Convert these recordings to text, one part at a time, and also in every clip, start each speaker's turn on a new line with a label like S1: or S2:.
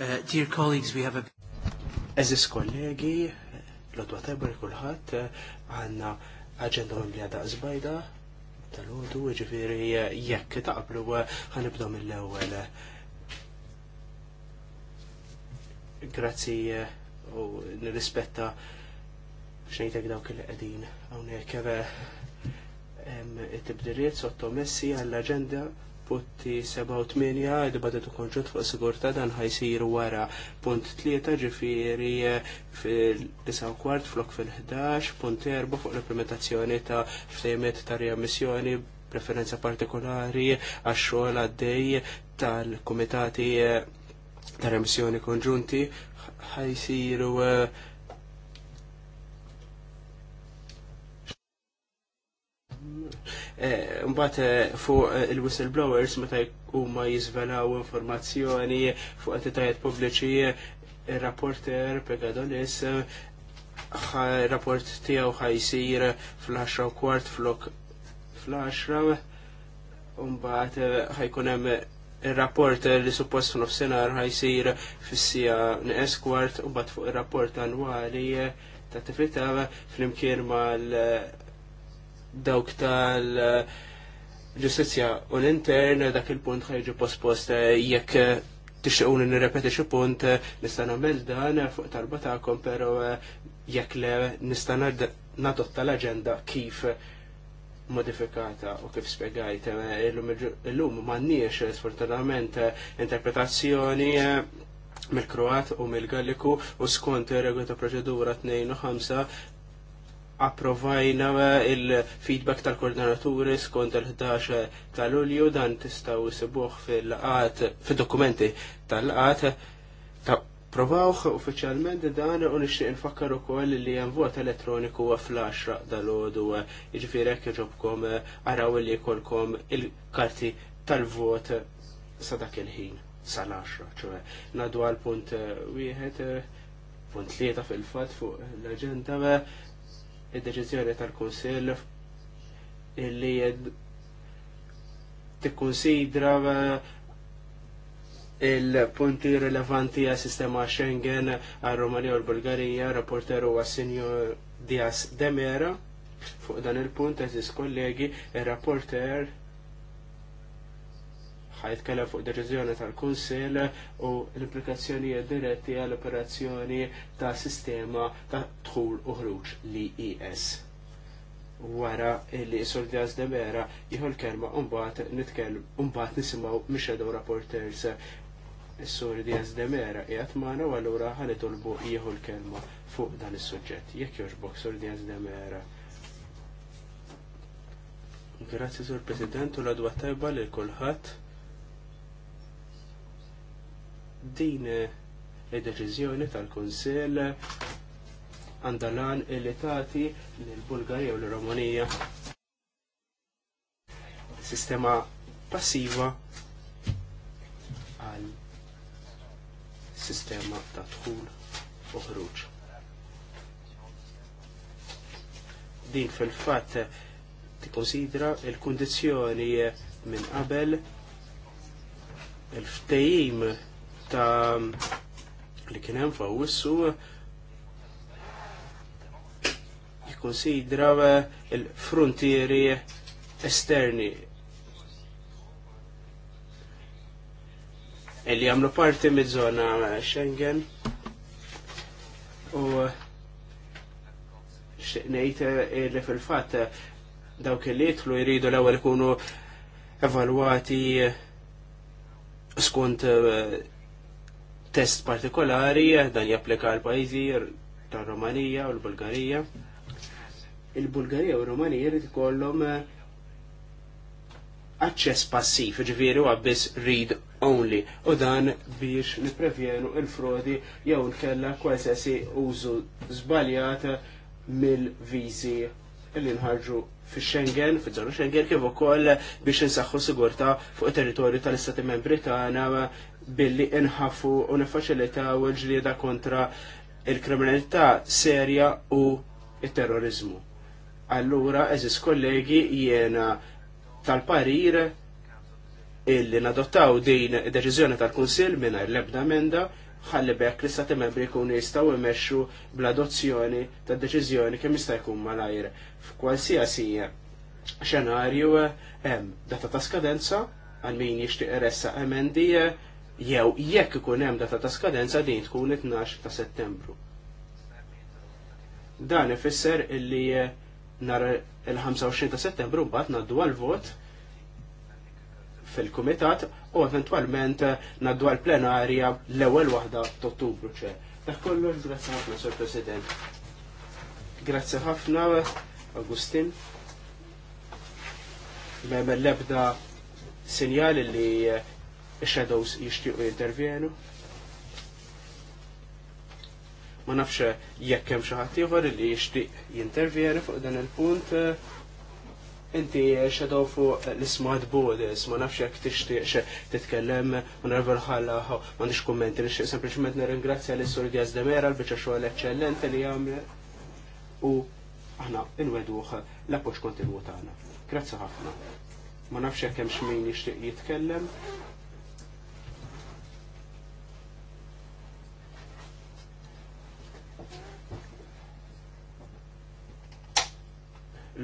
S1: Uh, dear colleagues, we
S2: have a... Eżis kollegi, l-odwa tajbar kullħat, għanna agenda għom li għada zbajda, tal-ħodu, ġifiri jekk taqblu ħanibdu mill-ewel. Grazzi u nirrispetta xnejtek dawk il-qedin, għawnek tibdiriet sottomessi għall-agenda Putti 7 u 8 dibattitu konġunt fuq sigurta dan ħajsir wara. Punt 3 ġifiri fil-9 kwart flok fil-11, punt 4 fuq l-implementazzjoni ta' ftejmet ta' riammissjoni preferenza partikolari għaxxol għaddej tal komitati ta' remissjoni konġunti ħajsiru Eh, mbagħad eh, fuq eh, il-whistleblowers meta huma jiżvelaw informazzjoni fuq entitajiet pubbliċi ir-rapporter Pegadonis rapport tiegħu ħajsir fl-10 kwart flok fl-10 mbagħad ħajkun hemm il-rapport li suppost f'nofsinhar ħajsir fis-sija neqes kwart u bat fuq ir-rapport annwali ta' tifita flimkien mal dawk tal ġustizja u l-intern dak il-punt ħajġu pospost jekk n nirrepeti xi punt nista' nagħmel dan fuq tarba tagħkom però jekk le nista' nadotta l-aġenda kif modifikata u kif spiegajt illum m'għandniex sfortunatament interpretazzjoni mill-Kroat u mill-Galliku u skont ir-regu ta' proċedura 2 u 5 approvajna eh, il-feedback tal-koordinaturi skont il-11 eh, tal-Ulju dan tistaw sebuħ fil-qat, fil-dokumenti tal-qat ta' Provawħ uffiċjalment dan u nixtieq nfakkar ukoll li hemm vot elettroniku huwa fl-10 dal-għodu jiġifieri hekk iġobkom eh, araw li jkollkom il-karti tal-vot sa dak il-ħin sal-10 ċoe ngħadu punt wieħed punt tlieta fil-fatt fuq l-aġenda il deċiżjoni tal-Kunsill illi tikkunsidra eh, il-punti rilevanti għas sistema Schengen għal Romania u l-Bulgarija, rapporteru għal Senjor Dias Demera. Fuq dan il-punt, eżis kollegi, il-rapporter ħajtkellem fuq deċiżjoni tal-Kunsill u l-implikazzjonijiet diretti għall operazzjoni ta' sistema ta' dħul u ħruġ li IS. Wara li Sur Diaz de Mera jieħu l-kelma mbagħad nitkellem mbagħad nisimgħu mix-shadow rapporters. Is-Sur Diaz de Mera qiegħed magħna u allura tolbu jieħu l-kelma fuq dan is-suġġett. Jekk jogħġbok Sur Diaz de Mera. Grazzi sur President u l-adwa tajba li kulħadd. Din eh, id-deċiżjoni tal konsil għandalan il li l lill-Bulgarija u l-Rumunija sistema passiva għal sistema ta' dħul u ħruġ. Din fil-fatt tikkonsidra il-kundizzjoni minn qabel il-ftejim ta' li kien hemm fawissu jikkonsidra eh, il-frontieri esterni li għamlu parti mid-zona eh, Schengen u eh, xnejt li fil-fat dawk li jitlu jridu l-ewwel ikunu evalwati skont test partikolari dan japplika għal pajzi tar Romanija u l-Bulgarija. Il-Bulgarija u l-Romanija jrid ikollhom eh, aċċess passiv, ġviri għabbis read only, u dan biex niprevjenu il-frodi jew nkella kwasessi użu żbaljat mill-viżi li nħarġu fi Schengen, fi żona Schengen kif ukoll biex insaħħu sigurtà fuq it-territorju tal-Istati Membri tagħna billi inħafu u nifaċilitaw il-ġlieda kontra il-kriminalità serja u il-terrorizmu. Allura, eżis kollegi, jiena tal-parir illi nadottaw din deċiżjoni tal konsil minna l-ebda menda ħalli bekk li stati membri jkunu jistgħu imexxu bl-adozzjoni tad deċiżjoni kemm jista' jkun malajr. F'kwalsiasi xenarju hemm data ta' skadenza għal min jixtieq ressa emendija jew jekk ikun hemm data ta' skadenza din tkun it-12 ta' Settembru. Dan ifisser illi eh, nar il-25 ta' Settembru mbagħad ngħaddu għal vot fil-kumitat u eventwalment eh, ngħaddu għal plenarja l-ewwel waħda ta' Ottubru ċe. Dak kollu grazzi ħafna, Sur President. Grazzi ħafna, Agustin. Mem l-ebda sinjali li eh, Shadows jixtiequ jintervjenu. Ma nafx jekk hemm xi ħadd ieħor li jixtieq jintervjenu fuq dan il-punt. Eh, inti eh, shadow fuq l-smart borders, eh, ma nafx jekk xe titkellem u narvel ħalla m'għandix kummenti nixtieq sempliċement nirringrazzja lis sur Diaz de Mera l-biċċa xogħol eċċellenti li għamlet u aħna inweduh l-appoġġ kontinwu tagħna. Grazzi ħafna. Ma nafx jekk hemm xmin jixtieq jitkellem,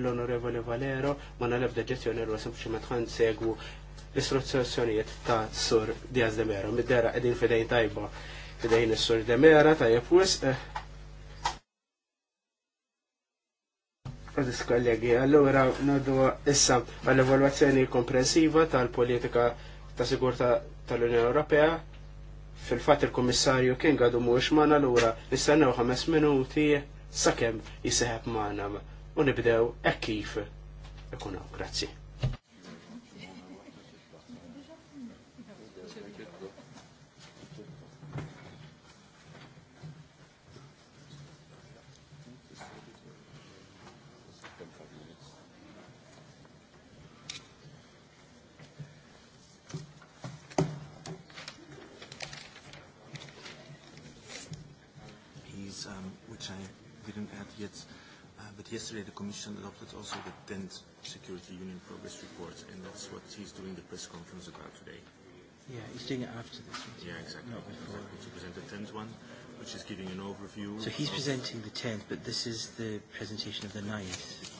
S2: l-Onorevoli Valero ma nalab deġezzjoni l sempliċement ħan segwu l-istruzzjonijiet ta' Sur Diaz de Mera. Middera edin qegħdin fidejn tajba fidejn is-Sur de Mera tajjeb wisq. Eh. Għadis kollegi, allura nadu issa għall-evaluazzjoni komprensiva tal-politika ta' sigurta tal-Unjoni Ewropea fil-fat il-Komissarju kien għadu mux mana l-ura nistennew ħames minuti sakemm jiseħeb maħna u nibdew ekkif kif ikunu. Grazzi.
S1: adopted also the 10th Security Union Progress Report, and that's what he's doing the press conference about today. Yeah, he's doing it after this one. Yeah, exactly. Not before. Exactly. To present the 10th one, which is giving an overview. So he's presenting the 10th, but this is the presentation of the 9th.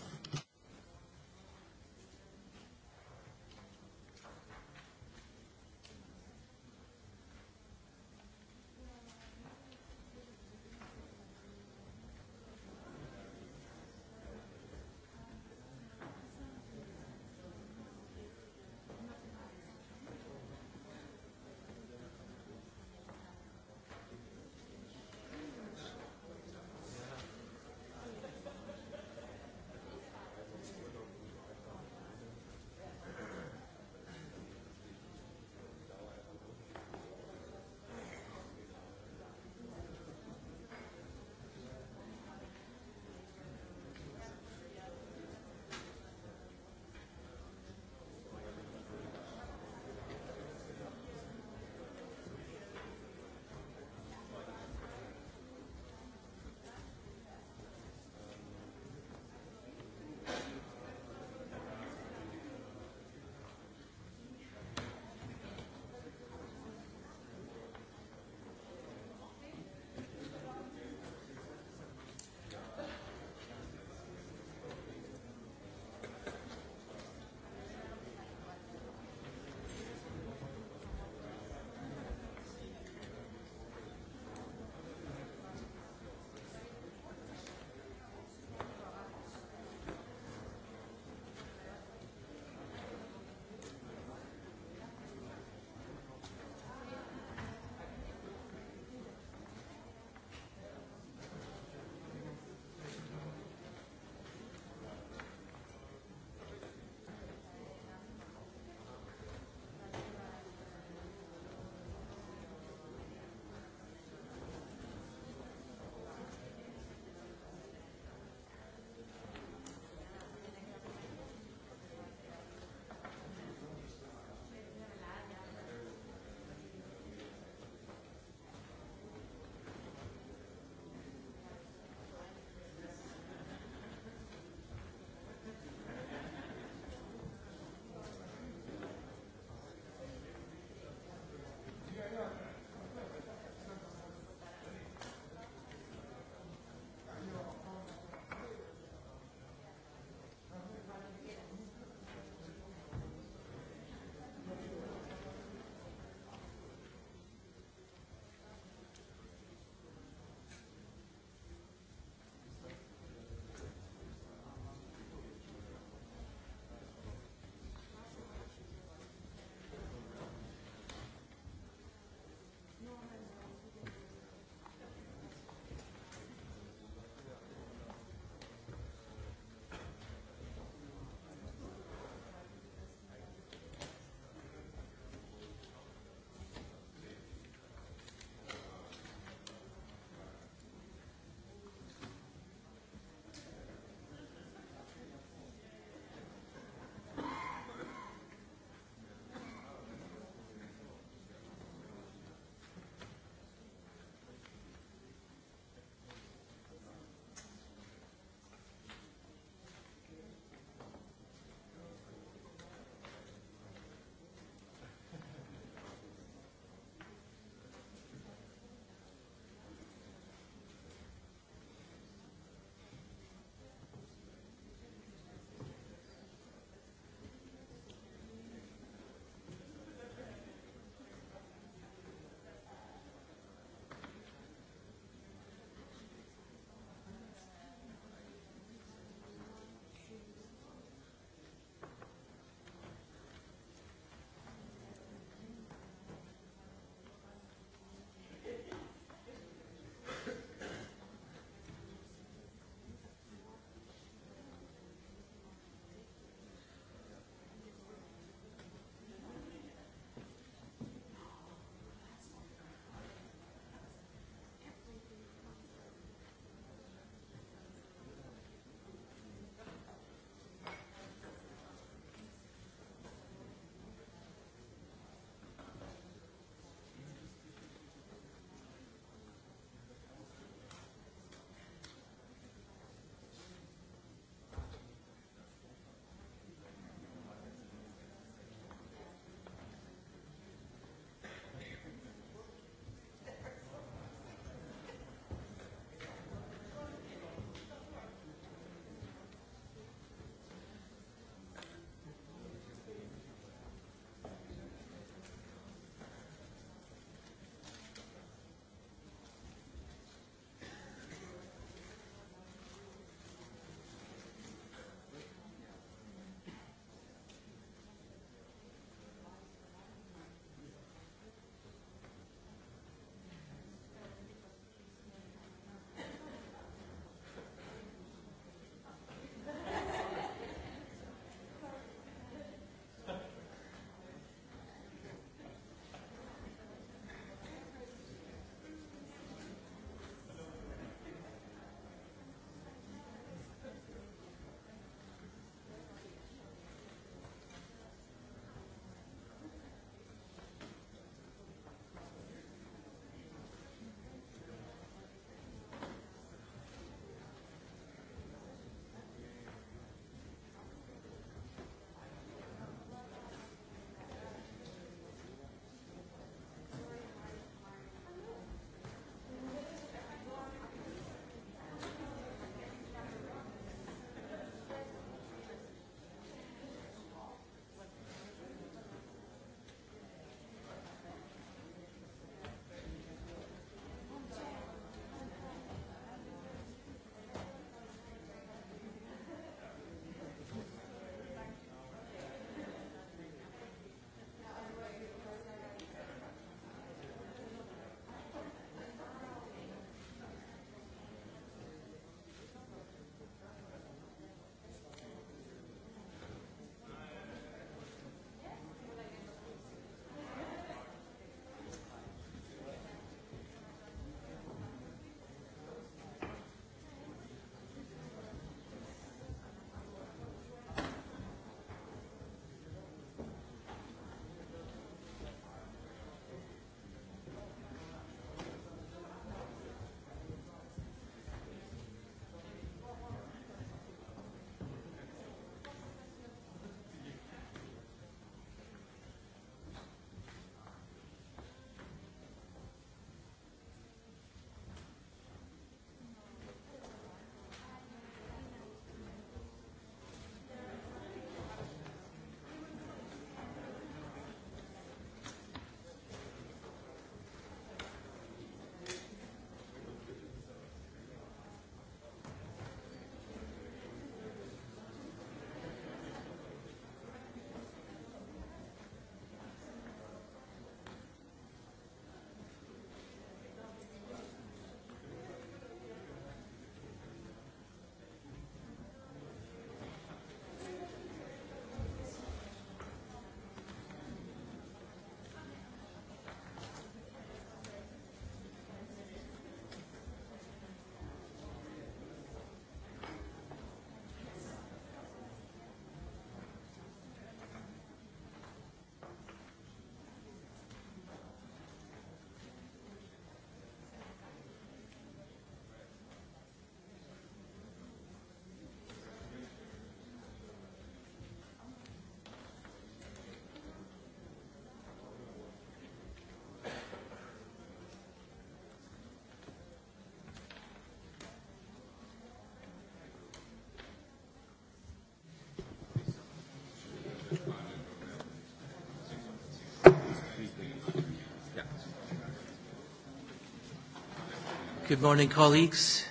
S1: Good
S2: morning, colleagues.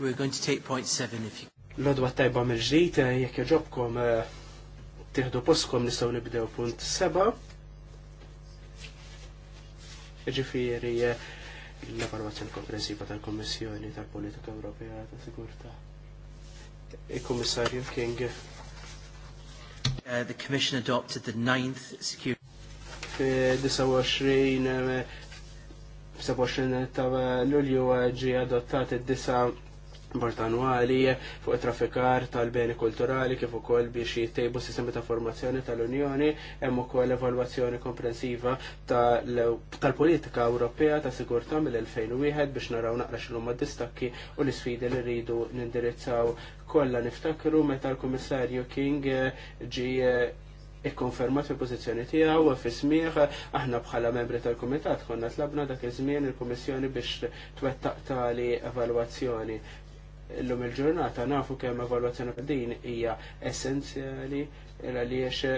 S2: We're going to take point seven if you... l Lodwa tajba mirġrit, eh, jekk joġobkom eh, tiħdu poskom nistaw nibdew punt seba. Ġifiri, eh, l-evaluazzjoni komprensiva tal-Kommissjoni tal-Politika Ewropea ta' Sigurta. Il-Kommissarju King. Uh, the Commission adopted the ninth security. 29 27 ta' l-ulju ġi adottat id-disa bort annwali fuq traffikar tal-beni kulturali kif ukoll biex jittejbu sistemi ta' formazzjoni tal-Unjoni hemm ukoll evalwazzjoni komprensiva tal-politika Ewropea ta' sigurtà mill-2001 biex naraw naqra x'huma distakki u l-isfidi li rridu nindirizzaw kollha niftakru meta l-Kummissarju King ġie ikkonfermat il-pozizjoni tiegħu u smieħ aħna bħala membri tal-kumitat konna tlabna dak iż-żmien il-Kummissjoni biex twettaq tali evalwazzjoni. Illum il-ġurnata nafu kemm evalwazzjoni din hija essenzjali għaliex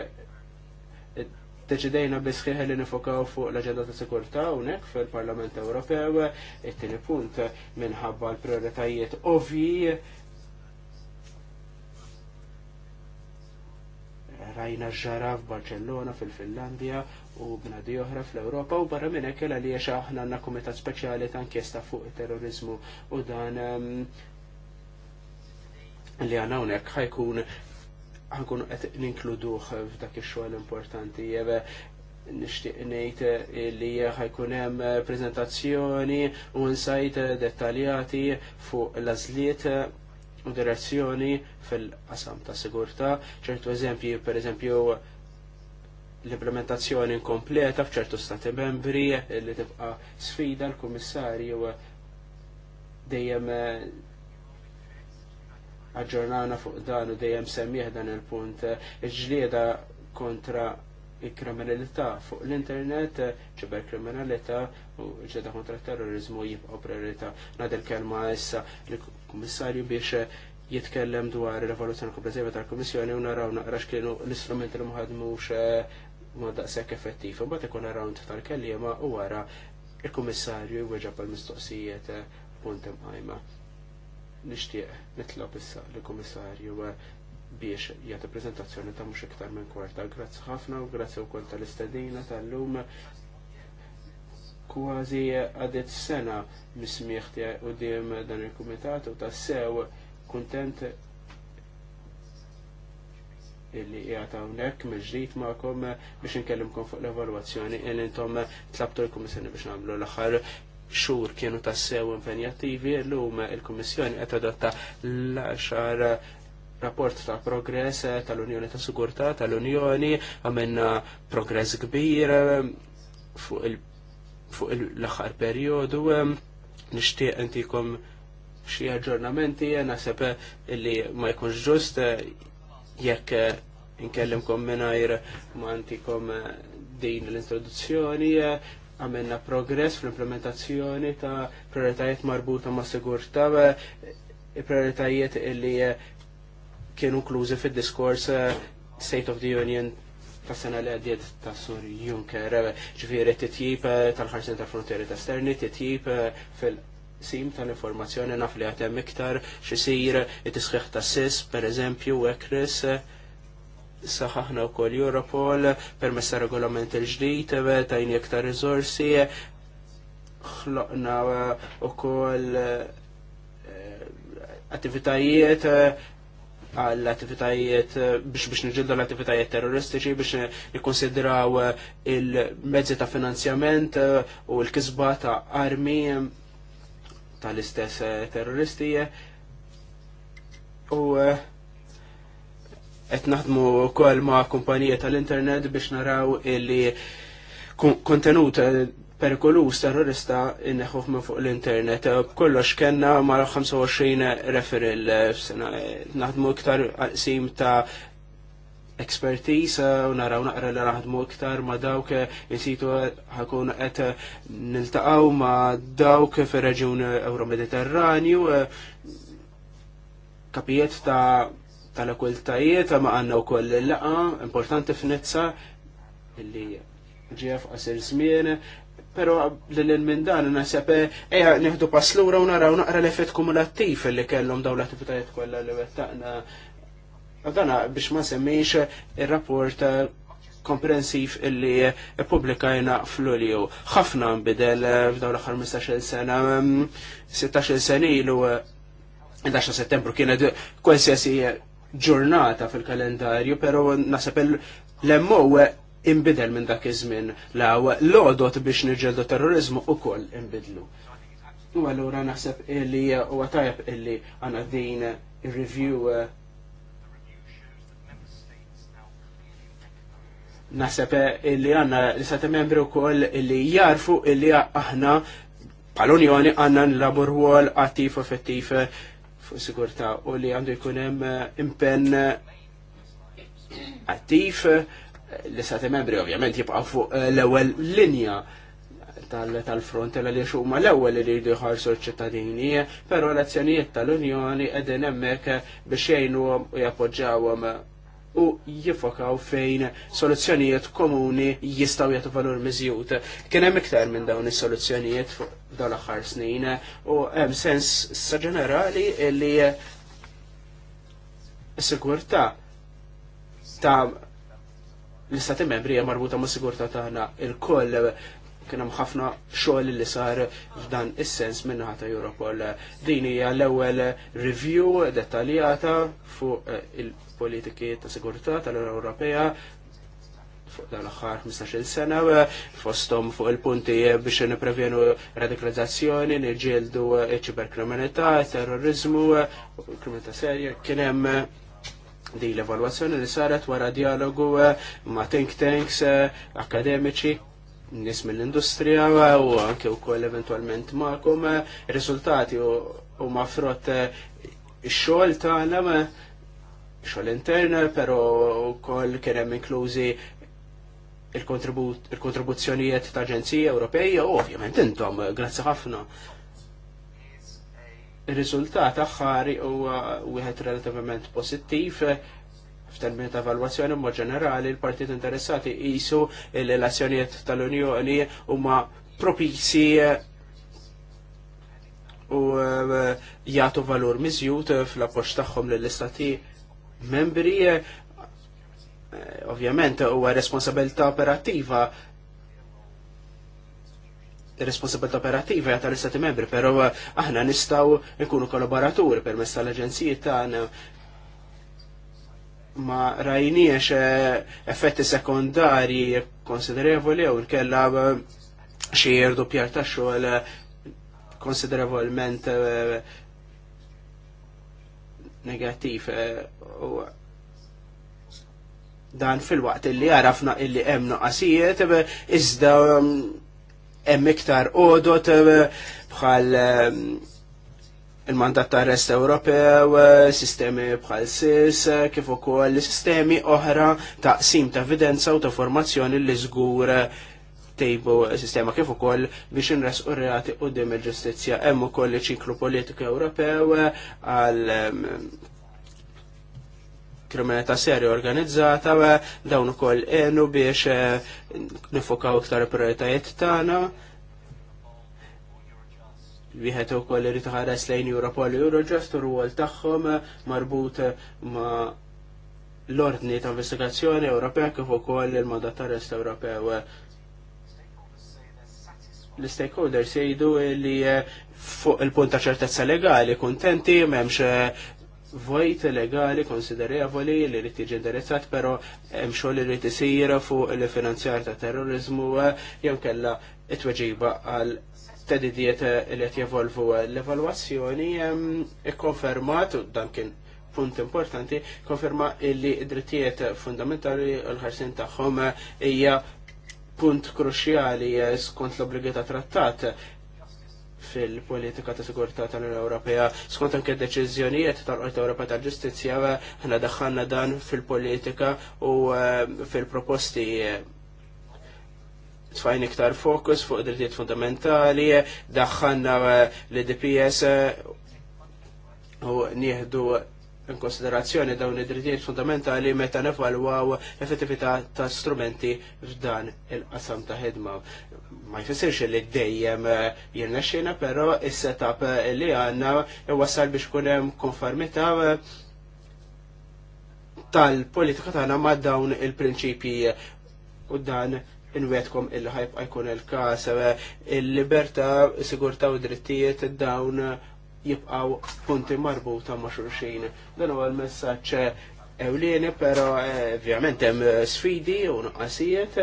S2: Deċidejna bisħiħ li nifokaw fuq l-agenda ta' sekurta unek fil-Parlament Ewropew, it-tini punt minħabba l-prioritajiet ovvi rajna ġara f'Barcellona, fil-Finlandja u b'nadi oħra fl-Ewropa u barra minn hekk għaliex aħna għandna kumitat speċjali ta' inkjesta fuq terrorizmu u dan ehm, li għanna unek ħajkun ħankun qed ninkluduh f'dak ix-xogħol importanti jeve nixtieq ngħid li ħajkun hemm preżentazzjoni u insajt dettaljati fuq l-għażliet moderazzjoni direzzjoni fil-qasam ta' sigurta, ċertu eżempji per eżempju l-implementazzjoni inkompleta f'ċertu stati membri li tibqa sfida l-kummissarju dejjem eh, aġġornana fuq dan u dejjem semmieħ dan il-punt. Iġlieda kontra il-kriminalità fuq l-internet, kriminalità u ġeda kontra terrorizmu jibqa' priorità. Nadel kelma issa l-Kummissarju biex jitkellem dwar il-revoluzzjoni komprensiva tal-Komissjoni u naraw naqrax kienu l-istrumenti li mħadmux eh, ma daqshekk effettiv. Mbagħad ikun round tal-kelliema u wara il-Kummissarju jweġa' bħal mistoqsijiet eh, punt imqajma. Nixtieq nitlob issa l-Kummissarju eh, biex jagħti prezentazzjoni ta' mhux iktar minn kwarta. Grazzi ħafna u grazzi wkoll tal-istedina tal-lum kważi għadet sena mismiħti u qudiem dan il-kumitat u tassew kuntent illi jgħata unnek meġrit ma'kom biex nkellimkom fuq l-evaluazzjoni illi intom tlabtu l-Komissjoni biex namlu l-axar xur kienu tassew impenjattivi l-lum il-Komissjoni għet adotta l-axar rapport ta' progress eh, tal-Unjoni ta' Sigurtà tal-Unjoni għamilna progress kbir eh, fuq il fuq l-axar periodu eh, nishtiq intikom xie aġġornamenti naħseb li ma jkunx ġust jekk inkellimkom mingħajr ma antikom din l-introduzzjoni għamilna progress fl-implementazzjoni ta' prioritajiet marbuta ma' sigurtà prioritajiet illi kienu klużi fil-diskors eh, State of the Union ta' sena li għaddiet ta' Sur Juncker, ġviri titjib eh, tal-ħarsin ta' frontieri ta' sterni, titjib eh, fil-sim tal-informazzjoni naf li għatem iktar, xisir it-tisħiħ ta' SIS, per eżempju, ekris, saħħaħna u kol Europol, messa regolament il-ġdijt, tajni iktar rizorsi, xloqna u kol attivitajiet għall attivitajiet biex biex nġildu l-attivitajiet terroristiċi biex nikkonsidraw eh, il-mezzi ta' finanzjament eh, u l-kisba ta' armi eh, tal-istess terroristi u qed naħdmu wkoll ma' kumpanija tal-internet biex naraw li kontenut perikolus terrorista inneħuħ minn fuq l-internet. Eh, kollox kena mara 25 referil eh, f'sena. Eh, naħdmu iktar qsim ta' expertise u naraw naqra li naħdmu iktar ma dawk insitu ħakun qed niltaqgħu ma dawk fir-reġjun Euromediterranju kapijiet ta' tal-okultajiet ma għandna wkoll laqa importanti f'Nizza illi ġef qasir żmien Pero l lil minn dan, nasib, eja, eh, neħdu pass l-ura u naraw naqra l-effett kumulattiv li kellhom daw l-attivitajiet kollha li wettaqna. Għadana biex ma semmiex il-rapport komprensiv illi publikajna fl-ulju. ħafna bidel f'daw l-axar 15 sena, 16 mm, sena ilu 11 settembru kienet qualsiasi ġurnata fil-kalendarju, pero nasib l-emmu imbidel minn dak iż-żmien law l-għodot biex niġġeldu terrorizmu ukoll imbidlu. U allura naħseb illi u għatajab illi għana din review naħseb illi għanna li istati membri u koll illi jarfu illi aħna pal-Unjoni għanna n-labur għol attif u effettiv fuq sigurta u li għandu jkunem impenn attiv l-istati membri ovvjament jibqa' fuq eh, l-ewwel linja tal-front l għaliex huma l-ewwel li jridu jħarsu ċ-ċittadini, però l-azzjonijiet tal-Unjoni qegħdin hemmhekk biex jgħinuhom u jappoġġjawhom u jifokaw fejn soluzzjonijiet komuni jistaw jagħtu valur miżjud. Kien hemm iktar minn dawn is-soluzzjonijiet fuq dawn l-aħħar snin u hemm sens sa ġenerali li s-sigurtà ta' l-istati membri hija marbuta ma' sigurtà tagħna il-koll kien hemm ħafna xogħol li sar f'dan is-sens minn ta' Europol. Din hija l-ewwel review dettaljata fuq eh, il-politiki ta' sigurtà tal-Unjoni Ewropea fuq dan l-axħar 15 sena, fostom fuq il-punti biex niprevjenu radikalizzazzjoni, nġildu ċiberkriminalità, terrorizmu, kriminalità serja, kienem di l evaluazzjoni li saret wara dialogu eh, ma' think tanks eh, akademiċi nis mill-industrija eh, u anke wkoll eventwalment ma'kom ir-riżultati u ma' frott ix-xogħol tagħna xogħol intern, però wkoll kien hemm inklużi il-kontribuzzjonijiet ta' Aġenzija Ewropeja, ovvjament intom, grazzi ħafna il-riżultat aħħari huwa wieħed relativament pożittiv f'termini ta' valwazzjoni mod ġenerali l-partit interessati qisu l-relazzjonijiet tal-Unjoni huma propizi u eh, jagħtu valur miżjud fl-appoġġ tagħhom lill-istati membri eh, ovvjament huwa responsabilità operattiva responsabilità operativa għata l-istati membri, pero eh, aħna nistaw nkunu kollaboraturi per messa tal agenzijiet tagħna ma rajniex eh, effetti sekondari konsiderevoli u nkella eh, xi jirdu pjar ta' xogħol konsiderevolment negattiv dan fil-waqt illi għarafna illi hemm noqasijiet iżda mm, hemm iktar għodot eh, bħal eh, il-mandat ta' rest Ewropew, eh, sistemi bħal SIS, kif ukoll sistemi oħra ta' sim ta' evidenza u ta' formazzjoni li żgur tejbu sistema kif ukoll biex inres u reati u dim il-ġustizzja hemm ukoll iċ politiku Ewropew għal kriminalità serja organizzata dawn ukoll enu biex eh, nifokaw iktar prioritajiet tagħna. Wieħed ukoll irid ħares lejn Europol u Eurojust u rwol tagħhom marbut ma' l-ordni ta' investigazzjoni Ewropea kif ukoll il-mandat arrest Ewropew. L-stakeholders jgħidu li eh, fuq il-punt ta' ċertezza legali kuntenti m'hemmx eh, vojt legali konsiderevoli li rriti ġenderizzat, indirizzat, pero hemm xogħol rriti sira fuq il-finanzjar ta' terrorizmu eh, jew kella it-tweġiba għal tedidiet eh, li qed jevolvu l-evalwazzjoni ehm, ikkonfermat u dan kien punt importanti, konferma illi id-drittijiet fundamentali l-ħarsin tagħhom eh, hija punt kruċjali skont l obligata ta' trattat fil-politika ta' sigurtà tal-Unjoni Ewropea. Skont anke deċiżjonijiet tal-Qorti Ewropea tal-Ġustizzja ħna daħħalna dan fil-politika u eh, fil-proposti eh, tfajn iktar fokus fuq drittijiet fundamentali, daħħalna eh, l-DPS u nieħdu in konsiderazzjoni dawn id-drittijiet fundamentali meta nevalwaw effettività ta' strumenti f'dan il-qasam ta' ħidma. Ma jfissirx li dejjem eh, jirna xina, pero il-setup li għanna wassal biex kunem konformita eh, tal-politika tagħna ma' dawn il-prinċipji u dan inwetkom il-ħajb għajkun il-kas, eh, il-liberta, sigurta u drittijiet dawn jibqaw punti marbuta ma' xulxin. Dan huwa l-messaġġ ewlieni, però eh, ovvjament hemm eh, sfidi u nuqqasijiet.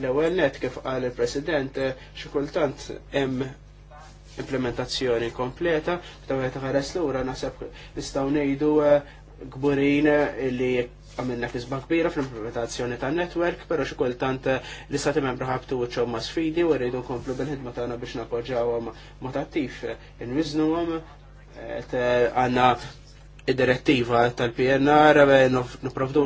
S2: L-ewwel net kif qal il-President eh, xi kultant hemm implementazzjoni kompleta, ta' wieħed ħares lura naħseb nistgħu ngħidu gburin li għamilna kisba kbira fl-implementazzjoni ta' network, pero xi kultant eh, li stati membri ħabtu wiċċhom ma' sfidi u rridu nkomplu bil-ħidma tagħna biex nappoġġawhom mod attiv eh, inwiżnuhom eh, għandna id-direttiva tal-PNR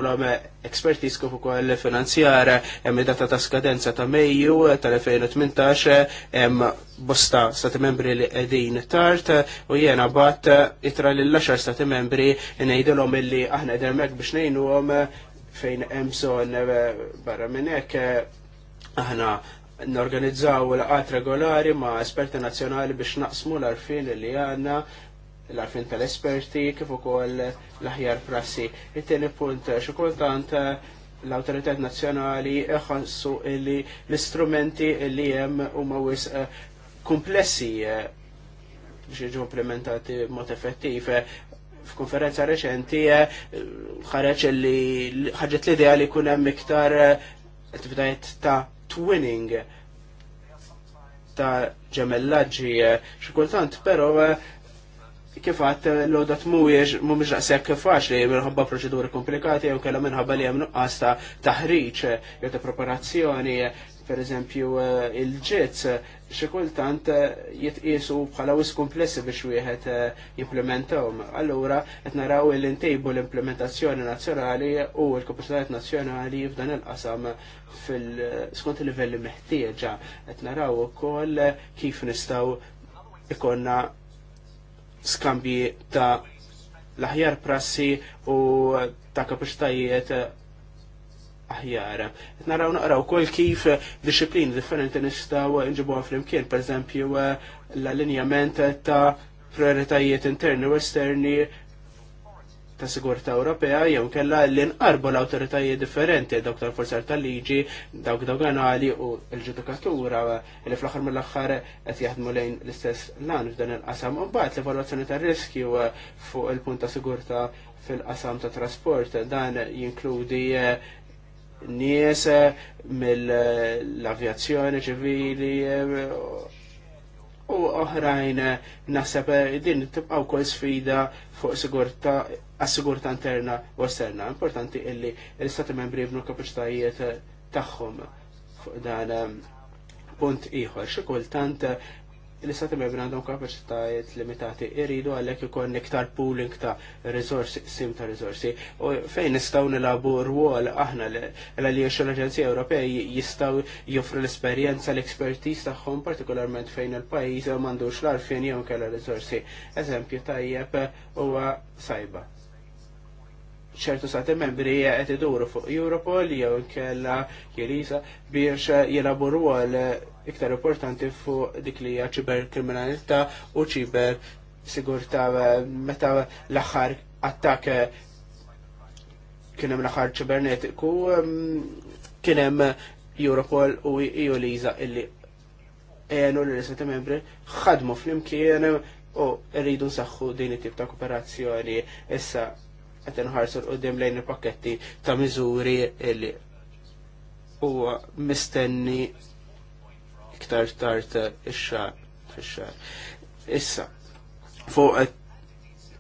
S2: la me eksperti skop ukoll finanzjara hemm data ta' skadenza ta' Mejju tal-2018 hemm bosta stati membri li qegħdin tard u jiena bat itra l xar stati membri ngħidilhom illi aħna qegħdin hekk biex ngħinuhom fejn hemm eh, barra minn hekk aħna norganizzaw l-qat regolari ma' esperti nazjonali biex naqsmu l-arfin li għanna l-arfin tal-esperti kif ukoll l-aħjar prassi. It-tieni punt xi kultant l-autoritet nazzjonali iħassu illi l-istrumenti li hemm huma mawis eh, komplessi eh, biex jiġu implementati mod effettiv f'konferenza reċenti eh, ħareġ li ħarġet l-idea li kun hemm iktar attivitajiet ta' twinning ta' ġemellaġġi xi kultant kif għat eh, l-odat mujiex mumiex naqseb faċli minħabba proċeduri komplikati jew kellha minħabba li hemm nuqqas ta' taħriġ jew ta' preparazzjoni per eżempju eh, il-ġitz xi kultant eh, jitqisu bħala wis komplessi biex wieħed jimplementawhom. Allura qed naraw il ntejbu l-implementazzjoni nazzjonali u l-kapacitajiet nazzjonali f'dan il-qasam fil-skont il-livelli meħtieġa. Qed naraw ukoll kif nistgħu ikonna skambji ta' l-aħjar prassi u ta' kapacitajiet aħjar. Naraw naqraw kol kif disciplini differenti nistaw nġibu fl-imkien, per eżempju l-allinjament ta' prioritajiet interni u esterni ta' sigurta' Ewropea jew kella l-inqarbu l-awtoritajiet differenti dawk tal-forzar tal-liġi, dawk doganali u l-ġudikatura li fl-aħħar mill-aħħar qed jaħdmu lejn l-istess lan f'dan il-qasam. mbagħad l-evalwazzjoni tar-riskju eh, fuq il-punt ta' sigurta' fil-qasam ta' trasport dan jinkludi eh, nies eh, mill-avjazzjoni ċivili u oħrajn naħseb din tibqaw kol sfida fuq sigurta għas-sigurta interna u esterna. Importanti illi l-Stati membri jibnu kapacitajiet tagħhom dan ehm, punt ieħor. Xi kultant eh, l-istati membri għandhom kapacitajiet limitati irridu għalhekk ikun iktar pooling ta' resorsi, sim ta' risorsi. U fejn nistgħu nilabu rwol aħna għaliex l-Aġenzija Ewropea jistgħu joffru l-esperjenza l-ekspertiż tagħhom partikolarment fejn il-pajjiż m'għandux l-arfien jew kellha risorsi. Eżempju tajjeb eh, huwa sajba ċertu stati membri qed iduru fuq Europol jew inkella jirisa biex jilabu rwol iktar importanti fuq dik li hija ċiberkriminalità u ċiber sigurtà meta l-aħħar attakk kien hemm l-aħħar ċibernetiku mm, kien hemm Europol u EU Liza illi għenu l-istati membri ħadmu fl-imkien u rridu nsaħħu din it-tip ta' kooperazzjoni. Issa, qed inħarsu l qoddim lejn il-pakketti ta' miżuri li huwa mistenni iktar tart ix-xar Issa, fuq t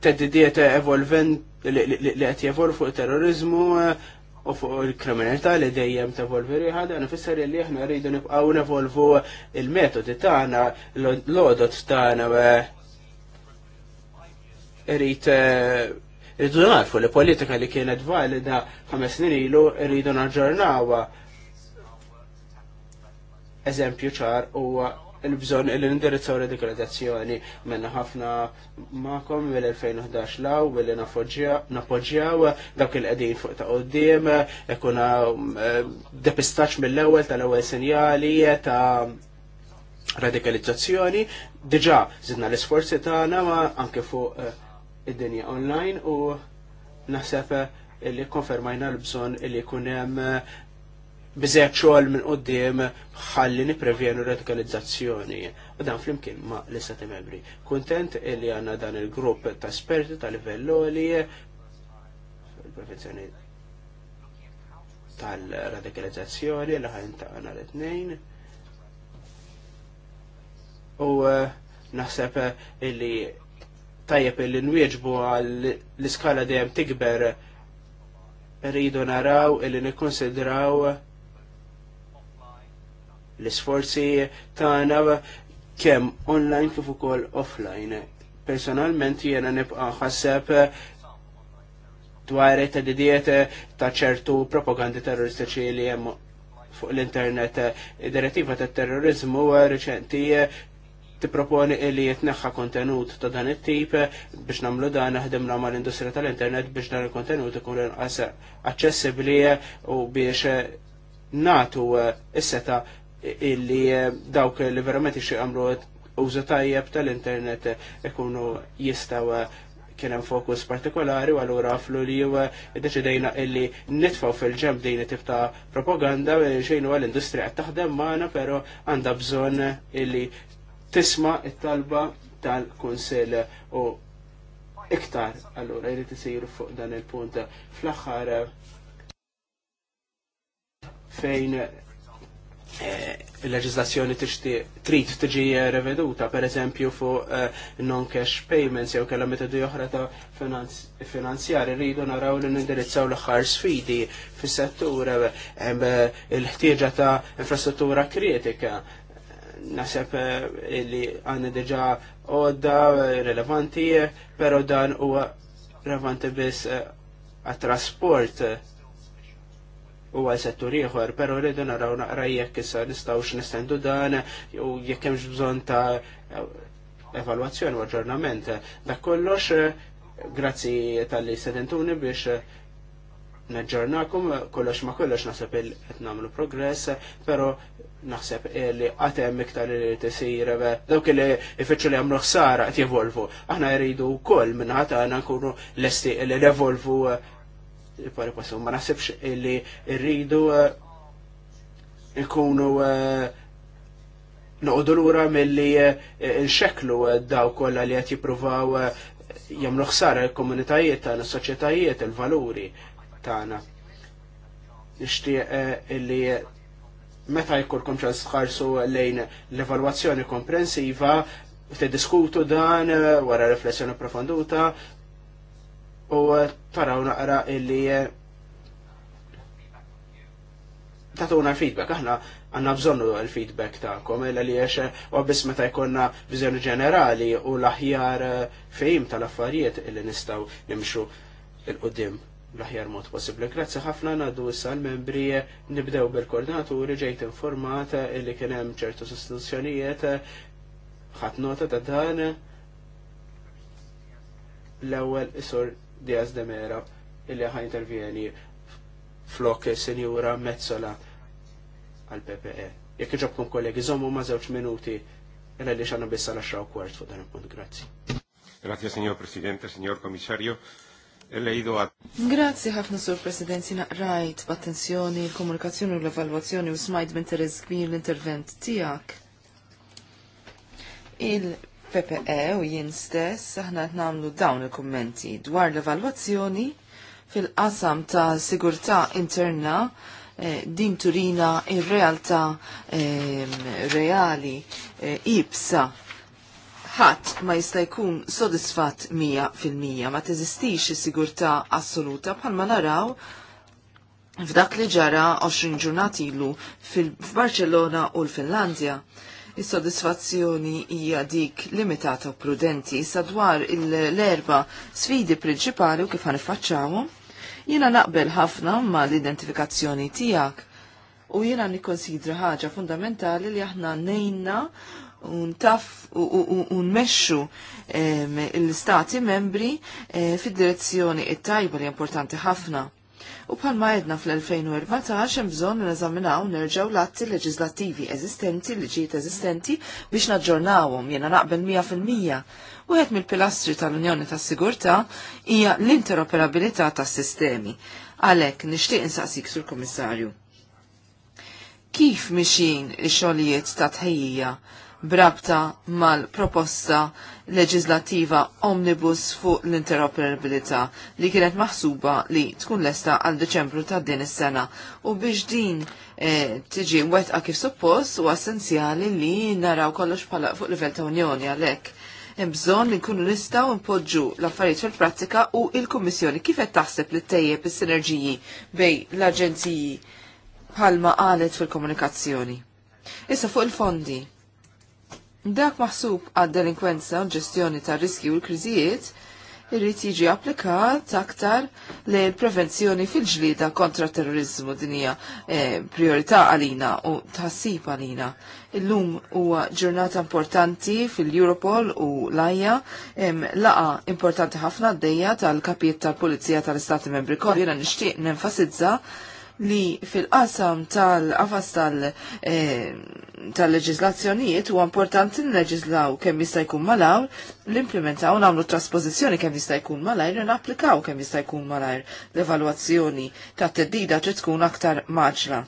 S2: teddidiet evolvent li qed jevolvu fuq terrorizmu eh, u fuq il-kriminalità li dejjem tevolvi riħa dan ifisser li aħna rridu nibqaw nevolvu il-metodi tagħna, l-odot tagħna eh, rrit eh, Rridu narfu li politika li kienet valida ħames snin ilu rridu naġġornawa. Eżempju ċar huwa il-bżon l-indirizzaw radikalizzazzjoni menna ħafna ma'kom mill-2011 law billi napoġġjaw dawk il-qegħdin fuq ta' qudiem ikuna eh, depistax mill-ewwel tal-ewwel sinjali ta' radikalizzazzjoni diġà żidna l-isforzi tagħna ma anke fuq eh, id-dinja online u naħseb eh, li konfermajna l-bżon li kunem eh, bizzejt xogħol minn qudiem ħalli niprevjenu radikalizzazzjoni. U dan flimkien ma l-istati membri. Kuntent li għanna dan il-grupp ta' esperti ta' livell li il-prevenzjoni tal-radikalizzazzjoni li ħajn ta' għana l-etnejn. U eh, naħseb li tajjeb li nwieġbu għal l-iskala dejjem tikber rridu naraw illi nikkonsidraw l-isforzi tagħna kemm online kif ukoll offline. Personalment jiena nibqa' ħasseb dwar it-tedidiet ta' ċertu propagandi terroristiċi li hemm fuq l-internet. Id-direttiva tat terrorizmu reċenti tipproponi li jitneħħa kontenut ta' dan it-tip biex namlu dan naħdemna mal-industrija tal-internet biex dan il-kontenut ikun aċċessibbli u biex natu eh, is-seta illi eh, dawk li verament ixi għamlu użu tajjeb tal-internet ikunu jistaw eh, kien hemm fokus partikolari u allura flu li deċidejna illi nitfgħu fil ġemm din tip ta' propaganda xejn huwa l-industrija qed taħdem magħna però għandha bżonn illi tisma it-talba tal-Kunsel u iktar allura jrid isiru fuq dan il-punt fl-aħħar fejn eh, il-leġislazzjoni trid tiġi reveduta, per eżempju fuq eh, non-cash payments jew kellha metodi oħra ta' finanzjari rridu naraw li nindirizzaw l-aħħar sfidi fis-settur eh, il-ħtieġa ta' infrastruttura kritika naseb eh, li għanna deġa odda eh, relevanti, eh, pero dan u relevanti biss għat-trasport u għal settur ieħor, pero rridu naraw naqra jekk issa nistgħux nistendu dan u jekk hemmx bżonn ta' evalwazzjoni u aġġornament. Dak kollox grazzi tal-li sedentuni biex naġġornakum kollox ma kollox nasab il-qed nagħmlu progress, pero naħseb eh, li għatem iktar li t-sir, eh, dawk li ifitxu li għamlu ħsara għat jevolvu. Aħna jridu kol minn għata għana nkunu l-esti li revolvu eh, pari passu. Ma naħsebx li rridu nkunu noqdu l-ura mill-li nxeklu daw kolla li għat jipruvaw jamlu ħsara l-komunitajiet tagħna, s-soċjetajiet, il-valuri tagħna. Nixtieq li meta jkollkom ċans tħarsu lejn l-evalwazzjoni komprensiva, tiddiskutu dan eh, wara riflessjoni profonduta u eh, taraw naqra illi eh, tatuna feedback, aħna għanna bżonnu l-feedback ta'kom, illa li jiex u għabbis meta jkollna vizjoni ġenerali u l-aħjar fejm tal-affarijiet illi nistaw nimxu il-qoddim l-aħjar mod possibli. Grazzi ħafna għaddu issa l-membri nibdew bil-koordinaturi ġejt informat li kien hemm ċertu sostituzzjonijiet ħadd nota ta' dan l-ewwel isur Diaz de Mera illi ħa intervjeni flok senjura Mezzola għal PPE. Jekk iġobkom kollegi, żommu ma' żewġ minuti illa li xanna bissa l-10 kwart fuq dan il-punt. Grazzi.
S1: Grazie, signor Presidente, signor Commissario lejdu għad.
S3: Grazzi ħafna sur President jina rajt b'attenzjoni l-komunikazzjoni u l-evalwazzjoni u smajt minn Terez Gbir l-intervent tijak. Il-PPE u jien stess aħna qed nagħmlu dawn il-kummenti dwar l-evalwazzjoni fil-qasam ta' sigurtà interna eh, din turina ir-realtà ehm, reali eh, ibsa ħadd ma jista' jkun sodisfatt mija fil-mija ma teżistix is-sigurtà assoluta bħalma naraw f'dak li ġara 20 ġurnat ilu f'Barċellona u l-Finlandja. Is-sodisfazzjoni hija dik limitata u prudenti sadwar l-erba sfidi prinċipali u kif ħanifaċċawhom. Jiena naqbel ħafna ma l-identifikazzjoni tiegħek u jiena nikkonsidra ħaġa fundamentali li aħna nejna untaf nmexxu l-istati membri eh, fid-direzzjoni it-tajba li importanti ħafna. U bħalma jedna fl-2014 hemm bżonn nażaminaw nerġgħu l-atti leġislattivi eżistenti, liġijiet eżistenti biex naġġornawhom jiena naqbel 100%. Wieħed mill-pilastri tal-Unjoni tas-Sigurtà hija l-interoperabilità tas-sistemi. Għalhekk nixtieq insaqsik sur Kummissarju. Kif mixin ix-xogħlijiet ta' tħejjija brabta mal-proposta leġislativa omnibus fuq l-interoperabilità li kienet maħsuba li tkun lesta għal Deċembru ta' din is-sena u biex din eh, tiġi wetqa kif suppost u essenzjali li naraw kollox bħala fuq livell ta' Unjoni għalhekk bżon li nkunu nistaw npoġġu l-affarijiet fil-prattika u il-Kummissjoni kif qed taħseb li tejjeb is-sinerġiji bej l-aġenziji bħalma qalet fil-komunikazzjoni. Issa fuq il-fondi. Dak maħsub għad delinkwenza u ġestjoni ta' riski u l-kriżijiet irrid jiġi applikat aktar li l-prevenzjoni fil-ġlida kontra terrorizmu dinija eh, priorità għalina u tħassib għalina. Illum huwa ġurnata importanti fil-Europol u l aja laqa importanti ħafna d-dejja tal-kapiet tal-Pulizija tal-Istati Membri kol jena nishtiq nenfasizza li fil-qasam tal-qafas eh, tal-leġizlazzjonijiet huwa importanti nleġizlaw kemm jista' jkun malajr, l-implementaw nagħmlu traspożizzjoni kemm jista' jkun malajr u napplikaw kemm jista' jkun malajr l-evalwazzjoni ta' teddida trid tkun aktar maċla.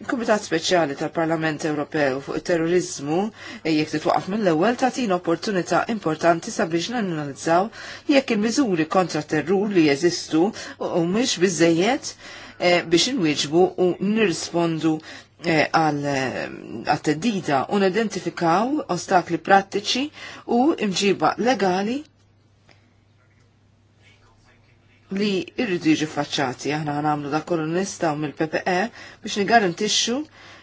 S3: Il-Kumitat Speċjali tal-Parlament Ewropew fuq it-terrorizmu eh, jekk titwaqaf mill-ewwel tagħtina opportunità importanti sabiex nanalizzaw jekk il-miżuri kontra terrur li jeżistu u mhix biżejjed Eh, biex inwieġbu u nirrispondu eh, għal-teddida eh, u nidentifikaw ostakli prattiċi u imġiba legali li irridu jiġi faċċati. Aħna għamlu da kolonista u mill-PPE biex nigarantixxu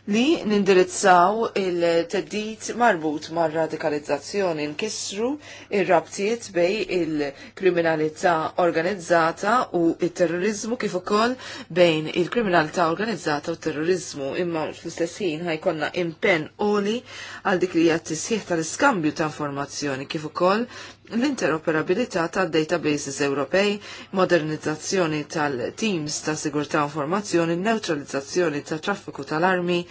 S3: li nindirizzaw il-teddit marbut mar radikalizzazzjoni nkissru ir-rabtiet bej il-kriminalità organizzata u il-terrorizmu kif ukoll bejn il-kriminalità organizzata u terrorizmu imma fl-istess ħin ħajkonna impenn oli għal dik li tisħiħ tal-iskambju ta' informazzjoni kif ukoll l-interoperabilità tad databases Ewropej, modernizzazzjoni tal-teams ta' sigurtà informazzjoni, neutralizzazzjoni ta' traffiku tal-armi,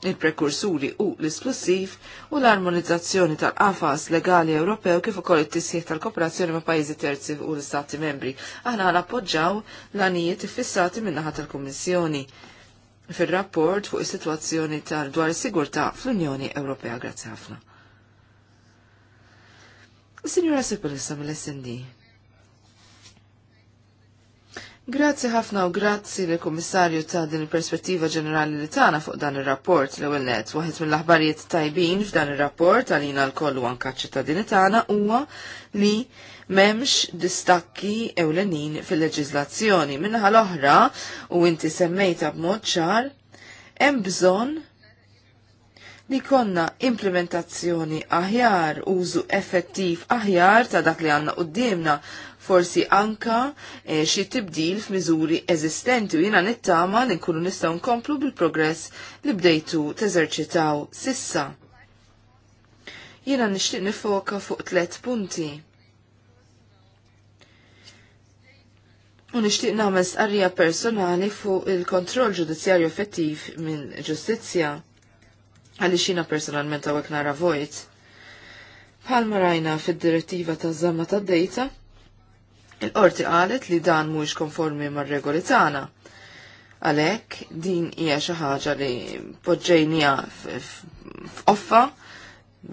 S3: il-prekursuri u l-isplussiv u l-armonizzazzjoni tal-qafas legali Ewropew kif ukoll it-tisjih tal-kooperazzjoni ma' pajjiżi terzi u l-Istati membri. Aħna nappoġġaw l-anijiet fissati min-naħa tal-Kummissjoni fir-rapport fuq is-sitwazzjoni tal-dwar sigurtà fl-Unjoni Ewropea. Grazzi ħafna. Signora Sipelissa mill-SND. Grazzi ħafna u grazzi li komissarju ta' din il-perspettiva ġenerali li tagħna fuq dan ir-rapport l ewwel net waħed mill-aħbarijiet tajbin f'dan ir-rapport għalina l-kollu ta' ċittadini tagħna huwa li memx distakki ewlenin fil-leġizlazzjoni. Minnaħa l-oħra, u inti semmejta b'mod ċar, hemm bżonn li konna implementazzjoni aħjar, użu effettiv aħjar ta' dak li għanna uddimna, forsi anka e, xi tibdil f'miżuri eżistenti u jiena nittama li nkunu nistgħu nkomplu bil-progress li bdejtu teżerċitaw sissa. Jiena nixtieq nifoka fuq tliet punti. U nixtieq nagħmel stqarrija personali fuq il-kontroll ġudizzjarju effettiv minn ġustizzja Għaliex jiena personalment għawek nara vojt. Bħalma rajna fid-direttiva ta' zamma ta' dejta il-qorti qalet li dan mhuwiex konformi mar-regoli tagħna. Għalhekk din hija xi ħaġa li poġġejnija f'offa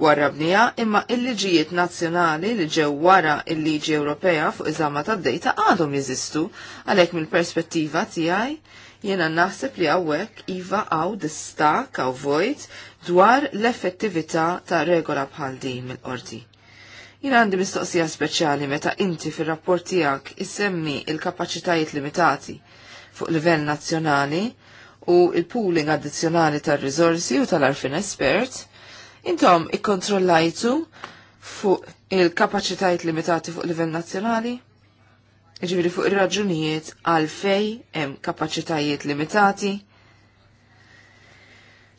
S3: wara bnija imma il-liġijiet nazzjonali li ġew wara il-liġi Ewropea fuq iżama tad dejta għadhom jeżistu għalhekk mill-perspettiva tiegħi jiena naħseb li hawnhekk iva għaw distak għaw vojt dwar l-effettività ta' regola bħal din mill-qorti. Jien għandi mistoqsija speċjali meta inti fir-rapport tiegħek issemmi il-kapaċitajiet limitati fuq livell nazzjonali u il-pooling addizzjonali tar rizorsi u tal-arfin espert, intom ikkontrollajtu fuq il-kapaċitajiet limitati fuq livell nazzjonali? Ġiviri fuq ir raġunijiet fej hemm kapaċitajiet limitati?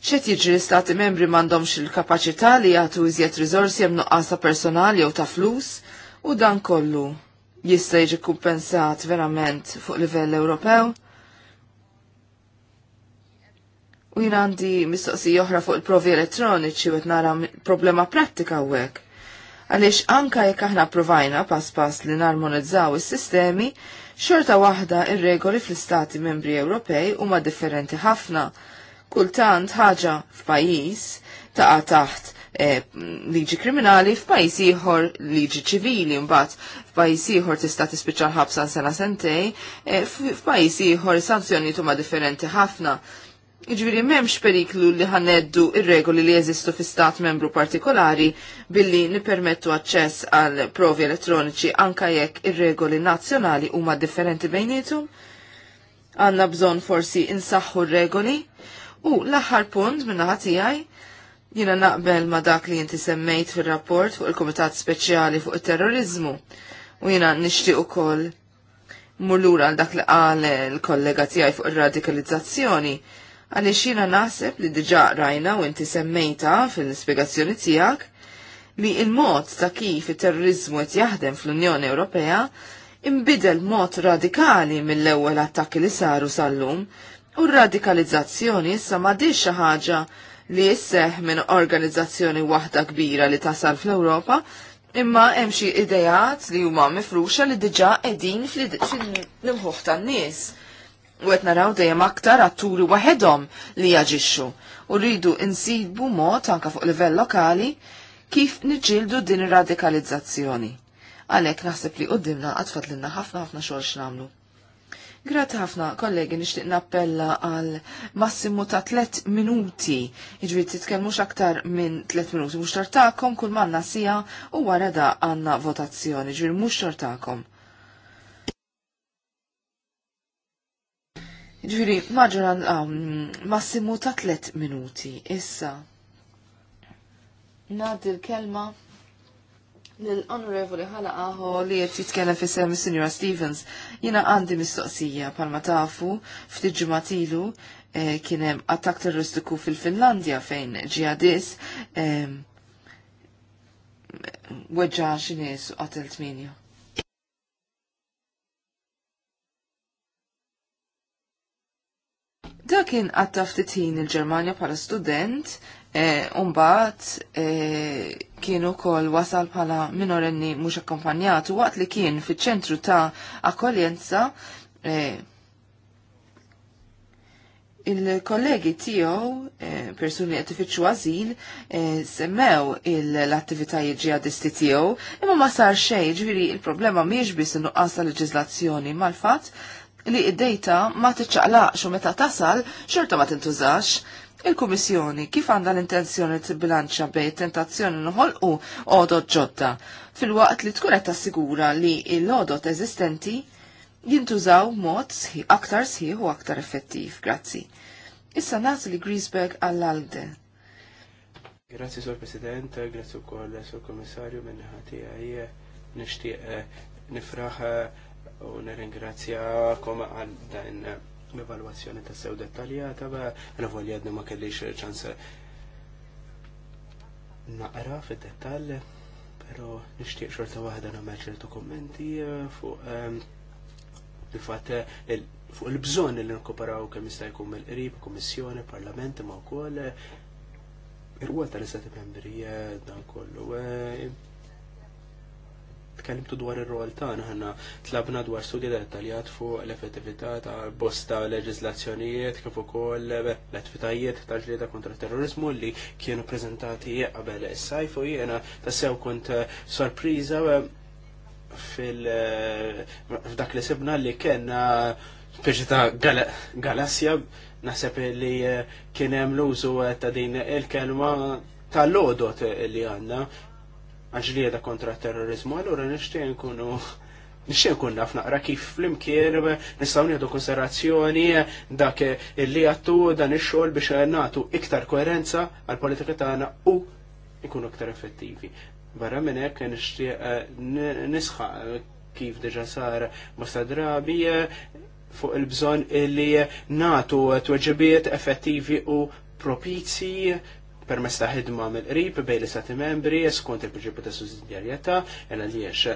S3: ċet jiġri l-istati membri mandomx il-kapacità li jgħatu iżjed rizorsi jem nuqqasa personali jew ta' flus u dan kollu jista' jiġi kumpensat verament fuq livell Ewropew. U jien għandi mistoqsija oħra fuq il-provi elettroniċi u nara problema prattika għek. Għaliex anka jekk aħna provajna pas pas li narmonizzaw is-sistemi, xorta waħda ir-regoli fl-istati membri Ewropej huma differenti ħafna kultant ħaġa f'pajjiż taqa' taħt e, liġi kriminali f'pajjiż ieħor liġi ċivili mbagħad f'pajjiż ieħor tista' tispiċċa ħabsa sena sentej, e, f'pajjiż ieħor sanzjoni huma differenti ħafna. Iġviri memx periklu li ħaneddu ir-regoli li jeżistu fi stat membru partikolari billi nipermettu aċċess għal provi elettroniċi anka jekk ir-regoli nazzjonali huma differenti bejnietum? Għanna bżon forsi insaħħu r-regoli? U l-aħħar punt minna ħatijaj, jina naqbel ma dak li jinti semmejt fil-rapport fuq il-Komitat Speċjali fuq il-Terrorizmu. U jina u ukoll mullur għal dak li qal l-kollega tiegħi fuq ir-radikalizzazzjoni. Għaliex xina naħseb li diġà rajna u inti semmejta fil spiegazzjoni tiegħek li il-mod ta' kif il-terrorizmu qed jaħdem fl-Unjoni Ewropea imbidel mod radikali mill-ewwel attakki li saru sal-lum U radikalizzazzjoni issa ma di ħaġa li jisseħ minn organizzazzjoni waħda kbira li tasal fl-Ewropa, imma hemm xi idejat li huma mifruxa li diġà qegħdin fil imħuħ tan-nies. U qed naraw dejjem aktar atturi waħedhom li jaġixxu u rridu insibu mod anke fuq livell lokali kif niġġieldu din ir-radikalizzazzjoni. Għalhekk naħseb li qudiemna għatfat lilna ħafna ħafna xogħol x'namlu. Grat ħafna, kollegi, nixtieq nappella għal massimu ta' 3 minuti. Iġri titkellmux aktar minn 3 minuti, mhux tartakom kull manna sija u għarada għanna għandna votazzjoni, Iġvi, mhux tartakom. Ġviri, maġoran, um, massimu ta' 3 minuti, issa. Nad il-kelma L-Onorevoli ħala aħo li jett jitkellem fi sem Signora Stevens, jina għandi mistoqsija palma tafu ftit eh, kienem attak terroristiku fil-Finlandja fejn ġihadis eh, weġġa xinis u qatel tminja. Dakin kien għatta ftitin il ġermania pala student E, umbat e, kienu kol wasal pala minorenni mux akkompanjatu waqt li kien fi ċentru ta' akkoljenza e, il-kollegi tiegħu persuni qed ifittxu għażil semmew l-attivitajiet ġihadisti tiegħu, imma ma sar xejn, ġviri il-problema miex biss innuqqas ta' leġiżlazzjoni mal-fatt li id-dejta ma tiċċaqlaqx u meta tasal xorta ma tintużax. Il-Kummissjoni kif għandha l-intenzjoni tibbilanċa bej tentazzjoni u għodot ġodda fil-waqt li tkun qed tassigura li l-għodot eżistenti jintużaw mod aktar sħiħ u aktar effettiv. Grazzi. Issa nagħti li Griesberg għall-Alde.
S2: Grazzi, Sur President, grazzi wkoll Sur Kommissarju Komissarju, ħati għaj nixtieq eh, nifraħ eh, u nirringrazzjakom għal dan l-evalwazzjoni ta' sew dettaljata, ba' l-avolja għadna ma' kellix ċans naqra fid dettall pero nishtiq xorta wahda namel ċertu kommenti eh, fuq ehm, il-fat fuq il-bżon li nkoparaw kemm jista' jkun mill-qrib, komissjoni, parlament ma' wkoll il rwol tal-istati membri eh, dan kollu eh, tkellimtu dwar ir-rol tagħna ħanna tlabna dwar studji dettaljat fuq l-effettività ta' bosta leġislazzjonijiet kif ukoll l-attivitajiet tal-ġlieda kontra terrorizmu li kienu preżentati qabel is-sajf u jiena tassew kont sorpriża fil f'dak li sibna li kena biex ta' galassja naħseb li kien hemm l-użu ta' din il-kelma tal-lodot li għandna għaġlieda kontra terrorizmu, għallura nishtiq nkunu nixxie nkun naf naqra kif flimkien nistgħu nieħdu konserazzjoni dak li għattu dan ix-xogħol biex nagħtu iktar koerenza għall politika tagħna u ikunu iktar effettivi. Barra minn hekk nixtieq eh, nisħaq kif deġa sar bosta drabi eh, fuq il-bżonn illi nagħtu tweġibiet effettivi u propizji permess ta' ħidma mill-qrib bejn li stati membri skont il-prinċipju ta' sussidjarjetà għal għaliex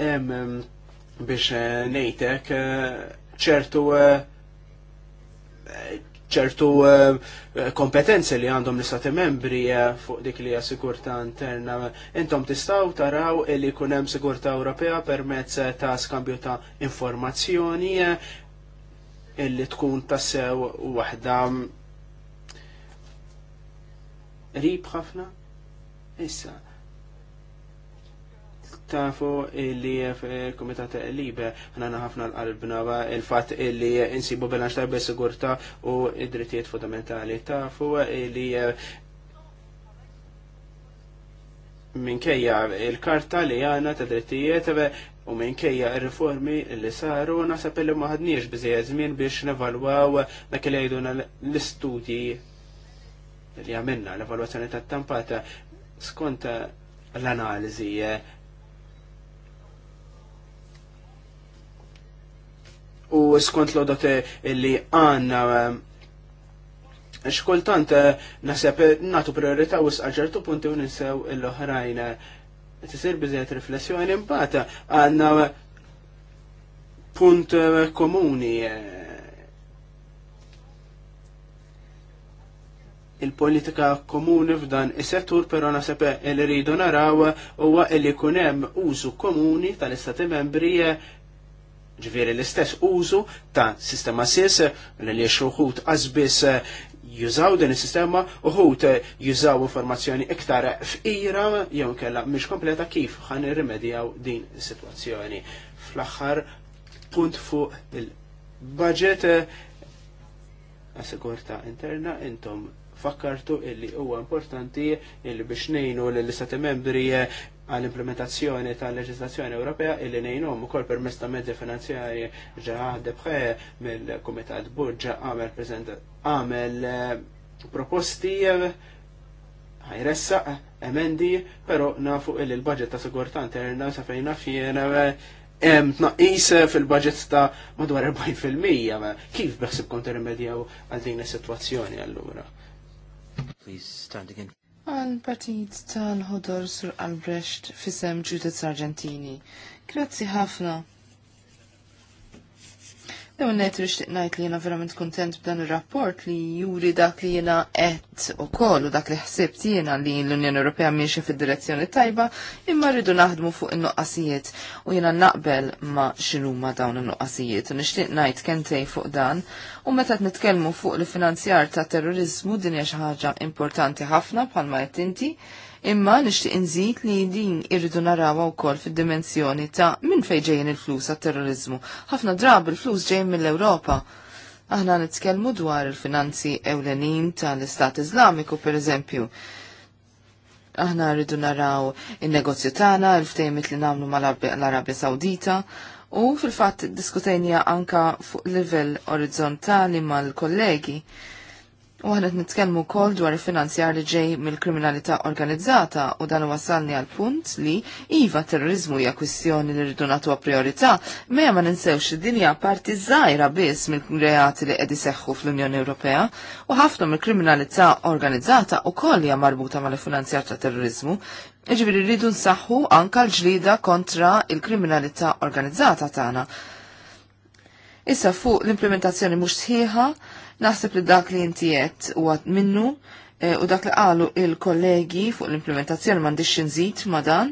S2: hemm biex eh, ngħidlek eh, ċertu eh, ċertu kompetenzi li għandhom l-istati membri fuq dik li sigurta interna. Intom tistaw taraw li kunem sigurta Ewropea permezz ta' skambju ta' informazzjoni illi tkun tassew waħda rib ħafna. Issa, tafu illi komitat libe ħana ħafna l-qalbna il-fat illi insibu bilanċ ta' sigurta u id-drittijiet fundamentali tafu illi eh, minkejja il-karta li għana ta' drittijiet eh, u minkejja il-reformi li saru nasab li maħadniġ bizzejja zmin biex nevalwaw dak li għajduna l-istudji li għamilna l-evaluazzjoni ta' tampata skont l-analizi eh, u skont l-odot eh, li għanna eh, xkultant nasib natu priorita u s-għagġertu punti u ninsew l-oħrajn. Tisir bizzejt riflessjoni mbata għanna punt komuni il-politika komuni f'dan is-settur, però naħseb li rridu naraw huwa li jkun hemm użu komuni tal-Istati membri ġifieri l-istess użu ta' sistema SIS li xuħut qasbis jużaw din is-sistema uħut jużaw informazzjoni iktar f'ira jew kella mhix kompleta kif ħan irrimedjaw din is-sitwazzjoni. Fl-aħħar punt fuq il-budget għas-sigurta interna intom fakkartu illi huwa importanti illi biex nejnu l-istati membri għall-implementazzjoni tal-leġislazzjoni Ewropea illi nejnum ukoll permess ta' mezzi finanzjari ġaħad debħe mill-Kumitat Budġa għamel prezent għamel eh, proposti ħajressa emendi, pero nafu illi l-budget ta' sigurta interna sa' fejna fjena eh, hemm tnaqqis fil-budget ta' madwar 40%. Kif beħsib kont irrimedjaw għal din is-sitwazzjoni allura? Please stand again.
S3: Għan partit tal-ħodor sur Albrecht fisem Judith Sargentini. Grazzi ħafna. Jew net nixtieq ngħid li jiena verament kuntent b'dan ir-rapport li juri dak li jiena u ukoll u dak li ħsibt jiena li l-Unjoni Ewropea miexi fid-direzzjoni tajba imma rridu naħdmu fuq in-nuqqasijiet u jiena naqbel ma x'inhuma dawn il nuqqasijiet u nixtieq ngħid kentej fuq dan u meta nitkelmu fuq li finanzjar ta' terrorizmu din hija xi ħaġa importanti ħafna bħalma qed imma nixtieq inżid li din irridu narawha wkoll fid-dimensjoni ta' minn fejn ġejjin il-flus għat-terrorizmu. Ħafna drab il-flus ġejjin mill-Ewropa. Aħna nitkellmu dwar il-finanzi ewlenin tal-Istat Iżlamiku pereżempju. Aħna rridu naraw in-negozju tagħna, il ftejmit li nagħmlu mal-Arabja Sawdita, u fil-fatt diskutejnija anka fuq livell orizzontali mal-kollegi U għanet nitkellmu wkoll dwar il-finanzjar li ġej mill-kriminalità organizzata u dan wasalni għal punt li iva terrorizmu hija kwistjoni li rridu nagħtuha priorità, mejja ma ninsewx id-dinja parti żgħira biss mill-reati li qed iseħħu fl-Unjoni Ewropea u ħafna mill-kriminalità organizzata wkoll hija marbuta mal-finanzjar ta' terrorizmu. Iġifieri rridu nsaħħu anka l-ġlida kontra il-kriminalità organizzata tagħna. Issa fuq l-implementazzjoni mhux sħiħa Naħseb li dak li inti u huwa minnu eh, u dak li qalu il-kollegi fuq l-implementazzjoni mandi inżid ma' dan,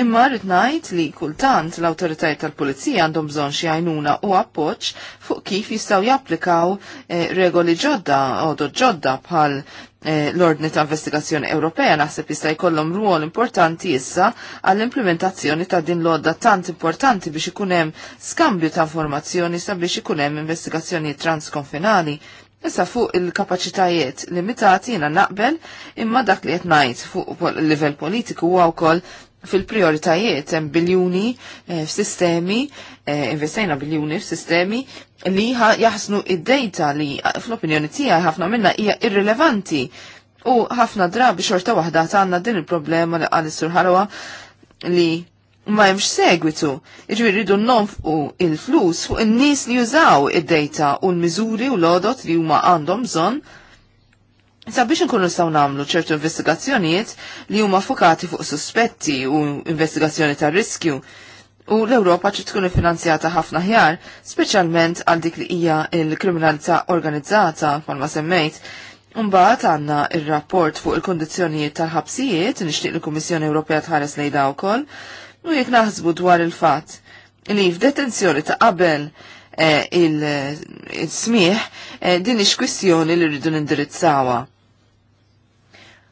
S3: Imma rrid ngħid li kultant l-awtoritajiet tal-pulizija għandhom bżonn xi għajnuna u appoġġ fuq kif jistgħu japplikaw eh, regoli ġodda għodu ġodda bħal Eh, l-ordni ta' investigazzjoni Ewropea naħseb jista' jkollhom ruol importanti issa għall-implementazzjoni ta' din l-odda tant importanti biex ikun hemm skambju ta' informazzjoni sabiex ikun hemm investigazzjoni transkonfinali. Issa fuq il-kapaċitajiet limitati jiena naqbel imma dak li qed ngħid fuq livell politiku huwa wkoll fil-prioritajiet hemm biljuni eh, f'sistemi, eh, investejna biljuni f'sistemi li jaħsnu id-data li eh, fl-opinjoni tiegħi ħafna minna hija irrilevanti u ħafna drabi xorta waħda għandna din il-problema li għal sur li ma jemx segwitu, iġbir jiġifieri rridu u il-flus fuq il-nis li jużaw id-data u l-mizuri u l-odot li huma għandhom bżonn Sabiex nkunu nistgħu nagħmlu ċertu investigazzjonijiet li huma fokati fuq suspetti u investigazzjoni ta' riskju u l-Ewropa ċi tkun finanzjata ħafna ħjar, speċjalment għal dik li hija l-kriminalità organizzata bħalma semmejt. Mbagħad għandna ir-rapport fuq il-kondizzjonijiet tal-ħabsijiet nixtieq il-Kummissjoni Ewropea tħares lejda wkoll u jekk naħsbu dwar il-fatt li f'detenzjoni ta' qabel eh, il-smieħ eh, din ix kwistjoni li rridu nindirizzawa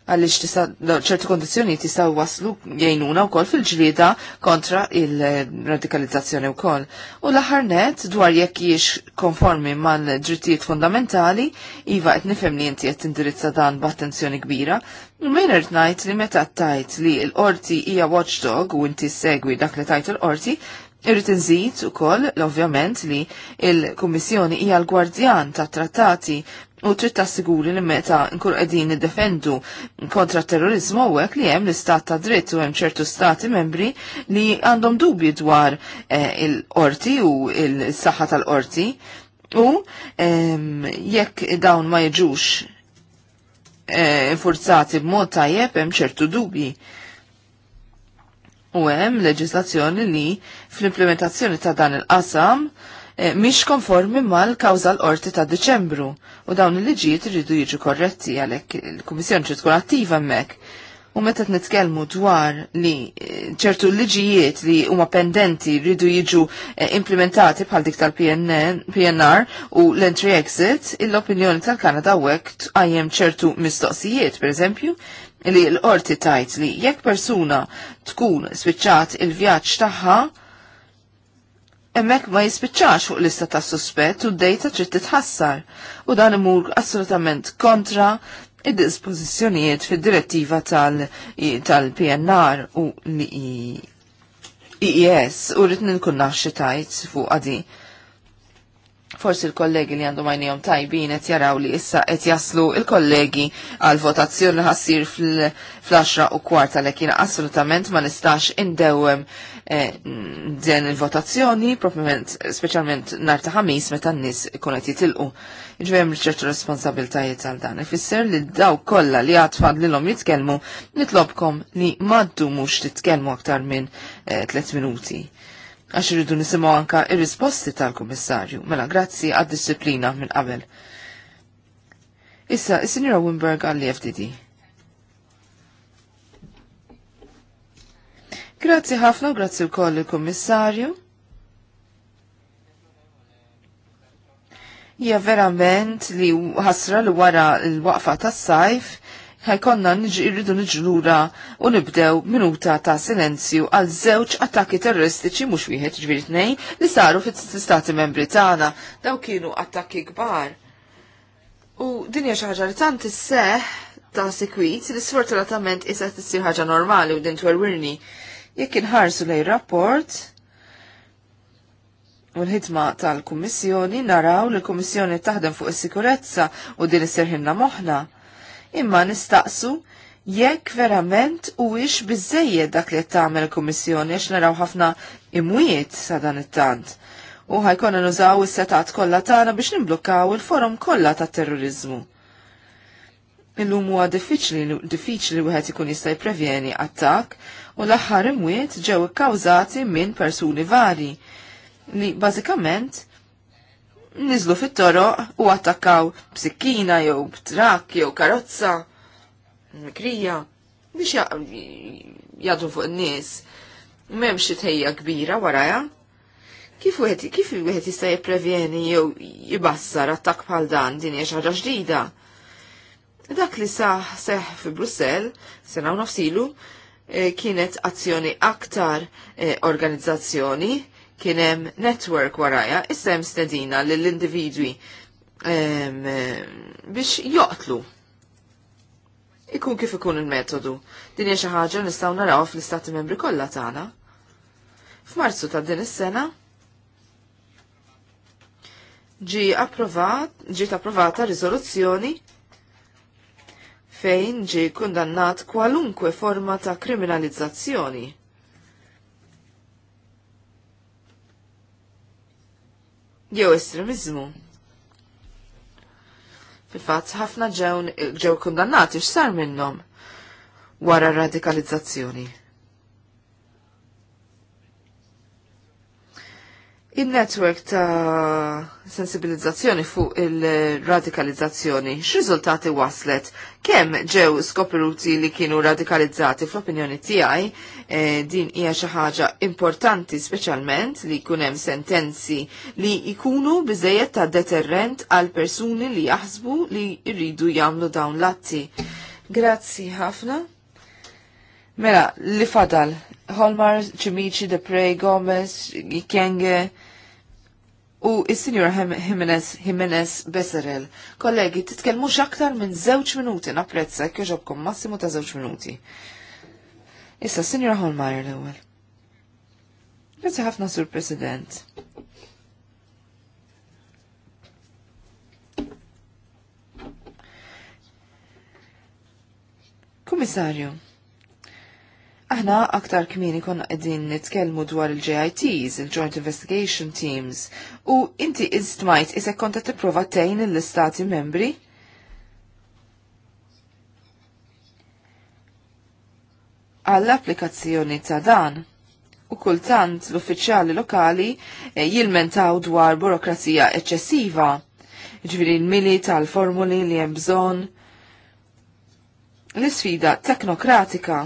S3: għaliex tista' ċertu kondizjoni tista' waslu jgħinuna wkoll fil-ġlieda kontra il-radikalizzazzjoni wkoll. U l-aħħar net dwar jekk jiex konformi mal-drittijiet fundamentali, iva qed nifhem li inti qed tindirizza dan b'attenzjoni kbira, U irt ngħid li meta tajt li l-qorti hija watchdog u inti segwi dak li tajt l qorti Irrid inżid ukoll l-ovvjament li il-Kummissjoni hija l-gwardjan tat trattati u trid tassiguri li meta nkun qegħdin niddefendu kontra terrorizmu hekk li hemm l-istat ta' dritt u hemm ċertu stati membri li għandhom dubji dwar eh, il-qorti u il-saħħa tal-qorti u ehm, jekk dawn ma jiġux eh, forzati b'mod tajjeb hemm ċertu dubji. U hemm leġislazzjoni li fl-implementazzjoni ta' dan il-qasam eh, mhix konformi mal-kawża l-qorti ta' Diċembru u dawn il-liġijiet irridu jiġu korretti għalhekk il-Kummissjoni trid tkun attiva hemmhekk. U meta nitkellmu dwar li eh, ċertu liġijiet li huma pendenti rridu jiġu eh, implementati bħal dik tal-PNR u l-entry exit, l-opinjoni tal-Kanada wek għajjem ċertu mistoqsijiet, per eżempju, li l-qorti tajt li jekk persuna tkun spiċċat il-vjaġġ tagħha Emmek ma jispiċċax fuq lista ta' suspett u d-dejta trid titħassar u dan imur assolutament kontra id-dispożizzjonijiet fid-direttiva tal-PNR u l-IES u rrit ninkun xi tajt fuq għadi. Forsi l kollegi li għandhom majnijom tajbin qed jaraw li issa qed jaslu il-kollegi għal votazzjoni ħassir fl-10 u kwarta li kiena assolutament ma nistax indewem Eh, din il-votazzjoni, propriment, speċjalment nar ta' ħamis meta n-nies ikun qed jitilqu. Jiġri hemm ċertu responsabiltajiet għal dan. Ifisser li daw kollha li għad fadlilhom jitkellmu nitlobkom li maddu mhux titkellmu aktar minn 3 eh, minuti għax rridu nisimaw anka ir-risposti tal-Kummissarju. Mela, grazzi għad-disciplina minn qabel. Issa, is-Sinjora Wimberg għall-FDD. Grazzi ħafna, grazzi wkoll il-Kummissarju. Ja verament li ħasra li wara l-waqfa tas-sajf ħajkonna irridu nġlura u nibdew minuta ta' silenzju għal żewġ attakki terroristiċi mhux wieħed ġbir tnejn li saru fit-istati membri tagħna. Daw kienu attakki kbar. U din hija xi ħaġa li tant isseħ ta' sekwit li sfortunatament issa tissir ħaġa normali u din twerwirni Jekk inħarsu lej rapport u l-ħidma tal-Kummissjoni naraw li l-Kummissjoni taħdem fuq is-sikurezza u din is-serħinna moħħna. Imma nistaqsu jekk verament u ix bizzejjed dak li tagħmel il-Kummissjoni għax naraw ħafna imwiet sa dan it-tant. U ħajkonna nużaw is-setat kollha tagħna biex nimblukkaw il-forum kollha tat-terrorizmu. Illum huwa diffiċli diffiċli wieħed ikun jista' jipprevjeni attakk u l-aħħar imwiet ġew ikkawżati minn persuni vari li bażikament niżlu fit-toroq u attakkaw b'sikkina jew b'trakk jew karozza mikrija biex jadru fuq n-nies m'hemm xi tejja kbira warajha. Kif wieħed kif wieħed jista' jipprevjeni jew jibassar attakk bħal dan din hija xi ħaġa ġdida? Dak li saħ seħ fi Brussel, sena u nofsilu, eh, kienet azzjoni aktar eh, organizzazzjoni, kienem network waraja, issem stedina l-individwi eh, biex joqtlu. Ikun kif ikun il-metodu. Din hija xi ħaġa nistgħu naraw fl-istati membri kollha tagħna. F'Marzu ta' din is-sena ġi approvat, ġiet approvata riżoluzzjoni fejn ġi kundannat kwalunkwe forma ta' kriminalizzazzjoni. Jew estremizmu. Fil-fatt, ħafna ġew kundannati x'sar minnhom wara radikalizzazzjoni. Il-network ta' sensibilizzazzjoni fuq il-radikalizzazzjoni, x'riżultati waslet? Kemm ġew skoperuti li kienu radikalizzati fl-opinjoni tiegħi e, din hija xi ħaġa importanti speċjalment li jkun hemm sentenzi li jkunu biżejjed ta' deterrent għal persuni li jaħsbu li jridu jagħmlu dawn l-atti. Grazzi ħafna. Mela, li fadal, Holmar, Cimici, Depre, Gomez, Ikenge, u il-Sinjor Jimenez Jimenez Besserel. Kollegi, titkelmux aktar minn zewċ minuti, napprezza, kjoġobkom massimu ta' zewċ minuti. Issa, Sinjor Holmeyer l-ewel. Grazie ħafna, Sur President. Komissarju, Aħna aktar kmini konna qegħdin nitkellmu dwar il-JITs, il-Joint Investigation Teams, u inti istmajt isek konta tipprova tgħin l-istati membri? Għall-applikazzjoni ta' dan, u kultant l-uffiċjali lokali eh, jilmentaw dwar burokrazija eċċessiva, ġviri l-mili tal-formuli li hemm bżonn. L-isfida teknokratika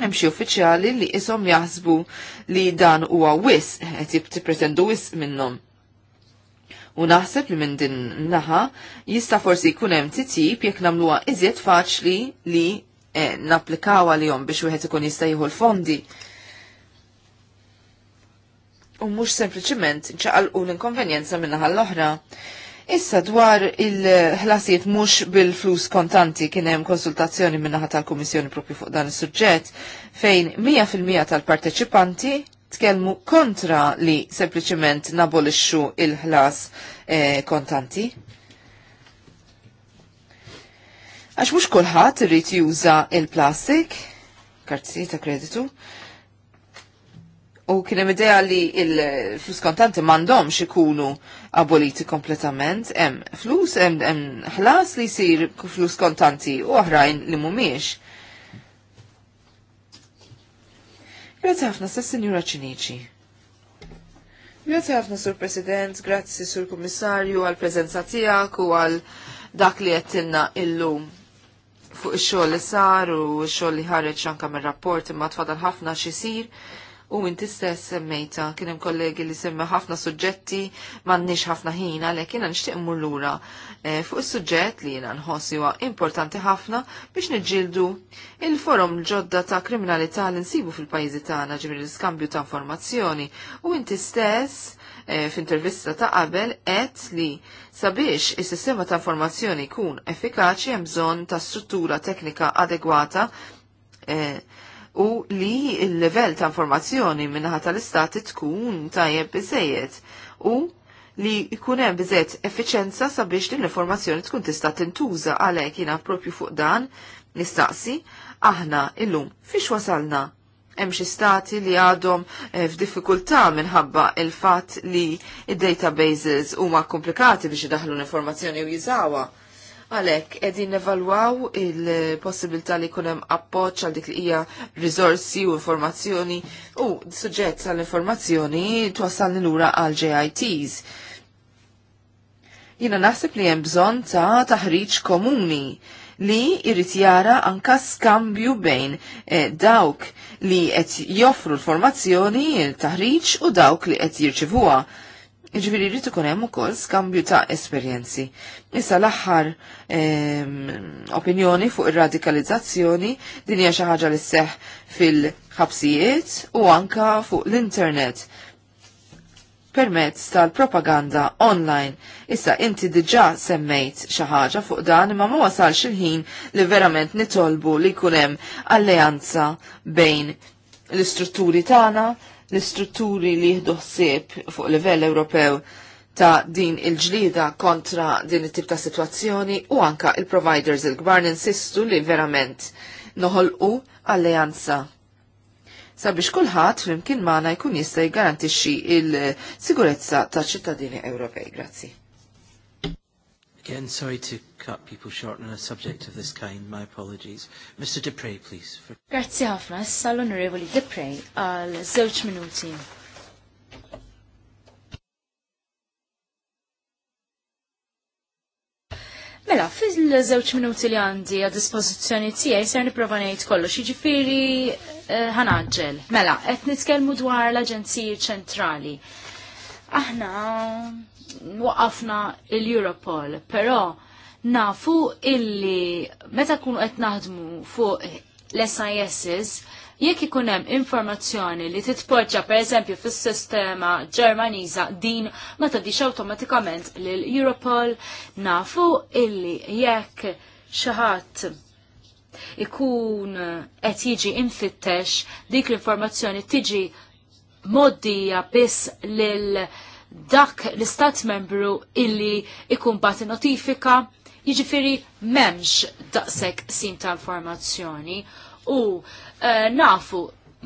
S3: hemm xi uffiċjali li isom jaħsbu li dan huwa wis qed tippretendu wis minnhom. U naħseb li minn din naħa jista' forsi jkun hemm titjib jekk nagħmluha iżjed faċli li eh, napplikaw għalihom biex wieħed ikun jista' jieħu l-fondi. U mhux sempliċement ċaqalqu l-inkonvenjenza minn naħa l-oħra. Issa dwar il-ħlasijiet mhux bil-flus kontanti kien hemm konsultazzjoni min-naħa tal-Kummissjoni propju fuq dan is-suġġett fejn 100% tal-parteċipanti tkellmu kontra li sempliċement nabolixxu il-ħlas eh, kontanti. Għax mhux kulħadd irid juża il-plastik, kartzi ta' kreditu, u kien hemm idea li il-flus kontanti m'għandhomx ikunu aboliti kompletament, hemm flus, hemm ħlas li jsir flus kontanti u oħrajn li mhumiex. Grazie ħafna sa' Sinjura Ċinici. Grazie ħafna Sur President, grazie Sur Kummissarju għal preżenza tiegħek u għal dak li jettinna illum fuq ix-xogħol li sar u x-xogħol li ħareġ anke mir-rapport imma tfadal ħafna x'isir. sir u minn stess semmejta kien hemm kollegi li semma ħafna suġġetti m'għandniex ħafna ħina, għalhekk jiena nixtieq mmur lura e, fuq is-suġġett li jiena nħossi importanti ħafna biex niġġieldu il-forum ġodda ta' kriminalità li nsibu fil-pajjiżi tagħna ġifieri l-iskambju ta' informazzjoni u inti stess e, f'intervista ta' qabel qed li sabiex is-sistema ta' informazzjoni jkun effikaċi hemm bżonn ta' struttura teknika adegwata e, u li il-level ta' informazzjoni minnaħat tal-istati tkun tajjeb biżejjed u li jkun hemm biżejjed effiċenza sabiex din l-informazzjoni tkun tista' tintuża għalhekk jiena propju fuq dan nistaqsi aħna illum fiex wasalna hemm xi stati li għadhom eh, f'diffikultà minħabba il fatt li id-databases huma komplikati biex idaħlu l-informazzjoni u jiżawha Għalek, edin nevalwaw il-possibilità li kunem appoċ għal dik li hija risorsi u informazzjoni u suġġett għall informazzjoni twasalni lura għal JITs. Jina naħseb li hemm bżonn ta' taħriġ komuni li irrit jara anka skambju bejn eh, dawk li qed joffru l-formazzjoni, il-taħriġ u dawk li qed jirċivuha Iġviri rritu kunem u kol skambju ta' esperienzi. Issa l-axħar opinjoni fuq ir-radikalizzazzjoni din hija xi ħaġa li seħ fil-ħabsijiet u anka fuq l-internet permezz tal-propaganda online. Issa inti diġa semmejt xi ħaġa fuq dan imma ma wasalx il-ħin li verament nitolbu li jkun hemm alleanza bejn l-istrutturi tagħna, l-istrutturi li jihdu ħsieb fuq livell Ewropew ta' din il-ġlida kontra din it-tip ta' situazzjoni u anka il-providers il-gbar insistu li verament noħolqu alleanza sabiex kulħadd flimkien maħna jkun jista' jgarantixxi il-sigurezza ta' ċittadini Ewropej.
S1: Grazzi. Again, sorry to cut people short on a subject of this kind. My apologies. Mr. Dupre, please.
S4: Grazie ħafna, sal-onorevoli Dupre, għal żewġ minuti. Mela, fil-żewġ minuti li għandi għad dispożizzjoni tiegħi ser nipprova ngħid kollox, jiġifieri eh, ħanaġġel. Mela, qed nitkellmu dwar l-aġenziji ċentrali. Aħna waqafna il-Europol, però nafu illi meta kunu qed naħdmu fuq l-SISs, jekk ikun hemm informazzjoni li titpoġġa pereżempju fis-sistema Ġermaniża din ma tadix awtomatikament lil Europol, nafu illi jekk xi ħadd ikun qed jiġi infittex dik l-informazzjoni tiġi moddija biss lil dak l-istat membru illi ikun bati notifika jiġifiri memx daqsek sim ta' informazzjoni u uh, nafu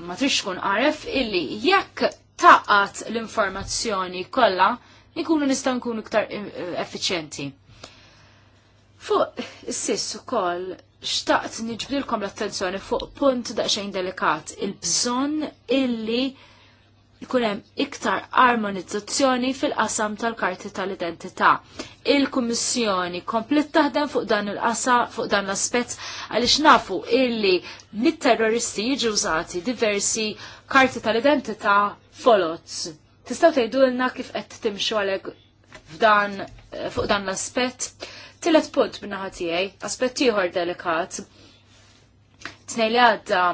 S4: ma trix għaref illi jekk taqat l-informazzjoni kollha nikunu nista' nkunu iktar eh, eh, effiċjenti. Fuq is-siss ukoll xtaqt nġbdilkom l-attenzjoni fuq punt daqsxejn delikat il-bżonn illi Ikun hemm iktar armonizzazzjoni fil-qasam tal-karti tal-identità. Il-Kummissjoni komplet taħdem fuq dan il-qasa fuq dan l-aspett għaliex nafu illi mit terroristi jiġu użati diversi karti tal-identità folots. Tistgħu tgħidulna kif qed timxu għalek f'dan fuq dan l-aspett. Tilet punt naħa tiegħi, aspett ieħor delikat. Tnej li għadda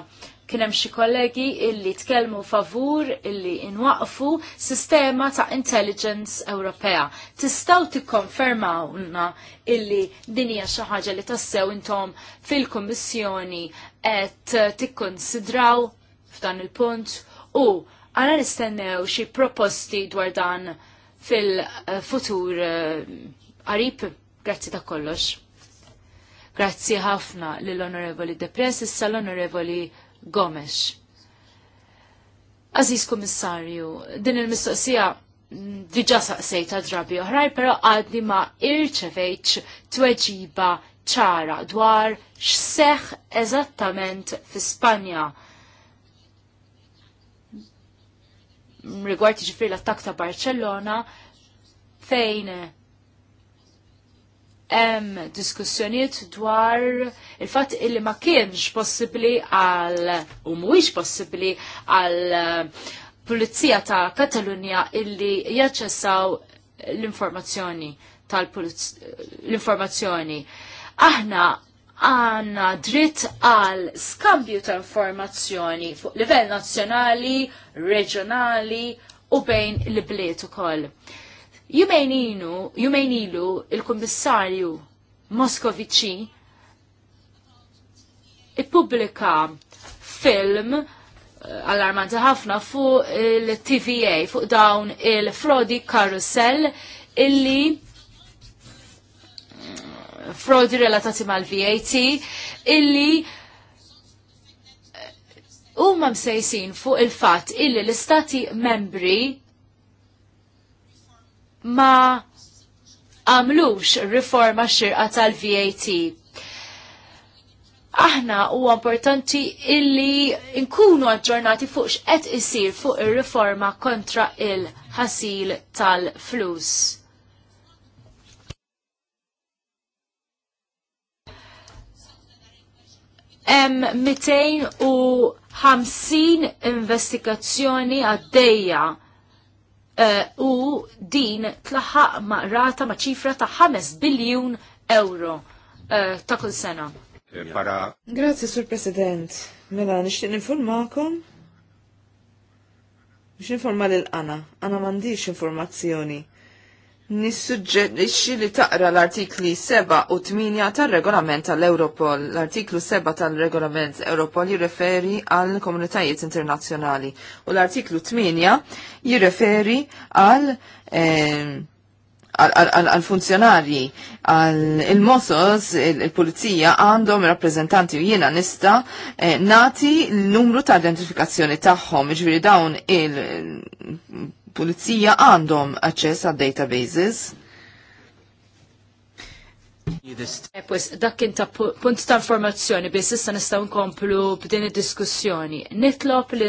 S4: kien hemm xi kollegi illi tkellmu favur illi inwaqfu sistema ta' intelligence Ewropea. Tistgħu tikkonfermawna illi din hija xi ħaġa li tassew intom fil-Kummissjoni qed tikkonsidraw f'dan il-punt u għana nistennew xi proposti dwar dan fil-futur għarib. Eh, Grazzi ta' kollox. Grazzi ħafna lill-Onorevoli Depress, issa l-Onorevoli Gomes. Aziz Komissarju, din il-mistoqsija mm, diġa saqsejta drabi oħrajn, pero għadni ma irċevejċ tweġiba ċara dwar x'seħ eżattament fi Spanja. Rigward ġifri l-attak ta' Barcellona fejn hemm diskussjonijiet dwar il-fatt illi ma kienx possibbli għal u mhuwiex possibbli għal eh, pulizija ta' Katalunja illi jaċċessaw l-informazzjoni tal-informazzjoni. Aħna għanna dritt għal skambju ta' informazzjoni fuq livell nazzjonali, reġjonali u bejn l-bliet ukoll. koll Jumejn ilu il-Kummissarju Moskovici ippubblika film eh, allarmanti ħafna fuq il-TVA, fuq dawn il-frodi karusell illi eh, frodi relatati mal-VAT illi eh, huma msejsin fuq il-fatt illi l-istati membri ma għamlux riforma xirqa tal-VAT. Aħna u importanti illi nkunu aġġornati fuq x'qed isir fuq ir-riforma kontra il-ħasil tal-flus. Hemm 250 investigazzjoni għaddejja Eh, u din tlaħħaq ma' rata ma' ċifra ta' 5 biljun euro eh, ta' kull sena.
S2: Eh, para.
S3: Grazie, Sur President. Mela, nixtieq ninformakom biex informa l-qana. Għana mandiġ informazzjoni Nissuġġerixxi li taqra l-artikli 7 u 8 tal-regolament tal-Europol. L-artiklu 7 tal-regolament Europol jirreferi għal komunitajiet internazzjonali u l-artiklu 8 jirreferi eh, għal għal funzjonarji għal il-Mossos, il-Pulizija għandhom rappresentanti u jiena nista eh, nati l-numru ta' identifikazzjoni tagħhom, ġviri dawn il il-pulizija għandhom aċċess għad databases.
S4: Epwis, eh, dak ta' punt ta' informazzjoni biss issa nistgħu nkomplu b'din id-diskussjoni. Nitlob li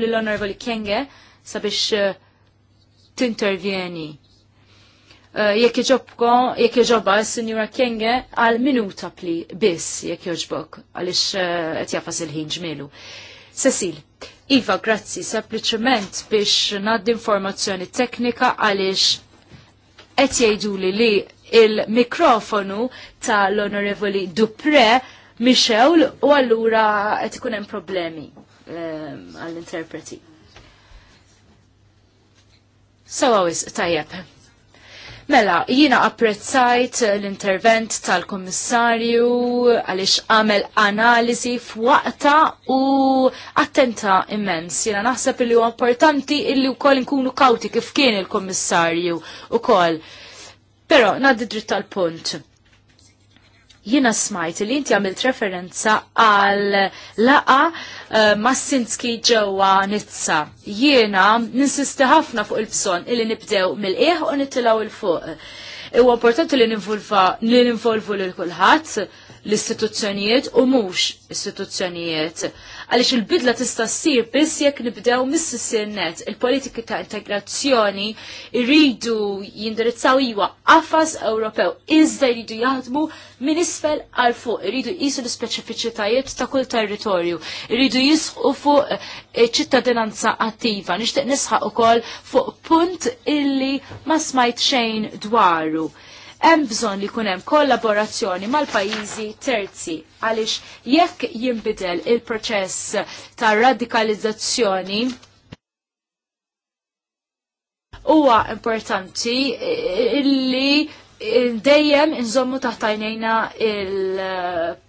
S4: l-Onorevoli Kenge sabiex eh, t-intervjeni. Eh, jekk iġobko, jekk iġobba s-Sinjura Kenge għal minuta pli biss jekk joġbok għaliex qed jafas il-ħin ġmielu. Cecil, Iva, grazzi, sempliciment biex nad informazzjoni teknika għalix qed jgħiduli li il-mikrofonu tal-Onorevoli Dupre Michel u allura qed ikun hemm problemi ehm, għall-interpreti. Sawawis tajjeb. Mela, jina apprezzajt l-intervent tal-Kommissarju għaliex għamel analizi f'waqta u attenta immens. Jina naħseb li huwa importanti illi wkoll nkunu kawti kif kien il-Kommissarju ukoll. Però ngħaddi dritt tal-punt Jina smajt li inti għamilt referenza għal laqa eh, Massinski ġewwa Nizza. Jiena ninsisti ħafna fuq il-bson illi nibdew mill eħ u nittilaw il-fuq. Huwa importanti li ninvolvu lil kulħadd l-istituzzjonijiet u mhux istituzzjonijiet għaliex il-bidla tista' ssir biss jekk nibdew mis-sissir net. il politika ta' integrazzjoni rridu jindirizzaw iwa qafas Ewropew iżda jridu jaħdmu minn isfel għal fuq, iridu jisu l-speċifiċitajiet ta' kull territorju, irridu jisħu fuq eh, ċittadinanza attiva. Nixtieq nisħaq ukoll fuq punt illi ma smajt xejn dwaru hemm bżonn li jkun hemm kollaborazzjoni mal-pajjiżi terzi għaliex jekk jinbidel il-proċess ta' radikalizzazzjoni huwa importanti eh, li eh, dejjem inżommu taħtajnejna il-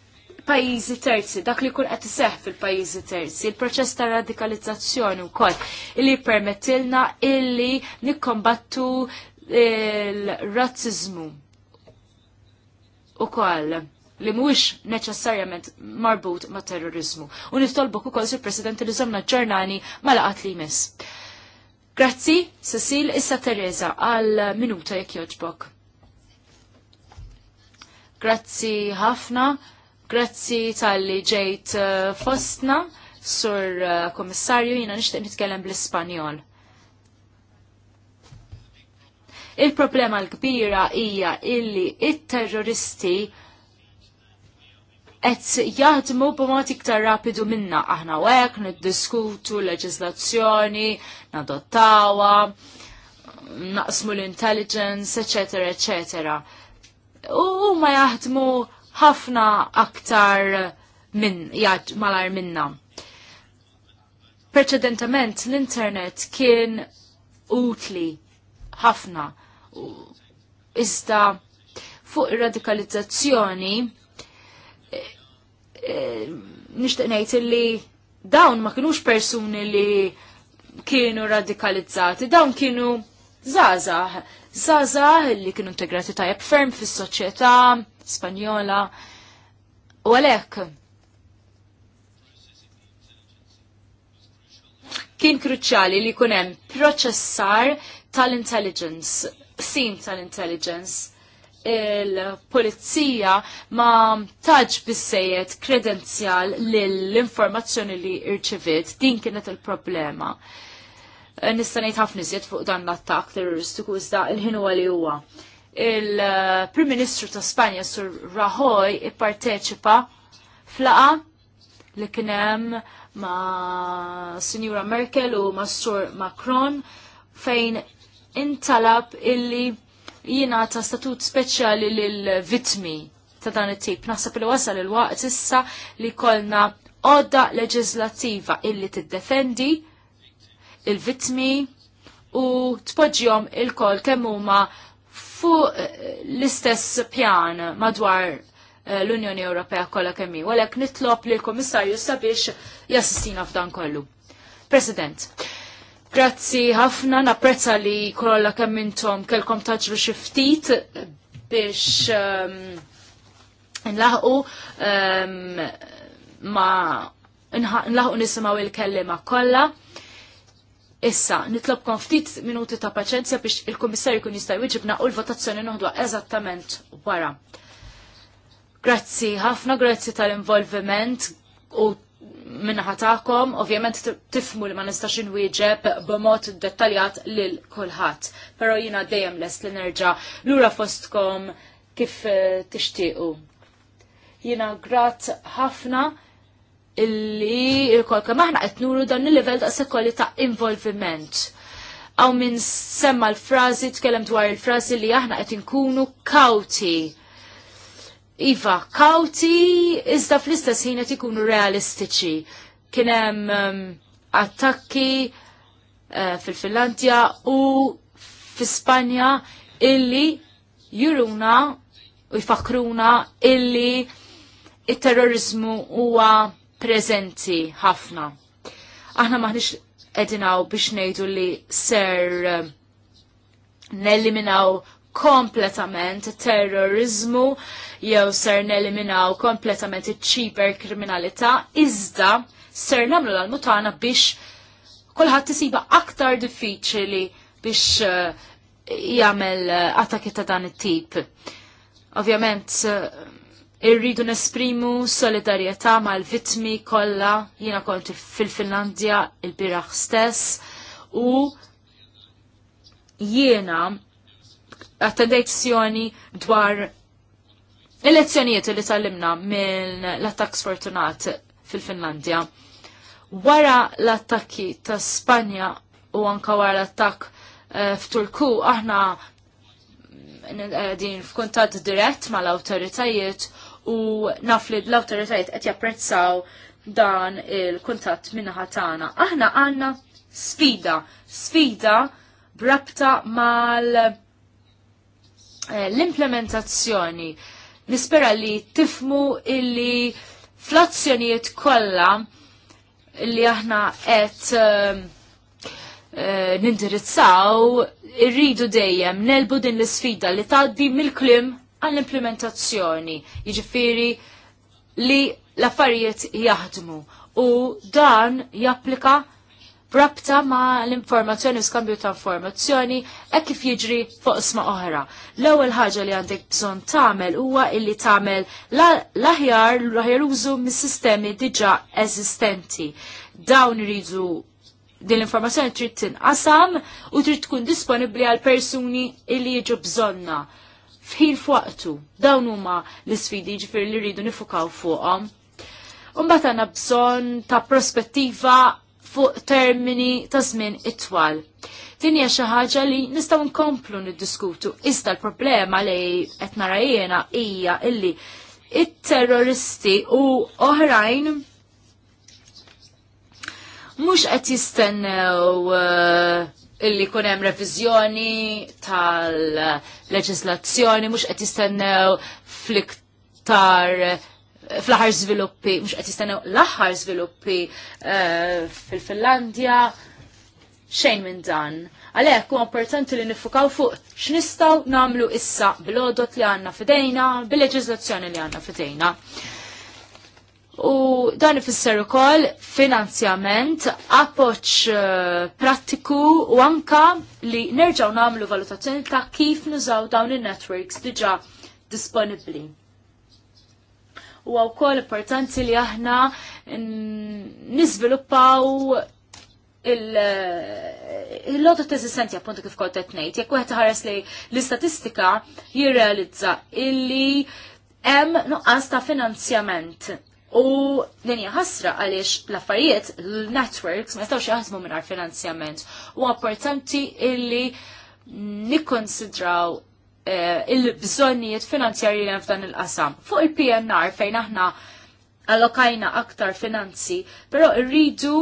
S4: pajizi terzi, dak li kun qed iseħħ fil-pajizi terzi, il-proċess ta' radikalizzazzjoni wkoll li permettilna illi nikkombattu il-razzizmu koll li mhuwiex neċessarjament marbut ma' terrorizmu. U nitolbok ukoll sur President li zomna ġernani ma laqat li jmiss. Grazzi, Cecil, issa Teresa, għal minuta jekk joġbok. Grazzi ħafna, grazzi tal-li ġejt eh, fostna, sur eh, komissarju, jina nishtiq nitkellem bl-Ispanjol. Il-problema l-kbira hija illi it-terroristi qed jaħdmu b'mod iktar rapidu minna aħna hekk niddiskutu leġislazzjoni, nadottawa, naqsmu l-intelligence, eċetera, eċetera. U ma jaħdmu ħafna aktar minn malar minna. Preċedentament l-internet kien utli ħafna Iżda fuq ir-radikalizzazzjoni eh, eh, nixtieq ngħid li dawn ma kinux persuni li kienu radikalizzati, dawn kienu zazah, zazah li kienu integrati tajab ferm fis soċjetà Spanjola u għalhekk. Kien kruċjali li jkun hemm proċessar tal-intelligence qsim tal-intelligence il-polizija ma taġ bissejet kredenzjal l-informazzjoni li irċivit, din kienet il-problema. Nistanejt ħafna iżjed fuq dan l-attak terroristiku iżda il-ħinu għali huwa. Il-Prim Ministru ta' Spanja Sur Rajoy ipparteċipa flaqa li kienem ma' Sinjura Merkel u ma' Sur Macron fejn intalab illi jina ta' statut speċjali lil-vitmi ta' dan it-tip. Naħseb li wasal il-waqt issa li kolna odda leġislativa illi tiddefendi il-vitmi u tpoġġjom il-kol kemm huma fuq eh, l-istess pjan madwar eh, l-Unjoni Ewropea kollha kemm hi. Walek nitlob li l-Kummissarju sabiex jassistina f'dan kollu. President, Grazzi ħafna, napprezza li kolla kemm intom kelkom taġru xi ftit biex um, nlaħqu ehm, ma nlaħqu nisimgħu il-kellima kollha. Issa, nitlobkom ftit minuti ta' paċenzja biex il-Komissarju kun jista' jwiġibna u l-votazzjoni noħdu eżattament wara. Grazzi ħafna, grazzi tal-involviment u minnaħa taħkom, ovvjament tifmu li ma nistax inwieġeb b'mod dettaljat lil kulħadd. Però jiena dejjem lest li nerġa' lura fostkom kif eh, tixtiequ. Jiena grat ħafna illi kolka maħna qed nuru dan il-livell ta' sekolli ta' involviment. Aw minn semma l-frażi tkellem dwar il-frażi li aħna qed inkunu kawti iva kawti, iżda fl-istess ħin qed ikunu realistiċi. Kien hemm um, attakki uh, fil-Finlandja u fl-Spanja illi juruna u jfakruna illi il-terrorizmu huwa preżenti ħafna. Aħna maħniex edinaw biex ngħidu li ser uh, um, neliminaw kompletament terrorizmu jew ser neliminaw kompletament iċ-ċiber kriminalità iżda ser namlu l-mutana biex kulħadd tisiba aktar diffiċili biex uh, jagħmel eh, attakki ta' dan it-tip. Ovvjament, eh, irridu nesprimu solidarjetà mal-vittmi kollha jiena kont fil-Finlandja il-biraħ stess u jiena attendejt dwar il-lezzjonijiet li tallimna minn l-attak sfortunat fil-Finlandja. Wara l-attakki ta' Spanja u anka wara l-attak eh, f'Turku aħna mm, eh, din f'kuntat dirett ma l-autoritajiet u naf li l-autoritajiet qed japprezzaw dan il-kuntatt minna tagħna. Aħna għandna sfida, sfida brabta mal Eh, l-implementazzjoni. Nispera li tifmu illi fl-azzjonijiet kollha li aħna qed ehm, eh, nindirizzaw irridu dejjem nelbu din l-sfida li taddi mill-klim għall-implementazzjoni. Jiġifieri li l-affarijiet jaħdmu u dan japplika rabta ma l-informazzjoni u skambju ta' informazzjoni e kif jiġri fuq isma oħra. L-ewwel ħaġa li għandek bżonn tagħmel huwa illi tagħmel l-aħjar l-aħjar użu mis-sistemi diġà eżistenti. Dawn iridu din l-informazzjoni trid tinqasam u trid tkun disponibbli għal persuni illi jiġu bżonna fħin fuqtu. Dawn huma l-isfidi ġifir li rridu nifukaw fuqhom. Umbat għanna bżon ta' prospettiva fuq termini ta' żmien itwal. Din hija xi ħaġa li nistgħu nkomplu niddiskutu. Iżda l-problema li qed nara jiena hija illi it-terroristi u oħrajn mhux qed jistennew uh, illi kun hemm reviżjoni tal-leġislazzjoni mhux qed jistennew fliktar fl-aħħar żviluppi, mhux qed jistennew l-aħħar żviluppi eh, fil-Finlandja, xejn minn dan. Għalhekk huwa importanti li nifukaw fuq x'nistgħu nagħmlu issa bil-għodot li għandna fidejna, bil-leġiżlazzjoni li għandna fidejna. U dan ifisser ukoll finanzjament, appoġġ eh, prattiku u anka li nerġgħu nagħmlu valutazzjoni ta' kif nużaw dawn in networks diġà disponibbli u wkoll importanti li aħna niżviluppaw eh, il-lotu teżistenti appunto kif kol t ngħid. Jekk wieħed ħares li l-istatistika jirrealizza illi hemm nuqqas ta' finanzjament U dinja ħasra għaliex l-affarijiet, l-networks, ma jistgħux jaħdmu mingħajr finanzjament. U importanti illi nikkonsidraw Eh, il-bżonnijiet finanzjarji li f'dan il-qasam. Fuq il-PNR fejn aħna allokajna aktar finanzi, però rridu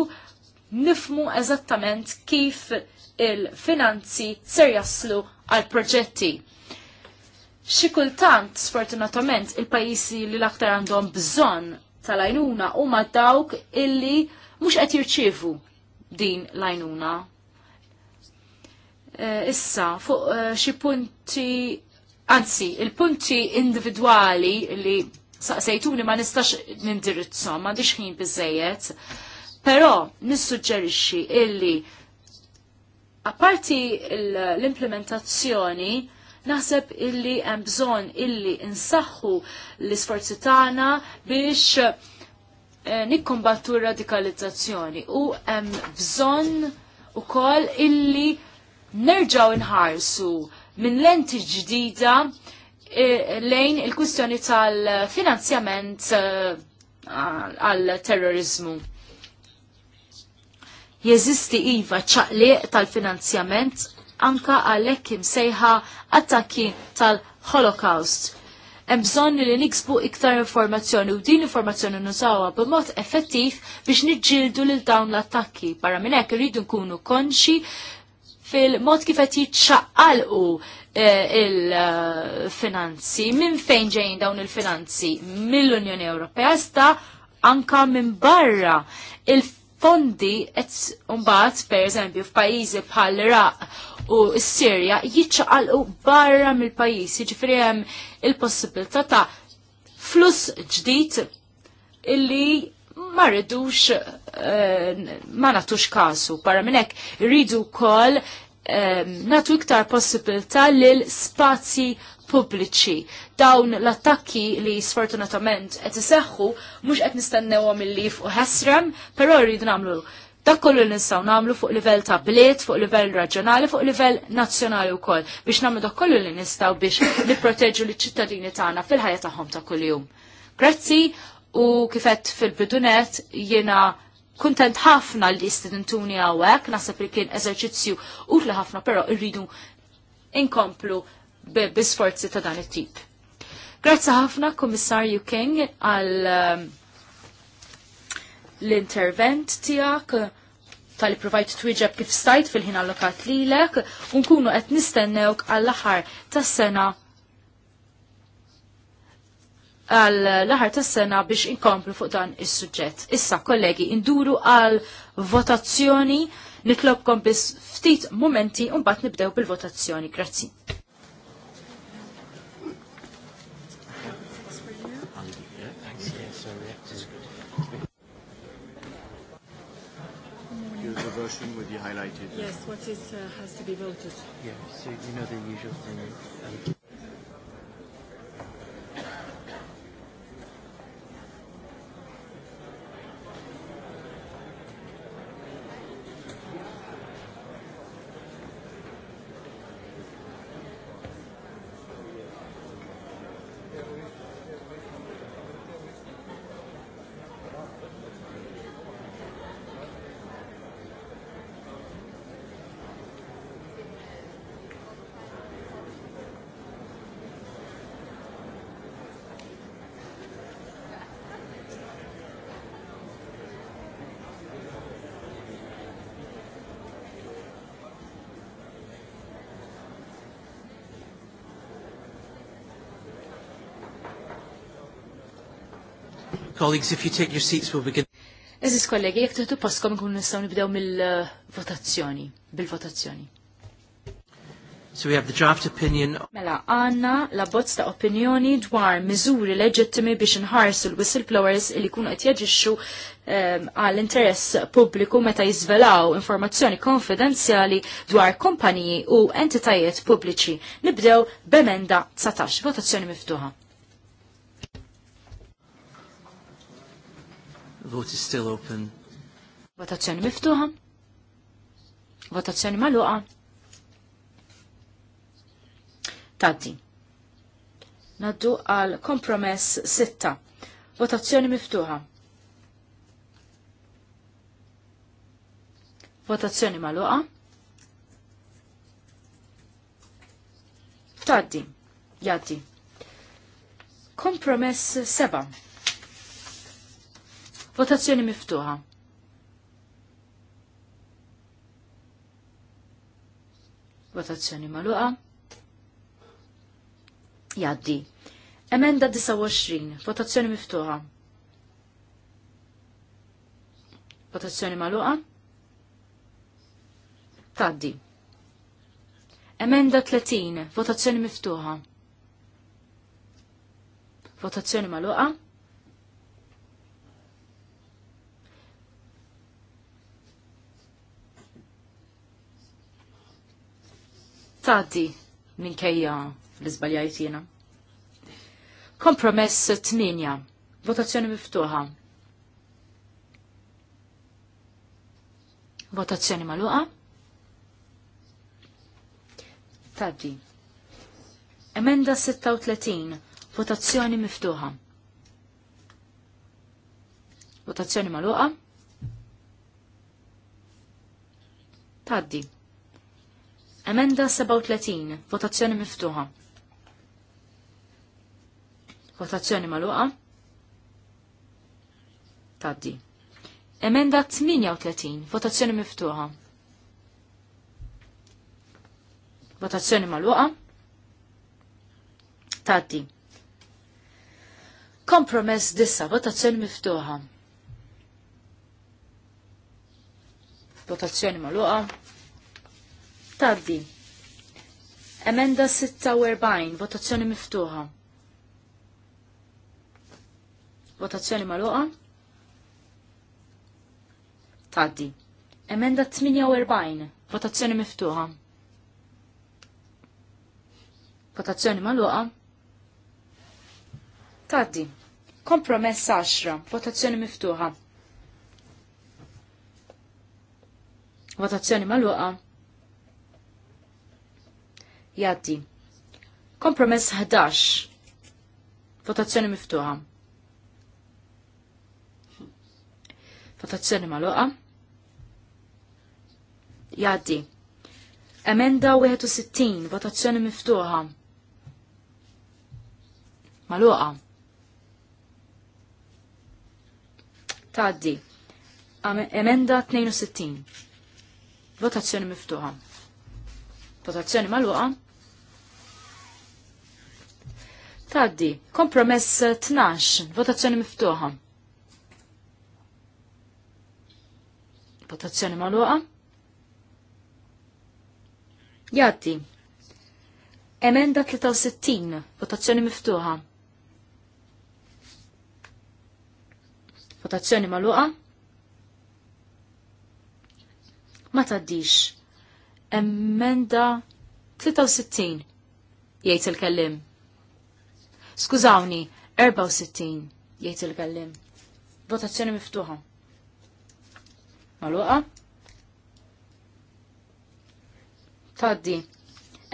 S4: nifmu eżattament kif il-finanzi ser jaslu għal proġetti. Xikultant, sfortunatament, il-pajisi li l-aktar għandhom bżon tal-għajnuna u ma dawk illi mux qed jirċivu din l-għajnuna Eh, issa fuq eh, xi punti anzi il-punti individwali li saqsejtuni ma nistax nindirizzhom m'għandix ħin biżejjed, però nissuġġerixxi illi apparti l-implementazzjoni naħseb illi hemm bżonn illi insaħħu l-isforzi tagħna biex eh, nikkombattu r-radikalizzazzjoni u hemm bżonn ukoll illi nerġaw inħarsu minn lenti ġdida eh, lejn il-kwistjoni tal-finanzjament eh, għal-terrorizmu. Jeżisti iva ċaqliq tal-finanzjament anka għalhekk imsejħa attakki tal-Holocaust. Hemm bżonn li niksbu iktar informazzjoni u din informazzjoni nużawha b'mod effettiv biex niġġieldu lil dawn l-attakki. Barra minn hekk nkunu konxi fil-mod kif qed jiċċaqalqu eh, il-finanzi. Minn fejn ġejjin dawn il-finanzi? Mill-Unjoni Ewropea sta anka minn barra. Il-fondi qed mbagħad pereżempju f'pajjiżi bħal-Iraq u s-Sirja jiċċaqalqu barra mill-pajjiż, jiġifieri hemm il-possibilità ta' flus ġdid illi ma rridux Eh, ma natux kasu. Barra minn hekk irridu wkoll eh, natu iktar possibilità lil spazi pubbliċi. Dawn l-attakki li sfortunatament qed iseħħu mhux qed nistennewhom il-lif u ħesrem, però rridu nagħmlu Dak kollu nistgħu nagħmlu fuq livell ta' bliet, fuq livell raġjonali, fuq livell nazzjonali wkoll biex nagħmlu dak kollu li nistgħu biex nipproteġu l-ċittadini tagħna fil-ħajja tagħhom ta' kuljum. Grazzi u kifet fil-bidunet jiena kuntent ħafna li istidentuni għawek, nasab li kien eżerċizzju utli ħafna, pero irridu inkomplu bisforzi ta' dan it-tip. Grazzi ħafna Komissarju King għal um, l-intervent tijak tal-li provajt twieġeb kif stajt fil-ħin allokat lilek, unkunu qed nistennewk għall-aħħar tas-sena għal l-aħar tas-sena biex inkomplu fuq dan is-suġġett. Issa, kollegi, induru għal votazzjoni nitlobkom biss ftit momenti un bat nibdew bil-votazzjoni. Grazzi.
S1: with the highlighted. Yes, what is uh, has to be voted. yes Yeah, so you know the usual thing. Um, Colleagues, if you take your seats, we'll begin.
S4: Eżis kollegi, jek tuħtu paskom kun nistaw nibdew mill-votazzjoni, bil-votazzjoni.
S1: So we have the draft opinion.
S4: Mela, għanna la bozz ta' opinjoni dwar miżuri leġittimi biex nħarsu l-whistleblowers li kunu qed jaġixxu ehm, għall-interess publiku pubbliku meta jiżvelaw informazzjoni konfidenzjali dwar kompaniji u entitajiet pubbliċi. Nibdew b'emenda 19, votazzjoni miftuħa.
S1: Vote is still open.
S4: Votazzjoni miftuħa. Votazzjoni maluqa. Taddi. Naddu għal kompromess sitta. Votazzjoni miftuħa. Votazzjoni maluqa. Taddi. Jaddi. Kompromess seba'. Votazzjoni miftuħa. Votazzjoni maluqa. Jaddi. Emenda 29. Votazzjoni miftuħa. Votazzjoni maluqa. Taddi. Emenda 30. Votazzjoni miftuħa. Votazzjoni maluqa. tati minkejja l-izbaljajt jena. Kompromess 8. Votazzjoni miftuħa. Votazzjoni maluqa. Taddi. Emenda 36. Votazzjoni miftuħa. Votazzjoni maluqa. Taddi. Emenda 37, votazzjoni miftuħa. Votazzjoni maluqa. Taddi. Emenda 38, votazzjoni miftuħa. Votazzjoni maluqa. Taddi. Kompromess dissa, votazzjoni miftuħa. Votazzjoni maluqa Taddi. Emenda 46, votazzjoni miftuħa. Votazzjoni maluqa. Taddi. Emenda 48, votazzjoni miftuħa. Votazzjoni maluqa. Taddi. Kompromess 10, votazzjoni miftuħa. Votazzjoni maluqa. Jaddi. Kompromess 11. Votazzjoni miftuħa. Votazzjoni maluqa. Jaddi. Emenda 61. Votazzjoni miftuħa. Maluqa. Taddi. Emenda 62. Votazzjoni miftuħa. Votazzjoni maluqa. Taddi, kompromess 12, votazzjoni miftuħa. Votazzjoni maluqa. Jaddi. Emenda 63, votazzjoni miftuħa. Votazzjoni maluqa. Ma taddix. Emenda 63, jgħid il-kellim. Skużawni, 64 jgħid il-kallim. Votazzjoni miftuħa. Maluqa? Taddi.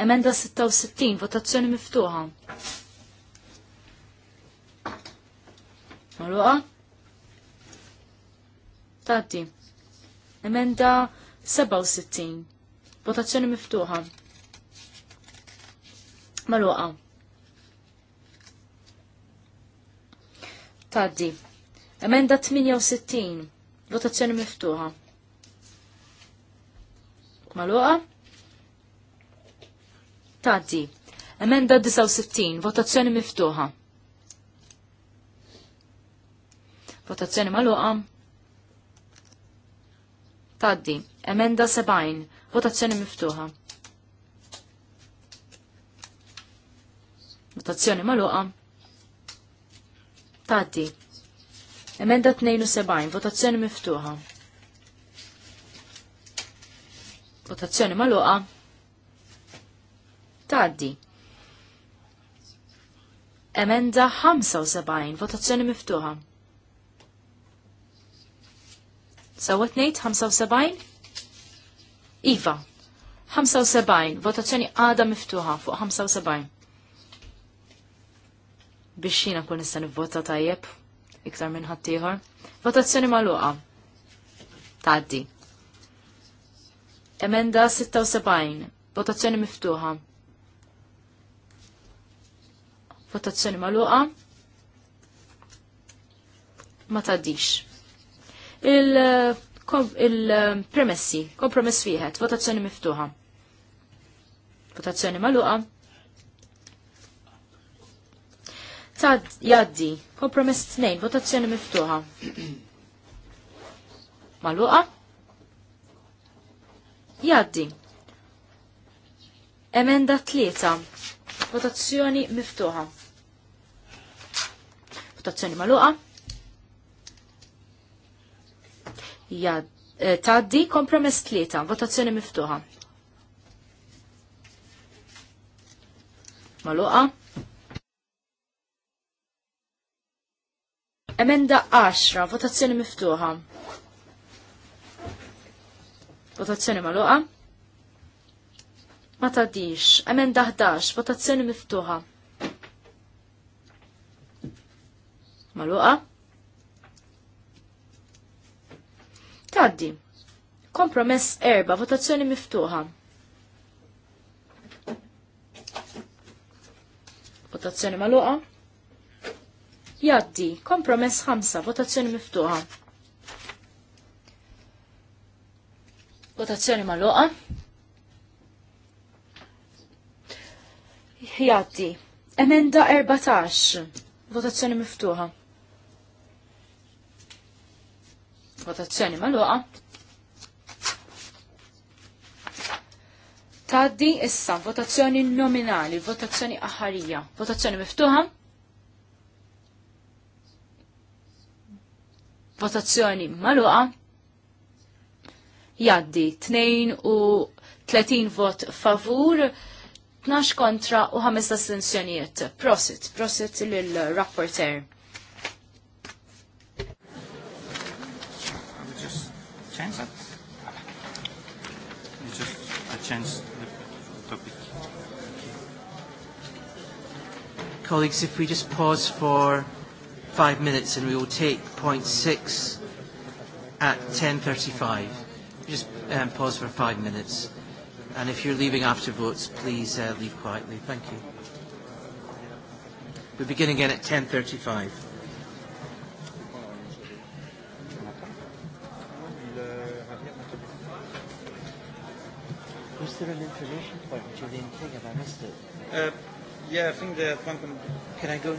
S4: Emenda 66, votazzjoni miftuħa. Maluqa? Taddi. Emenda 67, votazzjoni miftuħa. Maluqa? Tgħaddi, Emenda 68, votazzjoni miftuħa. Maluqa? Tgħaddi, Emenda 69, votazzjoni miftuħa. Votazzjoni maluqa? Tadi. Emenda 70, votazzjoni miftuħa. Votazzjoni maluqa? Tati. Emenda 72, votazzjoni miftuħa. Votazzjoni maluqa. Taddi. Emenda 75, votazzjoni miftuħa. Sawat nejt 75? Iva. 75, votazzjoni għada miftuħa fuq 75 biex jina kun nista' nivvota tajjeb iktar minn ħaddieħor. Votazzjoni magħluqa. Tgħaddi. Emenda 76. Votazzjoni miftuħa. Votazzjoni magħluqa. Ma tgħaddix. Il-premessi, kompromess wieħed, votazzjoni miftuħa. Votazzjoni magħluqa. Tad jaddi, kompromess tnejn, votazzjoni miftuħa. Maluqa? Jaddi. Emenda tlieta, votazzjoni miftuħa. Votazzjoni maluqa? Jaddi. Eh, taddi, kompromess tlieta, votazzjoni miftuħa. Maluqa? Emenda 10, votazzjoni miftuħa. Votazzjoni maluqa. Ma tadix. Emenda 11, votazzjoni miftuħa. Maluqa. Taddi. Kompromess erba, votazzjoni miftuħa. Votazzjoni maluqa. Jaddi, kompromess 5, votazzjoni miftuħa. Votazzjoni maluqa. Jaddi, emenda 14, votazzjoni miftuħa. Votazzjoni maluqa. Taddi issa votazzjoni nominali, votazzjoni aħarija, votazzjoni miftuħa. votazzjoni maluqa jaddi 2 u 30 vot favur, 12 kontra u 5 astensjonijiet. Prosit, prosit l rapporter
S1: Colleagues, if we just pause for five minutes and we will take point six at 10.35. Just um, pause for five minutes. And if you're leaving after votes, please uh, leave quietly. Thank you. We begin again at 10.35. Was there an information point, which you didn't think of? I missed it? Uh, yeah, I think the... Can I go?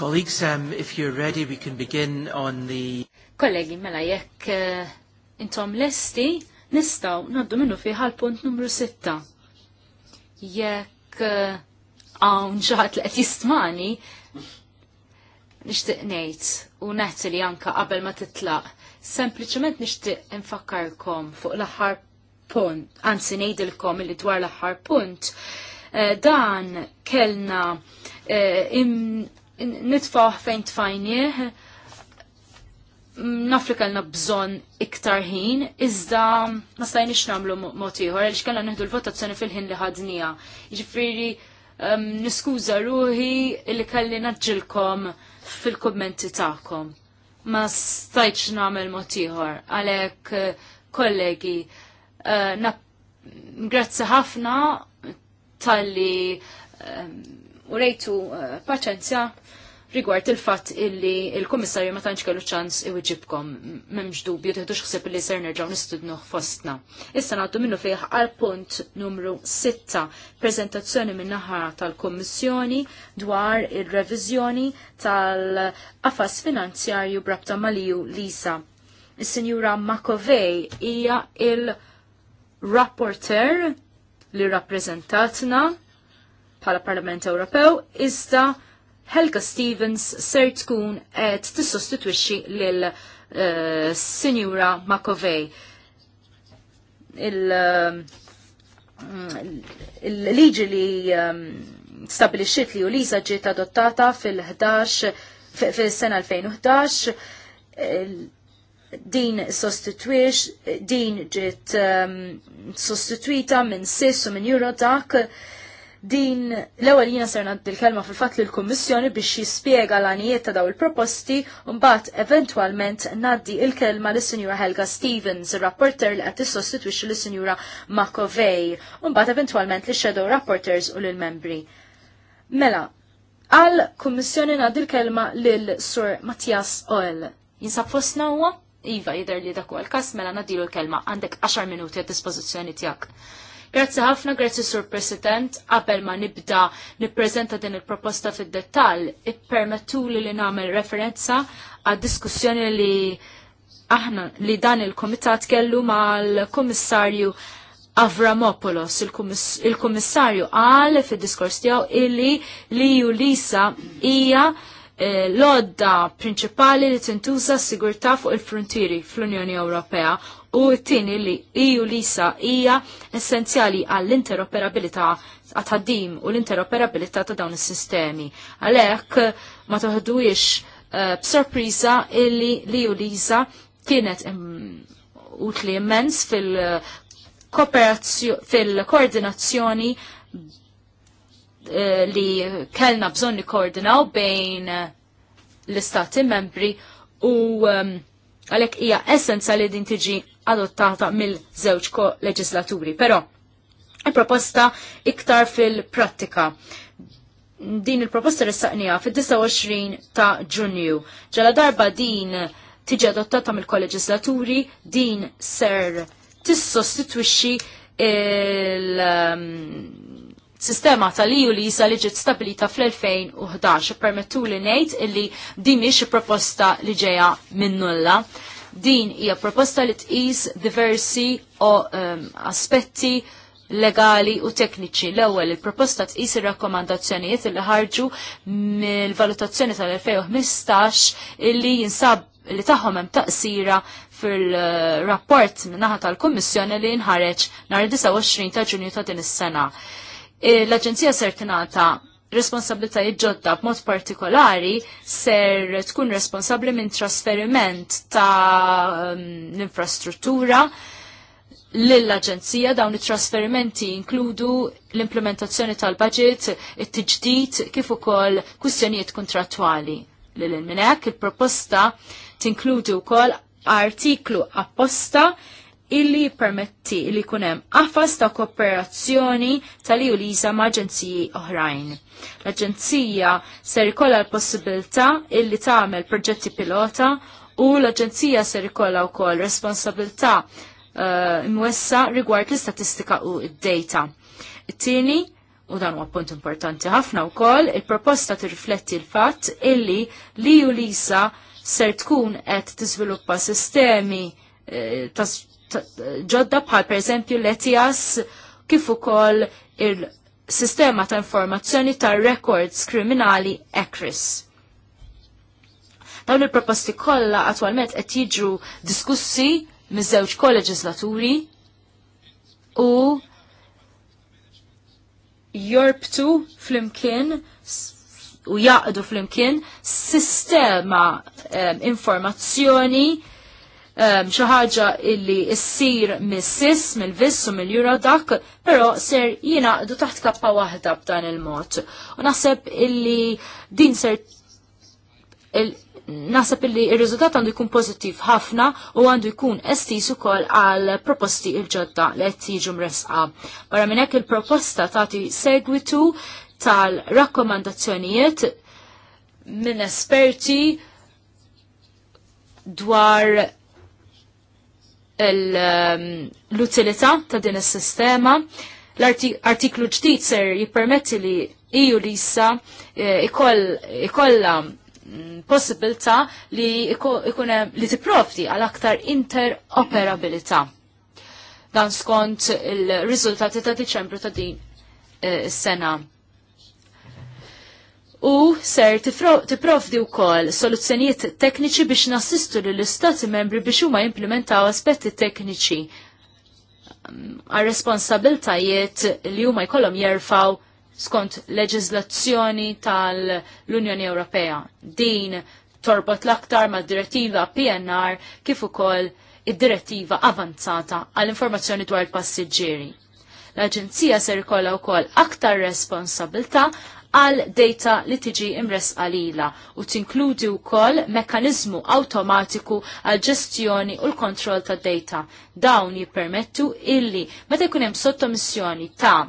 S1: Colleagues, um, if you're ready, we can begin on the...
S4: Kollegi, mela jekk uh, intom lesti, nistaw naddu minnu fiħal punt numru 6. Jekk eh, għawn uh, ġaħat li qed jistmani, nixtieq ngħid u neħti li anka qabel ma titlaq. Sempliċement nixtieq infakkarkom fuq l-aħħar punt, anzi ngħidilkom li dwar l-aħħar punt. Uh, dan kellna uh, im nitfaħ fejn tfajnieh, mm, nafri kellna bżon iktar ħin, iżda ma stajni xnamlu motiħor, għalix kellna nħidu l-votazzjoni fil-ħin li ħadnija. Ġifiri, ehm, niskuza ruħi li kelli naġġilkom fil-kommenti taħkom. Ma stajċ namel motiħor, għalek eh, kollegi, eh, grazzi ħafna tal-li ehm, u rejtu eh, paċenzja rigward il-fatt illi il-komissarju ma tantx kellu ċans iwiġibkom m'hemmx dubju tieħdu x'ħseb li ser nerġaw nistudnu fostna. Issa naħdu minnu fih għal punt numru 6, preżentazzjoni min-naħa tal-Kummissjoni dwar ir-reviżjoni tal-qafas finanzjarju brabta maliju Lisa. Is-Sinjura Makovej hija il-rapporter li rappreżentatna pala Parlament Ewropew, iżda Helga Stevens ser tkun qed tissostitwixxi lil uh, Sinjura Makovej. Il-liġi um, li um, stabilixxiet li uliza ġiet adottata fil-11 fil-sena 2011 din sostituix, din ġiet um, sostituita minn SIS u minn Eurodac din l-ewwel jiena ser ngħaddi l-kelma fil-fatt l kummissjoni biex jispjega l-għanijiet ta' daw il-proposti u mbagħad eventwalment ngħaddi l-kelma lis-Sinjura Helga Stevens, ir-rapporter li qed tissostitwixxi lis-Sinjura Makovej, u mbagħad eventwalment li shadow rapporters u lill-membri. Mela, għal kummissjoni ngħaddi l-kelma lil Sur Mattias Oel. Jinsab fost Iva, jidher li dak huwa l-każ mela nadilu l-kelma għandek 10 minuti għad dispożizzjoni tiegħek. Grazzi ħafna, grazzi Sur President, qabel ma nibda nippreżenta din il-proposta fid-dettall, ippermettuli li nagħmel referenza għad diskussjoni li aħna li dan il-komitat kellu mal-Kummissarju Avramopoulos, il-Kummissarju qal għal fid-diskors tiegħu illi li Julisa hija Eh, l-odda prinċipali li tintuża s-sigurtà fuq il-frontieri fl-Unjoni Ewropea u t-tieni li EU lisa hija essenzjali għall-interoperabilità għat-ħaddim u l-interoperabilità ta' dawn is-sistemi. Għalhekk ma toħdujiex eh, b'sorpriża illi li EU lisa kienet utli immens fil-koordinazzjoni fil Eh, li kellna bżon nikkoordinaw bejn eh, l-istati membri u ehm, għalek hija essenza li din tiġi adottata mill-żewġ leġislaturi. Però il-proposta iktar fil-prattika. Din il-proposta ressaqnija fil-29 ta' ġunju. Ġala darba din tiġi adottata mill-kolleġislaturi din ser tissostitwixxi il- ehm, sistema tal-EU li jisa liġit stabilita fl-2011 permettu li nejt illi din miex proposta li ġeja minn nulla. Din hija proposta li tqis diversi o um, aspetti legali u tekniċi. L-ewwel il-proposta tqis ir-rakkomandazzjonijiet li ħarġu mill-valutazzjoni tal-2015 illi jinsab li taħħom hemm taqsira fil-rapport minnaħa tal-Kummissjoni li nħareġ nhar 29 ta' Ġunju ta' din is-sena. Eh, L-Aġenzija ser tingħata responsabilitajiet ġodda b'mod partikolari ser tkun responsabbli minn trasferiment ta' ehm, l-infrastruttura lill-Aġenzija dawn it-trasferimenti inkludu l-implementazzjoni tal-budget, it-tiġdid kif ukoll kwistjonijiet kontrattwali. Lil minn hekk il-proposta tinkludi wkoll artiklu apposta illi permetti li kunem qafas ta' kooperazzjoni tal-ju Lisa jisam aġenziji oħrajn. L-aġenzija ser ikolla l-possibilta illi tagħmel proġetti pilota u l-aġenzija ser ikolla wkoll responsabilta uh, eh, imwessa rigward l-istatistika u id-data. It-tieni u dan huwa punt importanti ħafna wkoll, il-proposta tirrifletti l-fatt illi li u lisa ser tkun qed tiżviluppa sistemi eh, ġodda bħal pereżempju l-ETIAS kif ukoll il-sistema ta' informazzjoni ta' records kriminali ECRIS. Dawn il-proposti kollha attwalment qed jiġu diskussi miż-żewġ kolleġislaturi u jorbtu flimkien u jaqdu flimkien sistema eh, informazzjoni Ehm, xi ħaġa illi ssir mis-sis, mill-viss u mill dak, però ser du taħt kappa waħda b'dan il-mod. U naħseb illi din ser Nasab illi il-riżultat għandu jkun pozittiv ħafna u għandu jkun estis ukoll għal proposti il-ġodda li qed jiġu resqa. Barra minn hekk il-proposta tagħti segwitu tal-rakkomandazzjonijiet minn esperti dwar l-utilità ta' din is-sistema. L-artiklu ġdid ser jippermetti li EU lissa eh, ikolla mm, possibilità li ikunem li tipprovdi għal aktar interoperabilità. Dan skont il-riżultati ta' Diċembru ta' din eh, is-sena u ser tipprovdi wkoll soluzzjonijiet tekniċi biex nassistu lill istati membri biex huma implementaw aspetti tekniċi um, għal responsabiltajiet li huma jkollhom jerfaw skont leġiżlazzjoni tal-Unjoni Ewropea. Din torbot l-aktar ma' direttiva PNR kif ukoll id-direttiva avanzata għall-informazzjoni dwar il-passiġġieri. L-Aġenzija ser ikollha wkoll aktar responsabilta għal data li tiġi imres għalila u tinkludi wkoll mekkaniżmu awtomatiku għal ġestjoni u l-kontroll ta' data. Dawn jippermettu illi meta jkun hemm sottomissjoni ta'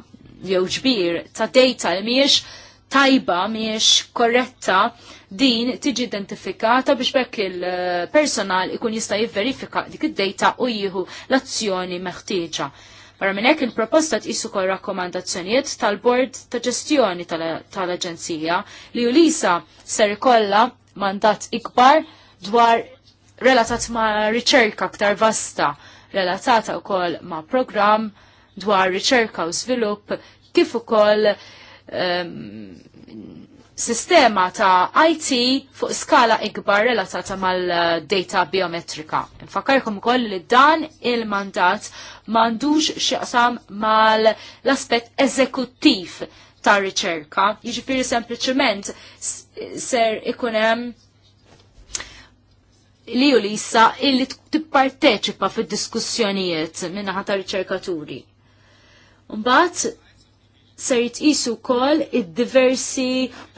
S4: jew ġbir ta' data li mhijiex tajba miex korretta din tiġi identifikata biex bekk il-personal ikun jista' jivverifika dik id-data u jieħu l-azzjoni meħtieġa. Barra minn hekk il-proposta tqisu kol rakkomandazzjonijiet tal-Bord ta' Ġestjoni tal-Aġenzija li Ulisa ser ikollha mandat ikbar dwar relatat ma' riċerka aktar vasta, relatata wkoll ma' programm dwar riċerka u svilupp kif ukoll um, sistema ta' IT fuq skala ikbar relatata mal-data biometrika. Infakarkom ukoll li dan il-mandat mandux xieqsam mal-aspet eżekuttiv ta' riċerka. Jiġifieri sempliċement ser ikunem li u lissa illi tipparteċipa fid-diskussjonijiet minna ħata riċerkaturi. Mbagħad ser jitqisu wkoll id-diversi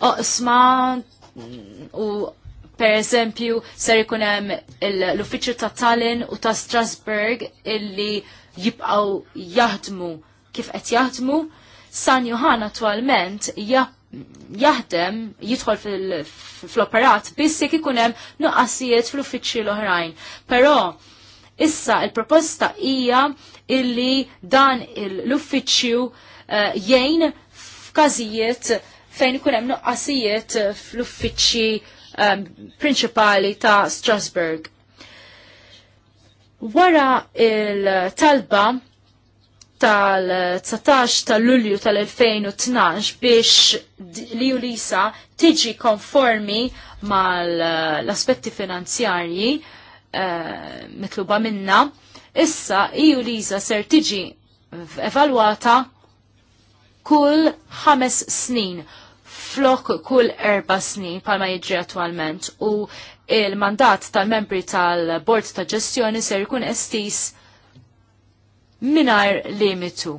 S4: oqsma u per eżempju ser ikun hemm l-uffiċċju ta' Tallinn u ta' Strasburg illi jibqgħu jaħdmu kif qed jaħdmu. San Johan attualment jaħdem jidħol fl-operat biss jekk ikun hemm nuqqasijiet fl uffiċċju l-oħrajn. Però issa il-proposta hija illi dan l-uffiċċju il Eh, jgħin f'każijiet fejn ikun hemm nuqqasijiet fl-uffiċċji ehm, prinċipali ta' Strasburg. Wara il-talba tal-19 ta' Lulju tal-2012 biex li Lisa tiġi konformi mal-aspetti finanzjarji uh, mitluba minna, issa i Lisa ser tiġi evalwata kull ħames snin flok kull erba snin palma jiġri attualment u il-mandat tal-membri tal-bord ta' ġestjoni ser jkun estis minar limitu.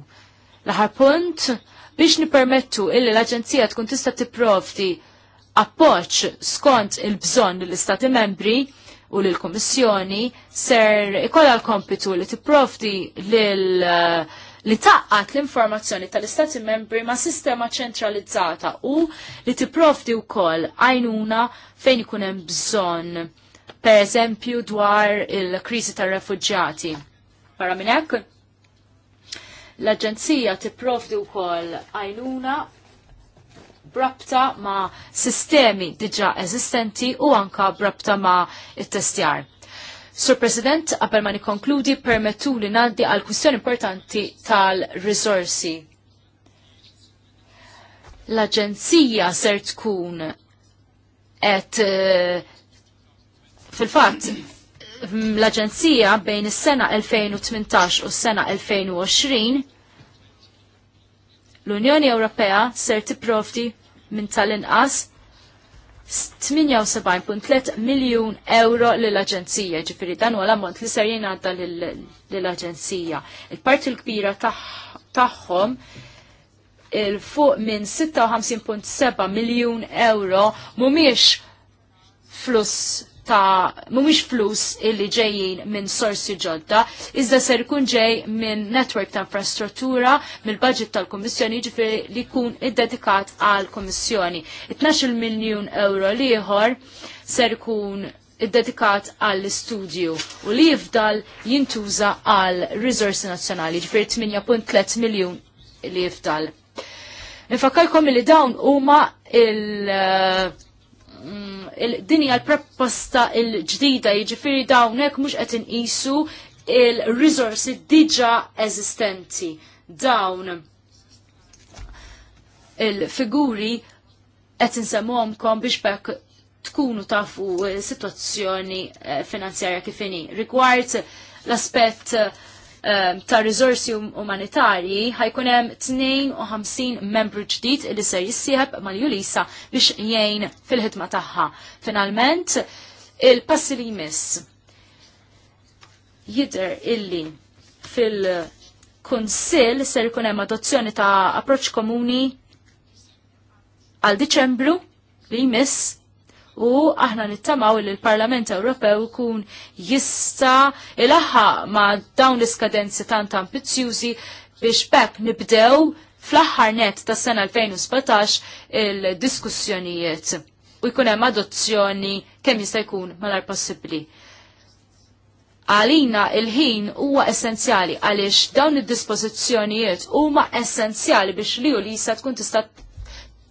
S4: l punt biex nipermettu illi l-Aġenzija tkun tista' tipprovdi appoċ skont il-bżonn l-Istati membri u l-Kommissjoni ser ikolla l-kompitu li tipprovdi lil -l li taqqat l-informazzjoni tal-Istati membri ma' sistema ċentralizzata u li tipprovdi wkoll għajnuna fejn ikun hemm bżonn, per eżempju dwar il-kriżi tar refugġati Para minn hekk, l-Aġenzija tipprovdi wkoll għajnuna brabta ma' sistemi diġa eżistenti u anka brabta ma' it-testjar. Sur President, qabel ma nikkonkludi permettu li ngħaddi għal kwistjoni importanti tal-risorsi. L-Aġenzija ser tkun qed eh, fil-fatt l-Aġenzija bejn is-sena 2018 u s-sena 2020 l-Unjoni Ewropea ser tipprovdi minn tal-inqas 78.3 miljun euro l-Aġenzija, ġifiri dan għal ammont li ser jingħadda l-Aġenzija. Il-parti l-kbira tagħhom il-fuq minn 56.7 miljun euro mhumiex flus ta' mumiex flus illi ġejjin minn sorsi ġodda, iżda ser kun ġej minn network ta' infrastruttura mill-budget tal komissjoni ġifiri li kun id-dedikat għal komissjoni 12 miljon euro liħor ser ikun id-dedikat għall studio u li jifdal jintuża għal risorsi nazzjonali ġifiri 8.3 miljon li jifdal. Nifakkarkom li dawn huma il- Mm, il-dinja l-proposta il-ġdida jiġifieri dawnek mhux qed inqisu il resursi diġa eżistenti dawn il-figuri qed kom biex bekk tkunu tafu situazzjoni eh, finanzjarja kifini rigward l-aspett eh, Um, ta' rizorsi um, umanitarji ħajkun hemm 52 membru ġdid li se jissieħeb mal-Julisa biex jgħin fil-ħidma tagħha. Finalment, il-passi li jmiss jidher illi fil-Kunsill ser jkun hemm adozzjoni ta' approċċ komuni għal Diċembru li jmiss u aħna nittamaw li l-Parlament Ewropew kun jista il-aħħa ma' dawn l-iskadenzi tant ambizzjużi biex bekk nibdew fl-aħħar net tas sena 2017 il-diskussjonijiet u jkun hemm adozzjoni kemm jista' jkun malar possibbli. Għalina il-ħin huwa essenzjali għaliex dawn id-dispożizzjonijiet huma essenzjali biex li u li jista' tkun tista'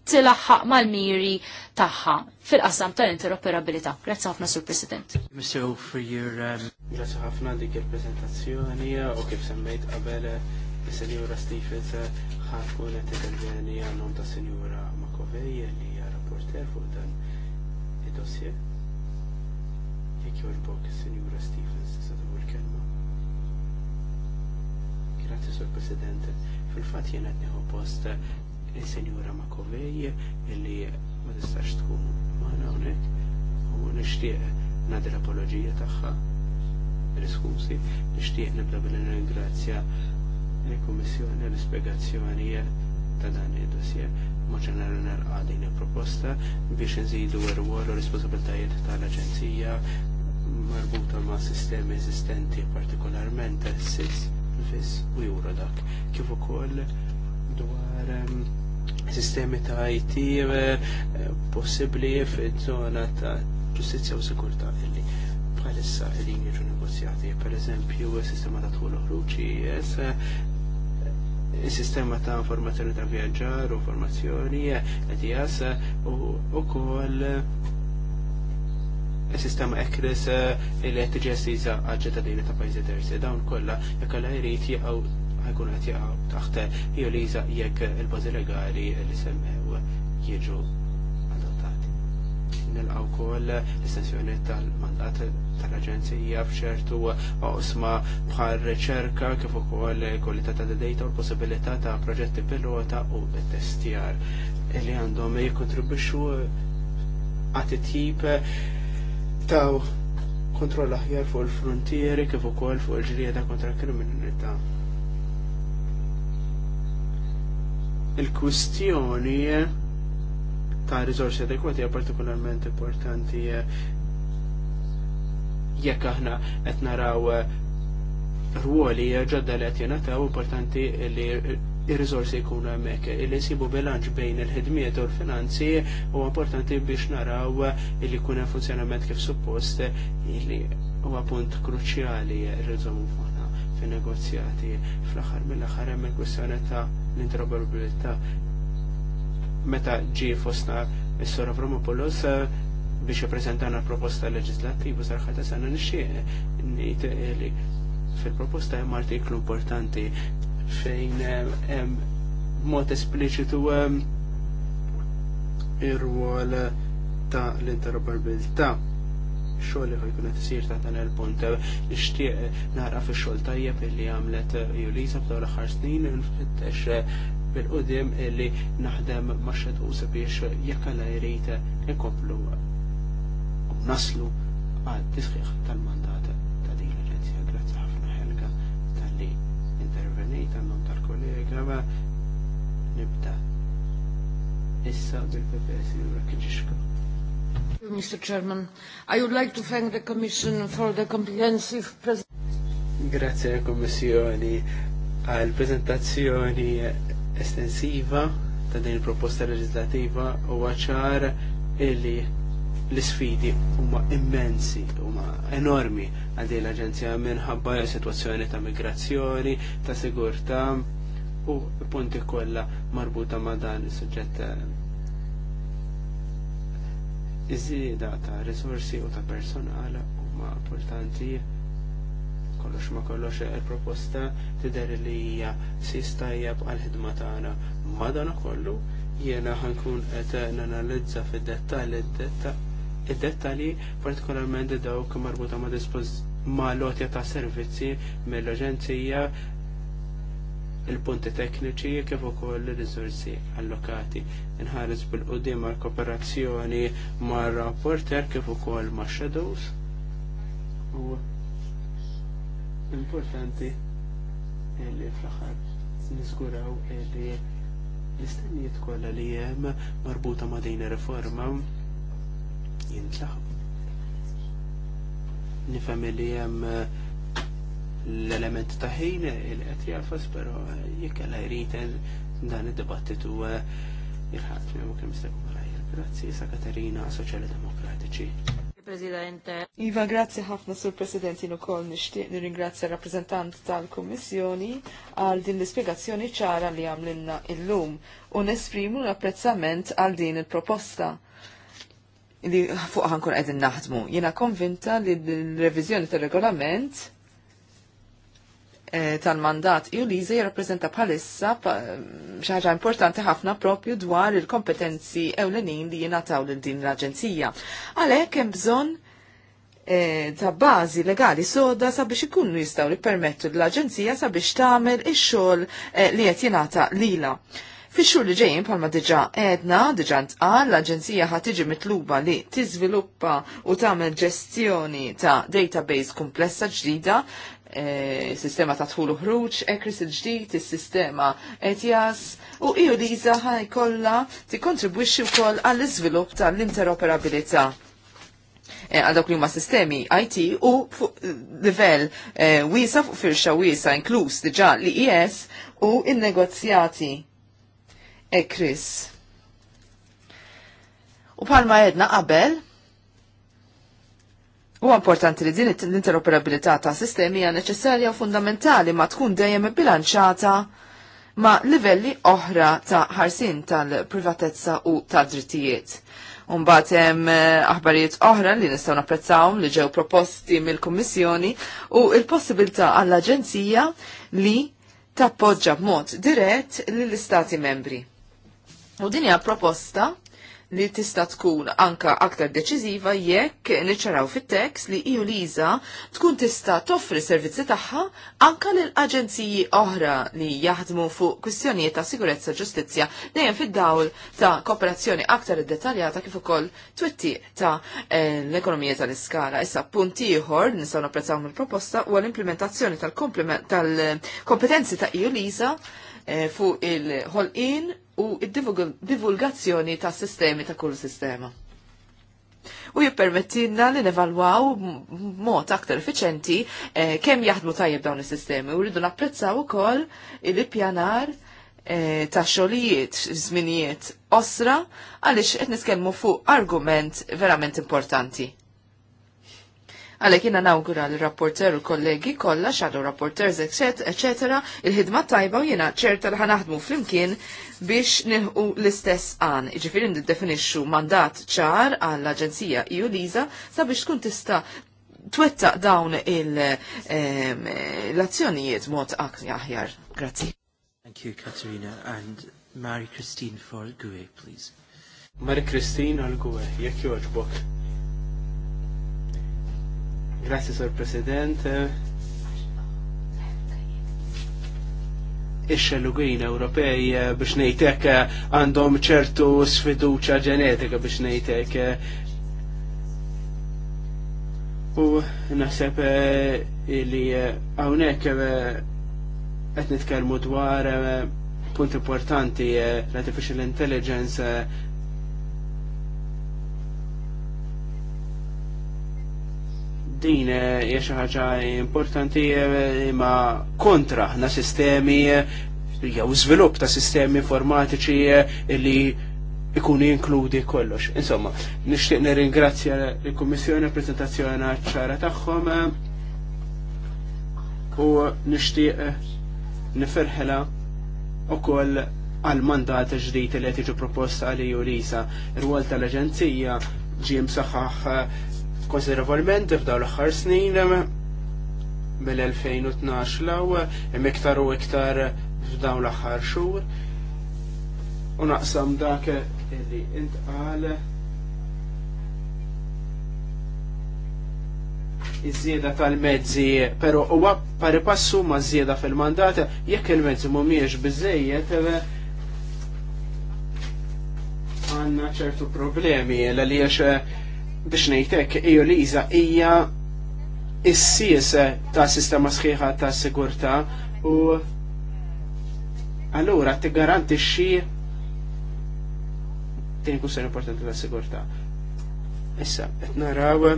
S4: tilaħħaq mal-miri taħħa fil-qasam tal-interoperabilità. Grazie ħafna sur President.
S2: Mr. for your um, Grazzi ħafna dik il-prezentazzjoni u kif semmejt qabel eh, is-Senjura Stephens eh, ħankun qed itendeni għannum ta' Senjura Makovej li hija rapporter fuq dan id-dossier. Jek jor bok, senjura Stephens se tagħmel kelma. Grazie, sur President. Fil-fatt jien niħu post eh, il-Senjura Makovej illi ma tistax tkun maħna hawnhekk u nishtiq nadi l apologija tagħha riskusi nishtiq nixtieq nibda bil-ringrazzja l komissjoni l spiegazzjoni ta' dan id-dossier ma ġenerali nerqa' din proposta biex nżidu r-rwol u responsabiltajiet tal-Aġenzija marbuta ma' sistemi eżistenti partikolarment SIS, FIS u jura dak. Kif ukoll dwar ehm, sistemi ta' IT eh, eh, possibbli fil-zona ta' ġustizja u sigurtà illi bħalissa illi jiġu negozjati. Per eżempju, sistema ta' tħul uħruċi, IS, eh, sistema ta' informazzjoni ta' vjaġġar, informazzjoni, ETS u koll sistema ekris il-ETGS za' għagġeta dini ta' pajzi terzi. Dawn kolla, jekk għala jrit ħajkun qed jaqgħu taħt joliża jekk il-bażi legali li semmew jiġu adottati. Nilqgħu kol l-estensjoni tal-mandat tal-Aġenzija f'ċertu oqsma bħal riċerka kif ukoll kwalità ta' data u l-possibilità ta' proġetti pilota u testjar li għandhom jikkontribwixxu għat tip ta' kontroll aħjar fuq il-frontieri kif ukoll fuq il-ġrieda kontra kriminalità. il-kwistjoni ta' rizorsi adekwati hija partikolarment importanti eh, jekk aħna qed naraw eh, rwoli ġodda li qed jingħataw importanti li ir-riżorsi jkunu hemmhekk. Illi nsibu bilanċ bejn il-ħidmiet u l-finanzi huwa importanti biex naraw eh, li jkun hemm funzjonament kif suppost li huwa punt kruċjali rriżomu fuqna fin-negozjati. Fl-aħħar mill-aħħar hemm il-kwistjoni ta' l-interoperabilità meta ġie fostna s-sor Avramopoulos eh, biex jippreżentana proposta leġislattiva sarħata sena nixxieq ngħid li fil-proposta hemm artiklu importanti fejn eh, hemm mod espliċitu eh, ir-rwol ta' l-interoperabilità xogħol li jkun qed isir ta' dan il-punt. Nixtieq nara fi xogħol tajjeb li għamlet Julisa f'daw l-aħħar snin nfittex bil-qudiem li naħdem ma' xedqus biex jekk alla jrid u naslu għad tisħiħ tal-mandat ta' din l-Aġenzija. Grazzi ħafna Helga tal-li intervenit għannum tal-kollega nibda issa bil-PPS jura kħiġiġka.
S3: Mr. Chairman. I would like to thank the Commission for the comprehensive
S2: presentation. Grazie Kommissjoni għal prezentazzjoni estensiva ta' din il-proposta legislativa u għacħar illi l-sfidi huma immensi, huma enormi għal din l-Aġenzija minħabba situazzjoni ta' migrazzjoni, ta' sigurtà u punti kollha marbuta ma' dan is-suġġett iż-żieda ta' resursi u ta' personal huma importanti kollox ma kollox il-proposta tidher li hija sistajja bħal ħidma tagħna madana kollu jiena ħankun qed nanalizza fid-dettall id dettalji partikolarment dawk marbuta ma' dispożizzjoni ma' lotja ta' servizzi mill-Aġenzija il-punti tekniċi kif ukoll ir-riżorsi allokati. Inħares bil-qudiem mal kooperazzjoni mar-rapporter kif ukoll ma' shadows. U importanti li fl-aħħar niżguraw li l-istennijiet kollha li hemm marbuta ma' din ir-riforma jintlaħu. Nifhem li hemm uh, l-element ta' ħin li qed jafas, però eh, jekk għal jrid dan id-dibattitu eh, il-ħadd ma kemm jista' jkun Grazzi, sa' Katerina, Soċjali Demokratiċi.
S3: Presidente. Iva, grazzi ħafna sur President jien ukoll nixtieq nirringrazzja rappreżentant tal-Kummissjoni għal din l-ispjegazzjoni ċara li għamlilna illum u nesprimu l-apprezzament għal din il-proposta li fuq ħankun qegħdin naħdmu. Jiena konvinta li l-reviżjoni tar-regolament Eh, tal-mandat ju li jizaj rappresenta bħalissa ehm, xaħġa importanti ħafna propju dwar il-kompetenzi ewlenin li jenataw l din l-Aġenzija. Għale, hemm bżonn eh, ta' bażi legali soda sabiex ikunu jistgħu li permettu l-Aġenzija sabiex tagħmel ix-xogħol eh, li qed jingħata lila. fix li ġejjin bħalma diġà għedna, diġa' ntqal l-Aġenzija ħat tiġi mitluba li tiżviluppa u tagħmel ġestjoni ta' database komplessa ġdida Eh, sistema ta' tħul u ħruġ, ekris il-ġdid, is-sistema ETIAS u iju li ħaj kolla ti kontribwixi u koll għall-izvilup tal-interoperabilità eh, għal dawk li huma sistemi IT u fuq livell eh, wiesa fuq firxa wiesa inkluż diġà li IS e u in EKRIS. U palma edna qabel, Huwa importanti li din l-interoperabilità ta' sistemi hija neċessarja u fundamentali ma tkun dejjem bilanċata ma' livelli oħra ta' ħarsin tal-privatezza u tad-drittijiet. Umbat hemm eh, aħbarijiet oħra li nistgħu napprezzaw li ġew proposti mill-Kummissjoni u l-possibilità għall-Aġenzija li tappoġġa b'mod dirett lill-Istati membri. U din hija proposta li tista' tkun anka aktar deċiżiva jekk niċċaraw fit-tekst li EU Liza tkun tista' toffri servizzi tagħha anka lil aġenziji oħra li jaħdmu fuq kwistjonijiet ta' sigurezza ġustizzja dejjem fid-dawl ta' kooperazzjoni aktar iddettaljata kif ukoll twetti ta' eh, l-ekonomija tal-iskala. Issa punt ieħor nistgħu napprezzaw mill-proposta huwa l-implementazzjoni tal-kompetenzi ta' EU Liza eh, fuq il-ħolqin u id-divulgazzjoni ta' sistemi ta' kull sistema. U jippermettilna li nevalwaw mod aktar effiċenti eh, kemm jaħdmu tajjeb dawn is-sistemi u rridu napprezzaw ukoll il-pjanar E, eh, ta' xogħlijiet żminijiet osra, għaliex qed niskellmu fuq argument verament importanti. Għalek jina nawgura l-rapporter u kollegi kolla, xadu rapporters, etc. il-ħidma tajba u jina ċerta li ħanaħdmu flimkien biex nħu l-istess għan. d niddefinixxu mandat ċar għall-Aġenzija EU Liza sabiex tkun tista' twetta dawn l-azzjonijiet mod aħjar.
S1: Grazzi. Thank you, Katerina,
S2: and Mary Christine for GUE, please. Mary Christine or GUE, jekk joġbok. Grazie, Sor Presidente. Ix-xellugin Ewropej eh, biex nejtek eh, għandhom ċertu sfiduċa ġenetika biex nejtek. Eh. U naħseb li għawnek qed nitkellmu dwar punt importanti l-artificial intelligence din eh, hija xi ħaġa importanti eh, ma kontra ħna sistemi eh, jew żvilupp ta' sistemi informatiċi li ikunu inkludi kollox. Insomma, nixtieq nirringrazzja l-Kummissjoni l-preżentazzjoni ċara tagħhom u nixtieq nifirħela ukoll għal mandat ġdid li qed proposta li ju lisa. Ir-rwol tal-Aġenzija ġie saħħaħ Konsidervolment f'daw l-aħħar snin mill-2012 law hemm iktar u iktar f'daw l-aħħar xhur. U naqsam dak li intqal iż-żieda tal-mezzi, però huwa pari passu ma' żieda fil-mandat, jekk il-mezzi mhumiex biżejjed għandna ċertu problemi l għaliex biex nejtek, ejo liża hija is-siesa ta' sistema sħiħa ta' sigurta u allura t-garanti xie tieni kussjoni importanti ta' sigurta. Issa, qed naraw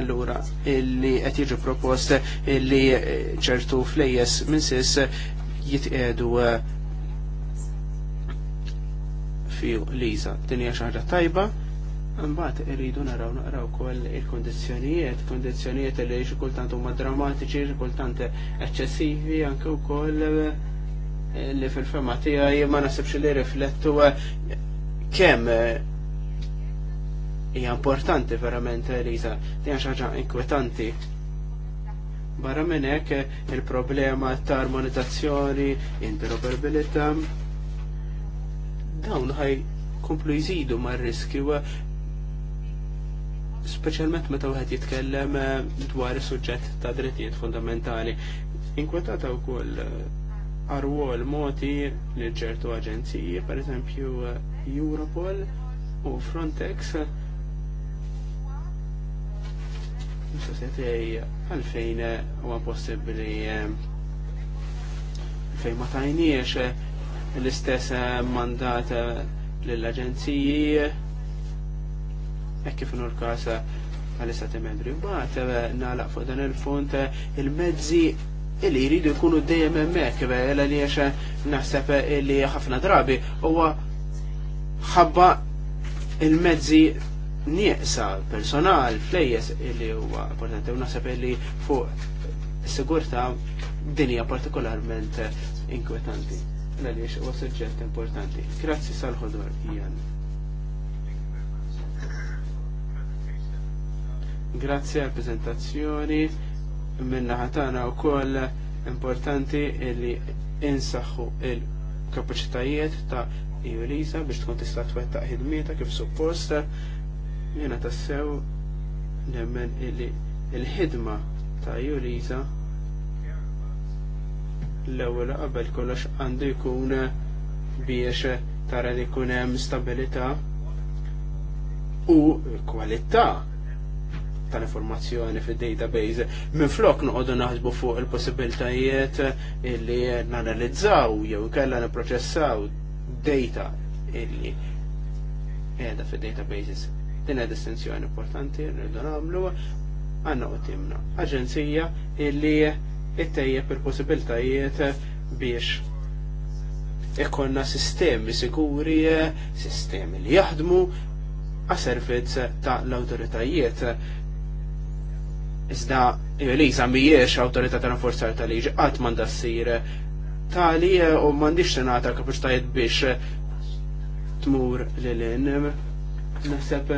S2: allura illi qed jiġu propost illi eh, ċertu flejjes minn sis jitqiedu eh, fiju Liza. Din hija xi ħaġa tajba Mbagħad irridu naraw naqraw ukoll il-kondizzjonijiet, kondizzjonijiet li xi kultant huma drammatiċi, xi kultant eċċessivi anke wkoll eh, li fil-fema tiegħi ma nasibx li riflettu eh, kemm eh, hija importanti verament Eliza, dejjem xi ħaġa inkwetanti. Barra minn hekk il-problema ta' armonizzazzjoni, interoperabilità, dawn ħaj komplu jżidu mar riskju speċjalment meta wieħed jitkellem eh, dwar is-suġġett ta' drittijiet fundamentali. Inkwetata wkoll eh, arwol moti li ċertu aġenziji, per eżempju eh, Europol u Frontex, Sosjetej għalfejn huwa possibbli fejn ma tajniex l-istess mandat lill-aġenziji hekk kif inhu l-każ għal-istati eh, membri. Mbagħad eh, nagħlaq fuq dan il punt eh, il-mezzi illi jridu jkunu dejjem hemmhekk ela li għax naħseb illi ħafna drabi huwa ħabba il-mezzi nieqsa personal flejjes illi huwa importanti u naħseb illi fuq sigurta dinja partikolarment inkwetanti. Għaliex huwa suġġett importanti. Grazzi sal-ħodur, Jan. Grazzi għal prezentazzjoni minna ħatana u koll importanti illi insaxhu il-kapacitajiet ta' Julisa biex tkun tista' twettaq ħidmieta kif suppost jiena tassew nemmen illi il-ħidma ta' Julisa l-ewwel qabel kollox għandu jkun biex tara li jkun hemm stabilità u kwalità tal-informazzjoni fil-database. Minn flok noqogħdu naħsbu fuq il-possibiltajiet illi nanalizzaw jew kellha nipproċessaw data illi qiegħda fil-databases. Din hija distinzjoni importanti rridu nagħmlu għandna qudiemna aġenzija illi ittejjeb il-possibiltajiet biex ikonna sistemi sikuri, sistemi li jaħdmu għas-servizz ta' l-autoritajiet Iżda Elisa mhijiex awtorità tal-forzar tal-liġi qatt m'għandha ssir tali eh, u m'għandix tingħata kapaċitajiet biex eh, tmur lil hinn. Naħseb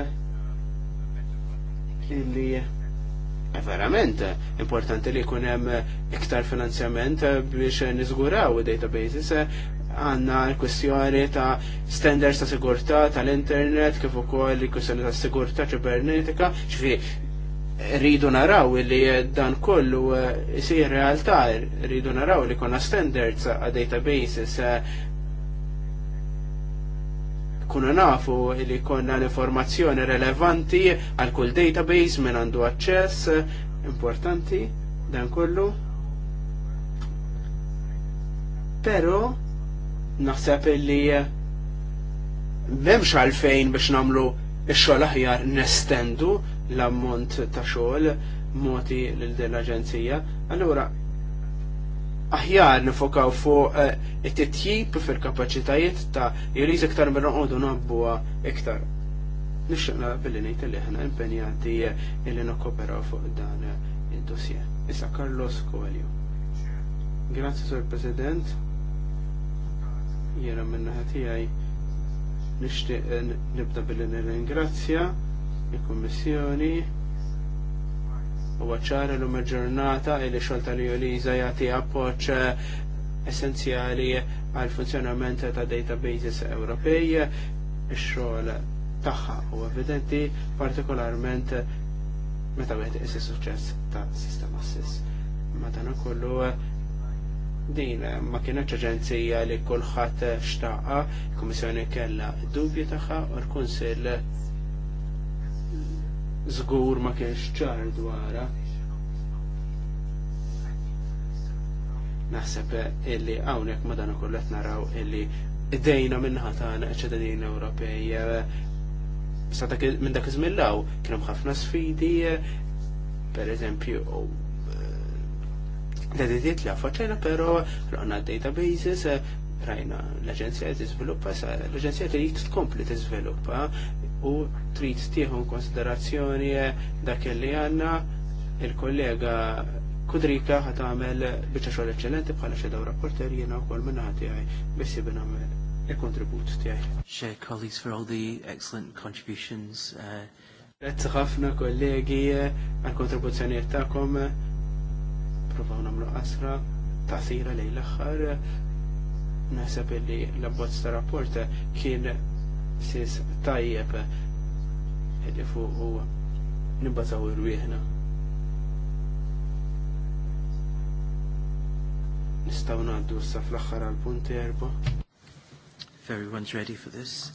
S2: illi eh, verament importanti li jkun hemm iktar finanzjament biex niżguraw databases għanna l-kwestjoni ta' standards ta' sigurta tal-internet, kif ukoll il-kwestjoni ta' sigurta ċibernetika, ċifi rridu naraw li dan kollu jisir eh, realtà, rridu naraw li konna standards a databases eh, kunu nafu li konna l-informazzjoni relevanti għal kull database minn għandu access eh, importanti dan kollu. Pero naħseb li memx għalfejn biex namlu ix-xogħol aħjar nestendu l-ammont ta' xogħol moti lil din l-aġenzija. Allura aħjar nifokaw fuq eh, it-titjib fil-kapaċitajiet ta' jiriż iktar minn noqogħdu nabbuha iktar. Nixtieqna billi ngħid li aħna impenjati eh, illi nokkoperaw fuq dan eh, id-dossier. Issa Carlos Coelho. Grazzi Sur President. Jiena minna ħatijaj nixtieq nibda billi nirringrazzja il-Kommissjoni u għacċara l umma ġurnata il xolta li joliza jati appoċ essenzjali għal funzjonament ta' databases Ewropej, il-xol taħħa u evidenti partikolarment meta għet is suċċess ta' sistema SIS. Ma dan kollu din ma kienet aġenzija li kulħadd xtaqa, il-Kummissjoni kellha dubju tagħha u l kunsil żgur ma kienx ċar dwara. Naħseb illi hawnhekk madana u qed naraw illi dejna minnaħa tagħna ċittadini Ewropej minn dak iżmillaw, kienem ħafna kien hemm ħafna sfidi pereżempju li la pero però raqna databases rajna l-Aġenzija izviluppa l-Aġenzija trid izviluppa tiżviluppa u trid tieħu konsiderazzjoni dak li għandna il-kollega Kudrika ħat għamel bieċa xogħol eċċellenti bħala dawra rapporter jiena wkoll minn ħati tiegħi bissi bin għamel il-kontribut tiegħi. Share colleagues for all the excellent contributions. Uh, Grazzi ħafna kollegi għal-kontribuzzjonijiet tagħkom. Provaw nagħmlu qasra taħsira lejn l-aħħar. Naħseb illi l-abbozz ta' rapport kien sis tajjeb li fuq u nibbazaw irwieħna. Nistaw naddu sa fl-axħar għal punti erba.
S1: If everyone's ready for this.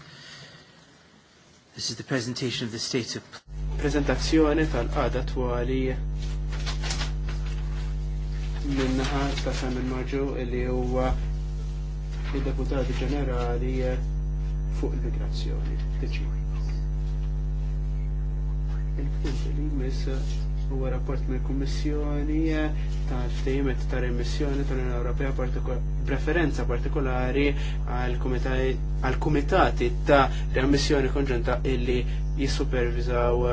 S1: This is the presentation of the state
S2: of... Presentazzjoni tal-qada twali minnaħa ta' Samin Marġu li huwa il-deputati ġenerali fuq l migrazzjoni Tiġi. Il-punt li jmiss huwa rapport mill kummissjoni tal-ftejmet ta' remissjoni tal-Unjoni Ewropea preferenza partikolari għal kumitati ta' remissjoni konġunta illi jissupervizaw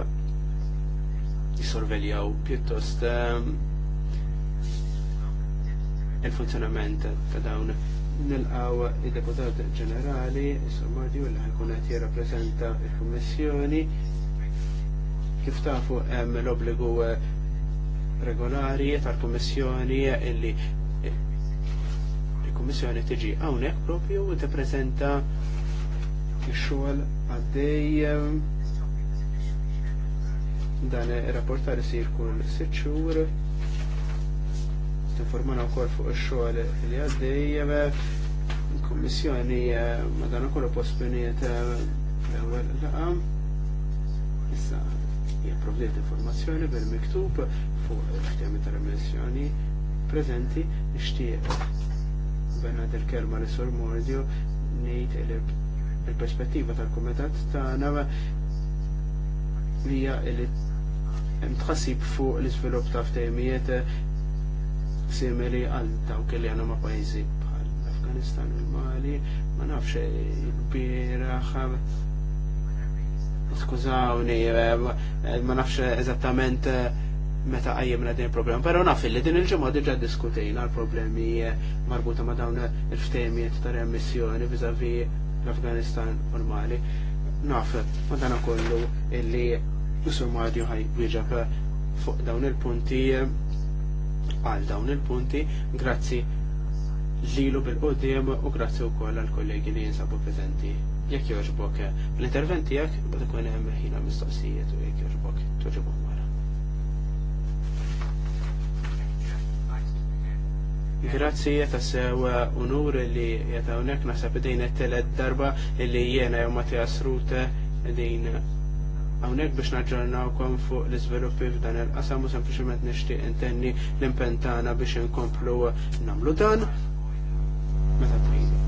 S2: jisorveljaw pjuttost ehm, il-funzjonament ta' dawn nil-għaw il-deputat ġenerali, il sommardi u l-ħakun għet jirrapprezenta il-kommissjoni, kif tafu hemm l-obligu eh, regolari tal-kommissjoni illi eh, il-kommissjoni tiġi hawnhekk propju u tippreżenta ix xogħol għaddej eh, dan ir-rapport tal-isir kull sitt xhur u kol fuq il-xol li għaddej eh, kummissjoni eh, madana kollu postponiet eh, l-ewwel laqa. Issa jipprovdiet informazzjoni bil-miktub fuq il-ħtiemi tal-emissjoni preżenti nixtieq bena il-kelma li sur mordju ngħid il-perspettiva tal-kumitat tagħna hija li hemm tħassib fuq l-iżvilupp ta' ftehimijiet simili għal dawk li għana ma' pajzi bħal Afganistan u l-Mali, ma' nafx il xab. Skużawni, eh, ma' nafx eżattament eh, meta la din il-problema. Pero naf li din il ġemma diġà diskutejna l-problemi eh, marbuta ma' dawn il ftemiet ta' remissjoni vizavi l-Afganistan u l-Mali. Naf, ma dana kollu illi Sur Mario ħaj fuq dawn il-punti għal dawn il-punti, grazzi lilu bil-qoddim u grazzi u koll għal kollegi li jinsabu prezenti. Jek joġbok, l interventi jek, bada ikun hemm ħina mistoqsijiet u jek joġbok, toġibok wara. Grazzi jeta sew unur li jeta unek nasab id-dejn it-telet darba li jena jew Mattias din Hawnhekk biex naġġornawkom fuq l-iżviluppi f'dan il-qasam u sempliċement nixtieq intenni l-impentana biex inkomplu nagħmlu dan meta tridu.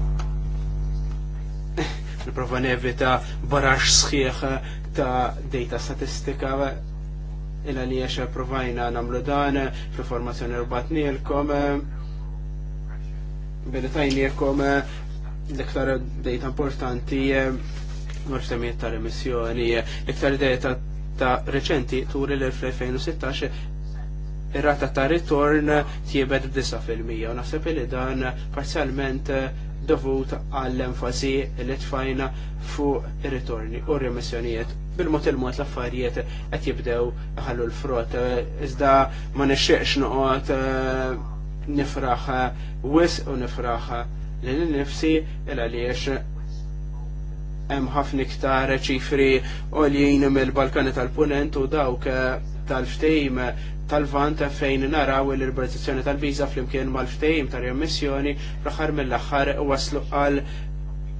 S2: Niprofa nevita barax sħiħ ta' data statistika illa li jaxa provajna namlu dan fil-formazzjoni rbatni l-kom l-iktar data importanti f'temijiet tal remissjoni L-iktar data ta' reċenti turi l 2016 ir-rata ta' ritorn tiebed b'9% u naħseb li dan parzjalment dovut għall-enfasi li tfajna fuq ir-ritorni u r-remissjonijiet. Bil-mod il-mod l-affarijiet qed jibdew ħallu l-frott. Iżda ma nixxieqx noqgħod eh, nifraħ wis u nifraħ lil nifsi il għaliex hemm ħafna iktar ċifri għoljien mill-Balkani tal-Punent u dawk eh, tal-ftejm tal-vant fejn naraw il-liberalizzazzjoni tal-viża flimkien mal-ftejm tal-remissjoni fl-aħħar mill-aħħar waslu għal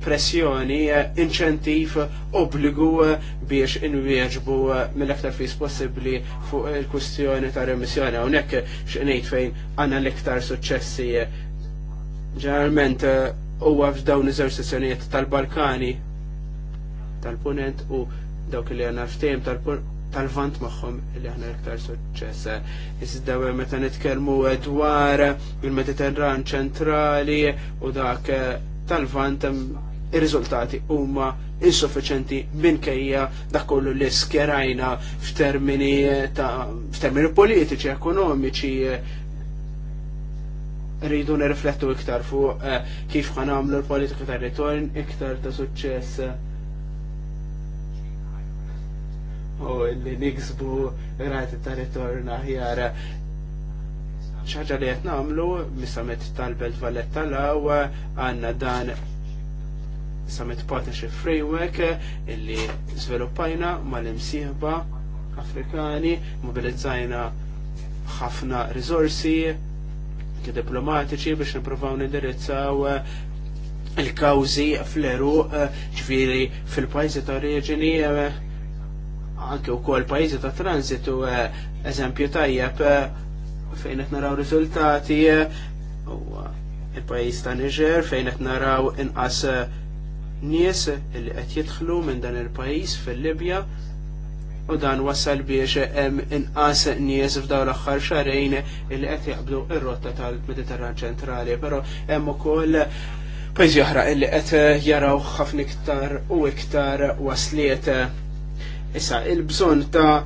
S2: pressjoni, eh, inċentiv, obbligu eh, biex inwieġbu mill-aktar fis possibbli fuq il-kustjoni ta' remissjoni. Hawnhekk xinejt fejn għanna l-iktar suċċessi ġeneralment huwa f'dawn iż-żewġ tal-Balkani tal-punent u dawk li għanna ftejm tal-vant maħħom li għanna iktar suċċess. Iżda meta nitkellmu dwar il-Mediterran ċentrali u dak eh, tal-vant ir-riżultati huma insuffiċenti minkejja da kollu li skerajna f'termini eh, ta' f'termini politiċi, ekonomiċi, eh, rridu nirriflettu iktar fuq kif ħanamlu l-politika ta' ritorn iktar ta' suċċess u li niksbu rati ta' ritorna aħjar ċaġa li qed nagħmlu mis-summit tal-Belt Valletta tal-Aw għandna dan samet Partnership Framework illi żviluppajna mal-imsieħba Afrikani, mobilizzajna ħafna risorsi diplomatiċi biex niprofaw nindirizzaw il-kawzi fl-eru ġviri fil-pajzi ta' reġini anke u kol pajizi ta' transitu eh, eżempju tajjeb eh, fejn qed naraw riżultati eh, il-pajjiż ta' Niger fejn qed naraw inqas nies li qed jidħlu minn dan il-pajjiż fil-Libja u dan wasal biex hemm inqas nies f'daw l-aħħar xarejn li qed jaqblu r-rotta tal-Mediterran ċentrali, però hemm ukoll pajjiż oħra li qed jaraw ħafna iktar u iktar wasliet Issa, il-bżon ta'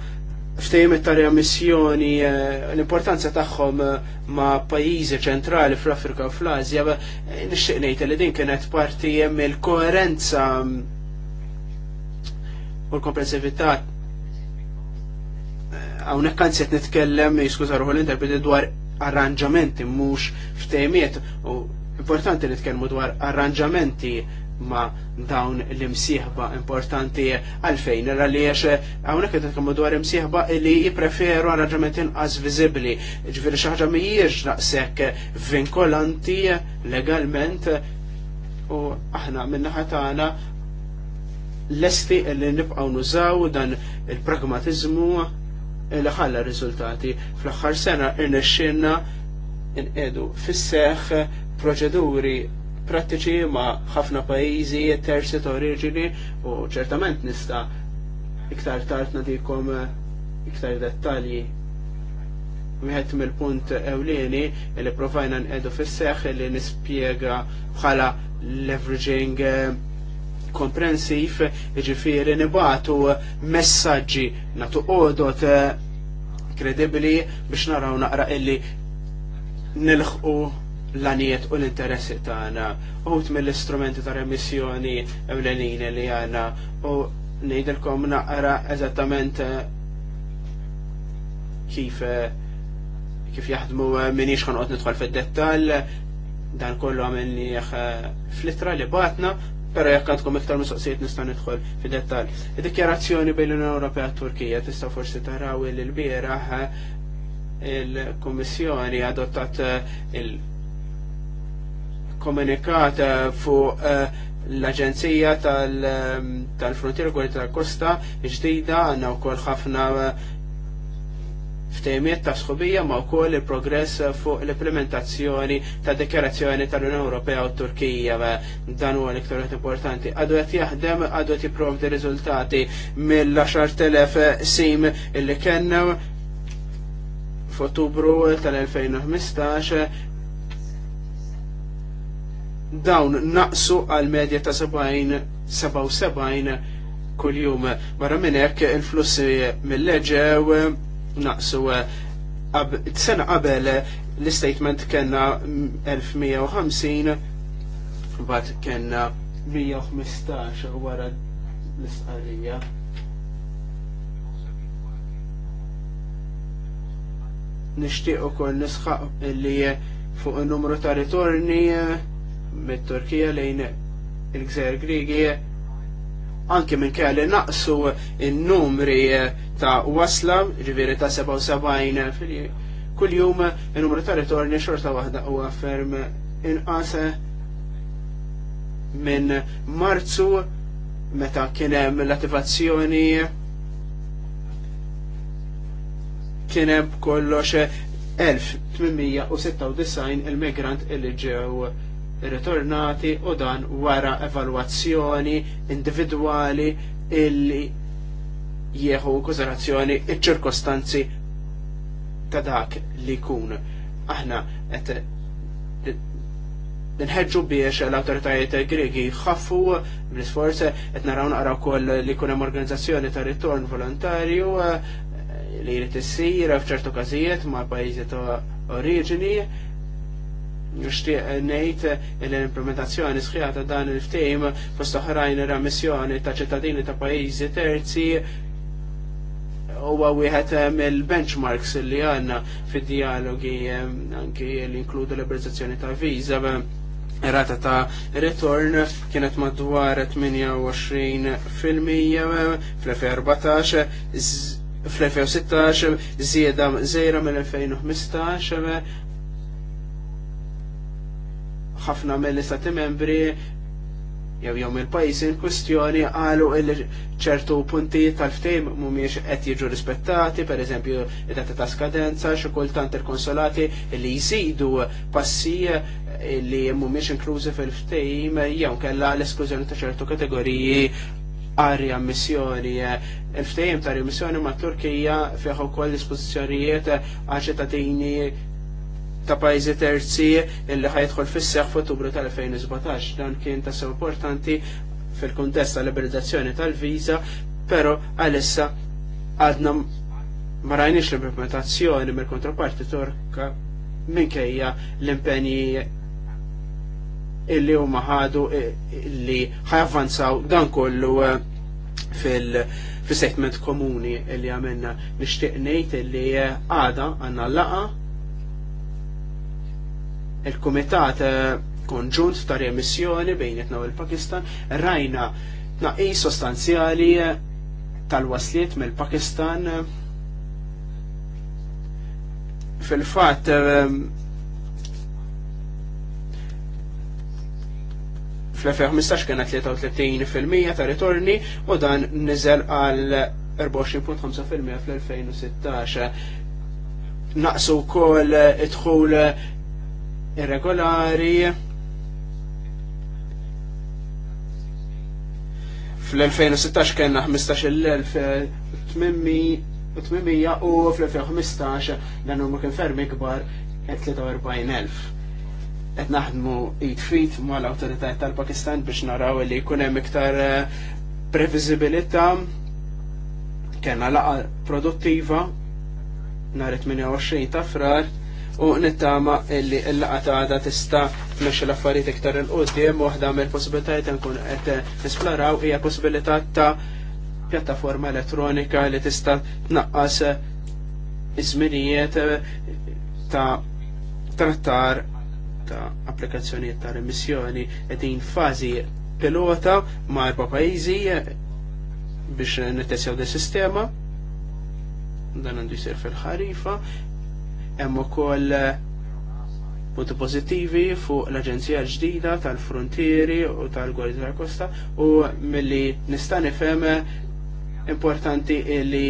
S2: ftejmet ta' remissjoni, eh, l-importanza tagħhom eh, ma' pajjiżi ċentrali fl-Afrika u fl-Azja, eh, nixtieq ngħid li din kienet parti hemm il-koerenza u l-komprensività hawnhekk kan se nitkellem, jiskuża ruħu l-interpreti dwar arranġamenti mhux ftejmiet u importanti nitkellmu dwar arranġamenti ma dawn l-imsieħba importanti għalfejn, għaliex għawnek għedet kammu dwar imsieħba li jipreferu arranġamenti inqas vizibli. ġviri xaħġa mijiex naqsek vinkolanti legalment u aħna minna ħatana l-esti li nibqaw nużaw dan il-pragmatizmu li ħalla riżultati. Fl-axħar sena irnexxinna nqedu fis-seħħ proċeduri prattiċi ma' ħafna pajjiżi terzi ta' oriġini u ċertament nista' iktar tard nadikom eh, iktar dettalji. Wieħed mill-punt ewlieni li provajna nqedu fis-seħħ li nispjega bħala leveraging komprensiv, eh, ġifiri nibatu messaġġi natu odot eh, kredibli biex naraw naqra illi nilħqu l għaniet u l-interessi tagħna u mill-istrumenti ta' remissjoni ewlenin li għana u ngħidilkom naqra eżattament eh, kif eh, kif jaħdmu eh, minix għot nitħol fid-dettall dan kollu għamilni itra li batna Pero jekk għandkom iktar mistoqsijiet nista' nidħol fid-dettall. Id-dikjarazzjoni bejn l-Unjoni Ewropea Turkija tista' forsi taraw il bieraħ il-Kummissjoni adottat il- komunikat fuq eh, l-Aġenzija eh, tal-Frontier Gwardja tal-Kosta ġdida għandna wkoll ħafna eh, ftejmiet ta' sħubija ma' wkoll il-progress fuq l-implementazzjoni ta' dekjarazzjoni tal-Unjoni Ewropea u Turkija dan huwa għal iktar importanti. Għadu għet jaħdem, għadu jiprov jipprovdi riżultati mill-10,000 sim illi kellna f'Ottubru tal-2015 dawn naqsu għal medja ta' 77 kull-jum. Barra minn hekk il-flussi mill-leġew naqsu eh, sena qabel l-statement kena 1150 bat kena 115 wara l-isqarija. Nishtiq u kol nisħaq li fuq il-numru ta' ritorni eh, mit-Turkija lejn il-Gżer Grigi anke minn kelli naqsu n numri ta' wasla, ġiviri ta' 77 fil kull jum il-numru ta' ritorni xorta wahda u għafferm inqas minn marzu meta kienem l-attivazzjoni kienem kollox 1896 il-migrant il-ġew irritornati u dan wara evalwazzjoni individwali illi jieħu konsiderazzjoni iċ-ċirkostanzi ta' dak li kun. Aħna qed nħedġu biex l-autoritajiet Gregi jħaffu bl-isforz qed naraw naqra wkoll li jkun hemm organizzazzjoni ta' ritorn volontarju eh, li jrid issir f'ċertu każijiet ma' pajjiżi ta' oriġini nixtieq eh, ngħid eh, l-implementazzjoni sħiħa ta' dan il-ftehim fost oħrajn ir ramissjoni ta' ċittadini ta' pajjiżi terzi huwa wieħed eh, mill-benchmarks li għandna fid-dialogi anki li inkludu liberizzazzjoni ta' viża rata ta' return kienet madwar 28 fil-mija fl-2014 fl-2016 zieda zejra mill-2015 ħafna mill-istati membri jew jew il pajjiżi in kwistjoni qalu ċertu punti tal-ftehim mhumiex qed jiġu rispettati, pereżempju id-data ta' skadenza, xi kultant il-konsolati li jżidu passi li mhumiex inklużi fil-ftehim jew kellha l-esklużjoni ta' ċertu kategoriji għarja missjoni. Il-ftejjem ta' missjoni ma' Turkija fiħu kol dispozizjonijiet għaxetatini ta' pajzi terzi illi ħajdħol fis-seħħ f'Ottubru tal-2017. Dan kien ta' importanti fil-kontest tal-liberalizzazzjoni tal-viża, però għalissa għadna ma rajniex l-implementazzjoni mill-kontraparti torka minkejja l-impenji illi huma ħadu illi ħajavvanzaw dan kollu eh, fil-statement komuni illi għamilna nixtieq ngħid illi eh, għada għandna laqa il-Kumitat eh, Konġunt ta' Remissjoni bejnietna u l-Pakistan rajna naqis sostanzjali eh, tal-wasliet mill-Pakistan eh, fil-fat fl-2015 kena 33% ta' ritorni u dan nizel għal 24.5% fl-2016. Naqsu kol idħul irregolari fl-2016 kena 15.800 eh, u fl-2015 dan u kien fermi kbar 43.000. Et naħdmu id-fit ma l-autoritajt tal-Pakistan biex naraw li kunem iktar eh, previsibilita kena laqa produttiva nar 28 ta' frar u nittama illi l-laqata tista tmexxi l-affarijiet iktar il-qudiem waħda mill-possibilitajiet nkun qed nisplaraw hija possibilità ta' pjattaforma elettronika li tista' tnaqqas iż-żminijiet ta' trattar ta' applikazzjonijiet ta' remissjoni qegħdin fazi pilota ma' erba' pajjiżi biex nittessjaw di sistema dan għandu jisir fil-ħarifa Hemm ukoll punti eh, pożittivi fuq l-Aġenzija ġdida tal-Frontieri u tal-Gwardja tal-Kosta u milli nista' nifhem eh, importanti li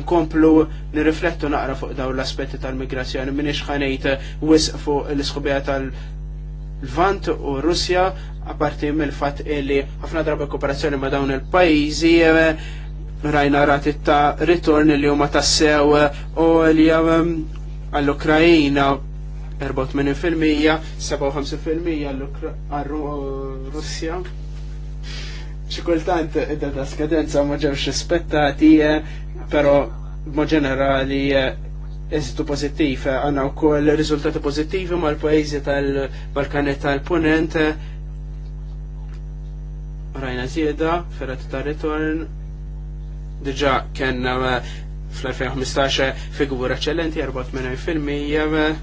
S2: nkomplu nirriflettu naqra fuq daw l-aspetti tal-migrazzjoni minix ħanejt eh, wisq fuq l-iskubija tal-Vant u Russja apparti mill-fat li ħafna drabi kooperazzjoni ma dawn il-pajjiżi rajna rati ta' ritorn li huma tassew eh, u li eh, għall-Ukrajina 48%, 57% għall-Russja. Xikultant id ta' skadenza ma ġewx rispettati, eh, pero ma ġenerali eżitu pozittiv, għanna u koll rizultati pozittivi ma l pajzi tal-Balkanet tal ponente rajna zjeda, ferrat ta' ritorn, Diġa kena eh, fl-2015 figura eccellenti 84% eh,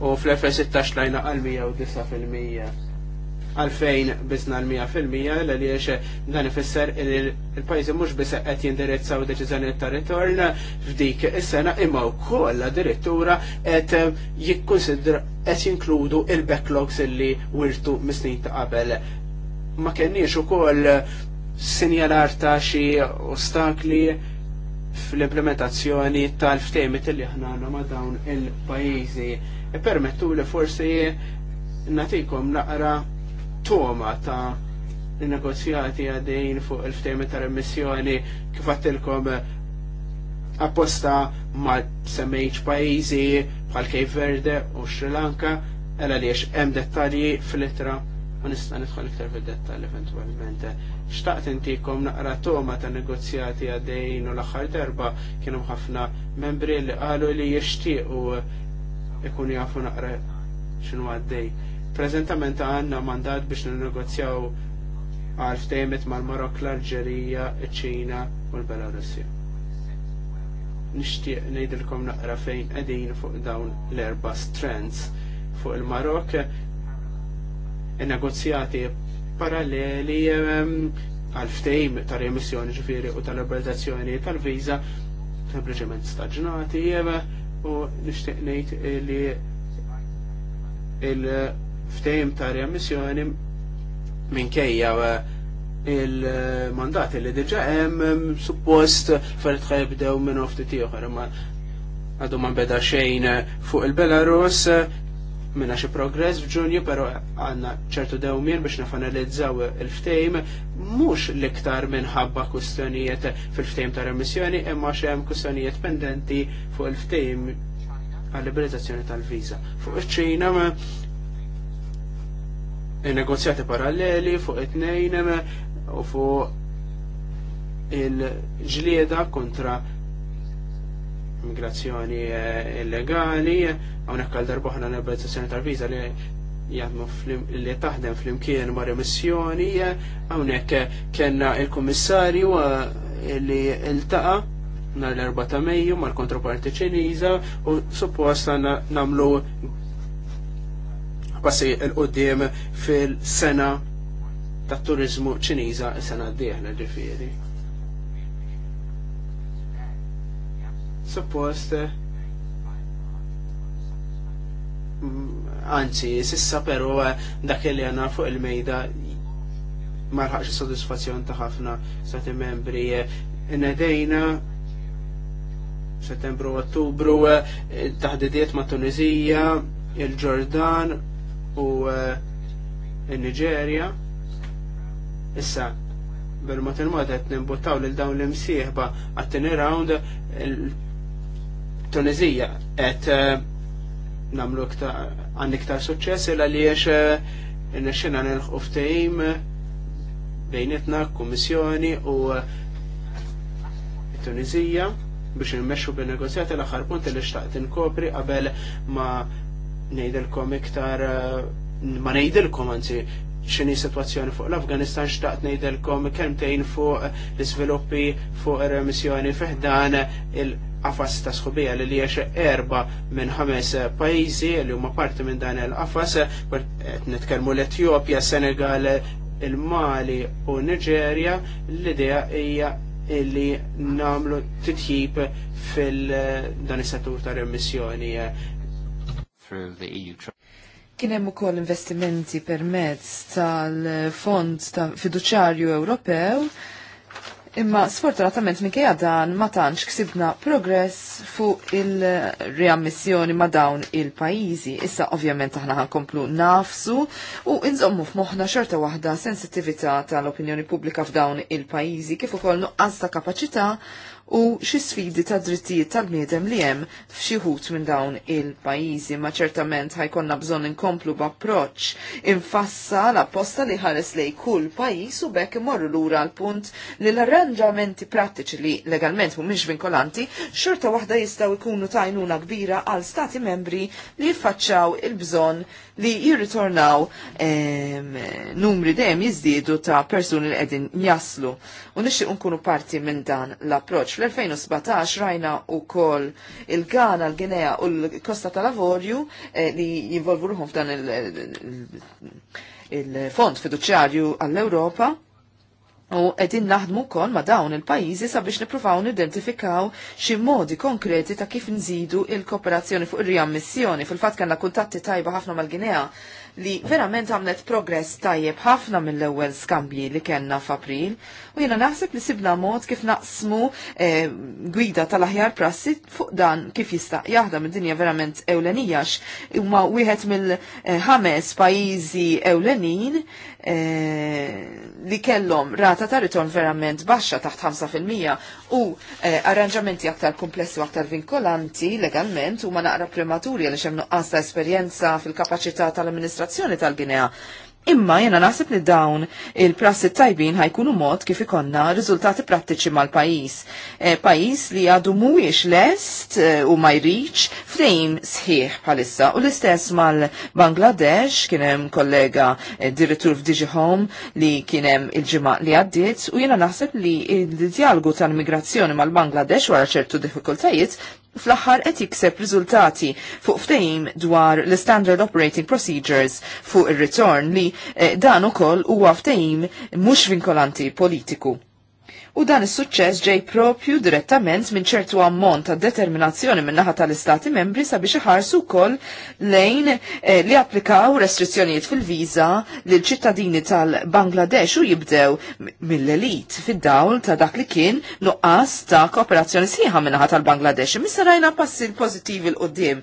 S2: u fl-2016 lajna għal 109%. Għalfejn bizna l-100% l li dan ifisser il-pajzi mux bisa qed jindirizzaw deċizjoni ta' ritorn f'dik is-sena imma wkoll addirittura qed eh, jikkunsidra qed jinkludu il-backlogs illi wirtu mis-snin ta' qabel. Ma kenniex ukoll sinjalar ta' xi ostakli fl-implementazzjoni tal-ftejmit li aħna għandna ma' dawn il-pajjiżi. E permettu li forsi natikom naqra toma ta' negozjati għaddejn fuq il-ftejmit tal-emissjoni kif għattilkom apposta ma' semmejġ pajjiżi bħal Cape Verde u Sri Lanka, għal għaliex hemm dettalji fl ittra Ma nista' nidħol iktar fid-dettall eventwalment. Xtaqt intikom naqra toma ta' negozjati għaddejn u l-aħħar darba kienu ħafna membri li qalu li jixtiequ ikun jafu naqra x'inhu għaddej. Preżentament għandna mandat biex ninnegozjaw għal ftehmet mal-Marok l-Alġerija, iċ-Ċina u l-Belarusja. Nixtieq ngħidilkom naqra fejn qegħdin fuq dawn l-erba strands fuq il-Marok negozjati paralleli ehm, għal-ftejm ta' remissjoni ġifiri u tal-liberalizzazzjoni tal-viza sempliciment staġnati ehm, u nishtiqnejt ngħid li il-ftejm ta' remissjoni minkejja ehm, il-mandati li diġa hemm suppost ferit ħajbdew minn ftit ieħor ma għadu ma beda xejn fuq il-Belarus minna xi progress f'Ġunju, pero għandna ċertu dewmien biex nafanalizzaw il-ftejm mhux l-iktar minħabba kustjonijiet fil-ftejm ta' remissjoni imma xemm kustjonijiet pendenti fuq il-ftejm għall liberizzazzjoni tal-viża. Fuq iċ-Ċina negozjati paralleli fuq it-tnejn u fuq il-ġlieda kontra migrazzjoni eh, illegali, għonek għal darboħna liberalizzazzjoni tal-viza li jgħadmu li taħdem fl-imkien ma' remissjoni, għonek eh, kena il-kommissarju eh, li il-taqa nar l-4 ta' Mejju mal kontroparti ċiniża u suppost namlu passi l-qoddim fil-sena tat turizmu ċiniża s-sena d-dieħla ġifieri. suppost anzi, sissa però eh, dak li għanna fuq il-mejda marħax soddisfazzjon ta' ħafna stati membri. Eh, nedejna settembru ottubru eh, taħdidiet ma' Tunizija, il-Ġordan u il-Nigeria. Issa, bil-mat il-mod qed nimbuttaw lil dawn l-imsieħba għat-tini round Tunizija qed eh, namlu għan iktar suċċess li għaliex eh, n-nexxina nilħu ftehim eh, bejnietna kummissjoni u Tunizija biex nmexxu bin-negozjati l-aħħar punt li xtaqt inkopri qabel ma ngħidilkom iktar ma ngħidilkom anzi xini situazzjoni fuq l-Afganistan xtaqt nejdelkom kelmtejn fuq l-sviluppi fuq remissjoni fiħdan il-qafas ta' sħubija li jiex erba minn ħames pajizi li huma parti minn dan il-qafas, netkelmu l-Etjopja, Senegal, il-Mali u Nigeria, l-idea hija illi namlu titjib fil-dan is-settur ta' remissjoni through the EU
S3: Kien hemm ukoll investimenti permezz tal-Fond ta' Fiduċarju Ewropew, imma sfortunatament minkejja dan ma tantx ksibna progress fuq il-riammissjoni ma' dawn il-pajjiżi. Issa ovvjament aħna ħankomplu nafsu u inżommu f'moħħna xorta waħda sensittività tal-opinjoni pubblika f'dawn il-pajjiżi kif ukoll nuqqas ta' kapaċità u xi sfidi ta' drittijiet tal-bniedem li hemm f'xi ħut minn dawn il-pajjiżi ma ċertament ħajkonna bżonn inkomplu b'approċċ infassal apposta li ħares lej kull pajjiż u bekk imorru lura għal punt li l-arranġamenti prattiċi li legalment mhumiex vinkolanti xorta waħda jistgħu jkunu tajnuna kbira għal stati membri li jiffaċċaw il-bżonn li jirritornaw numri dejjem jiżdiedu ta' persuni li qegħdin jaslu. U nixtieq nkunu parti minn dan l-approċċ. Fl-2017 rajna wkoll il-Ghana, l-Ginea u l-Kosta tal-Avorju li jinvolvu ruħhom f'dan il-Fond Fiduċjarju għall-Ewropa U edin naħdmu kon ma dawn il-pajizi sabiex nipruvaw nidentifikaw xi modi konkreti ta' kif nżidu il-kooperazzjoni fuq ir-riammissjoni. Fil-fatt kellna kuntatti tajba ħafna mal-Ginea li verament għamlet progress tajjeb ħafna mill-ewwel skambji li kellna f'April u jiena naħseb li sibna mod kif naqsmu eh, gwida tal-aħjar prassi fuq dan kif jista' jaħdem id-dinja verament ewlenijax huma wieħed mill-ħames pajjiżi ewlenin Eh, li kellhom rata ta' ritorn verament baxxa taħt 5% u eh, arranġamenti aktar komplessi u aktar vinkolanti legalment u ma naqra prematuri għaliex hemm nuqqas ta' esperjenza fil-kapaċità tal-amministrazzjoni tal-Ginea Imma jena naħseb li dawn il-prassi tajbin ħajkunu mod kif ikonna riżultati prattiċi mal-pajis. E, pajis li għadu mhuwiex lest e, u ma jriċ frejn sħiħ bħalissa. U l-istess mal-Bangladesh kien hemm kollega e, direttur f'Digi Home li kien hemm il ġimma li għaddiet u jena naħseb li il dialgu tal-migrazzjoni mal-Bangladesh wara ċertu diffikultajiet fl-aħħar qed jikseb riżultati fuq ftehim dwar l-Standard Operating Procedures fuq ir return li eh, dan ukoll huwa ftehim mhux vinkolanti politiku u dan is-suċċess ġej propju direttament minn ċertu ammont ta' determinazzjoni minn naħa tal-Istati membri sabiex iħarsu wkoll lejn eh, li applikaw restrizzjonijiet fil-viża l ċittadini tal-Bangladesh u jibdew mill-elit fid-dawl ta' dak li kien nuqqas ta' kooperazzjoni sħiħa minn naħa tal-Bangladesh. Missa rajna passi pożittivi l qoddim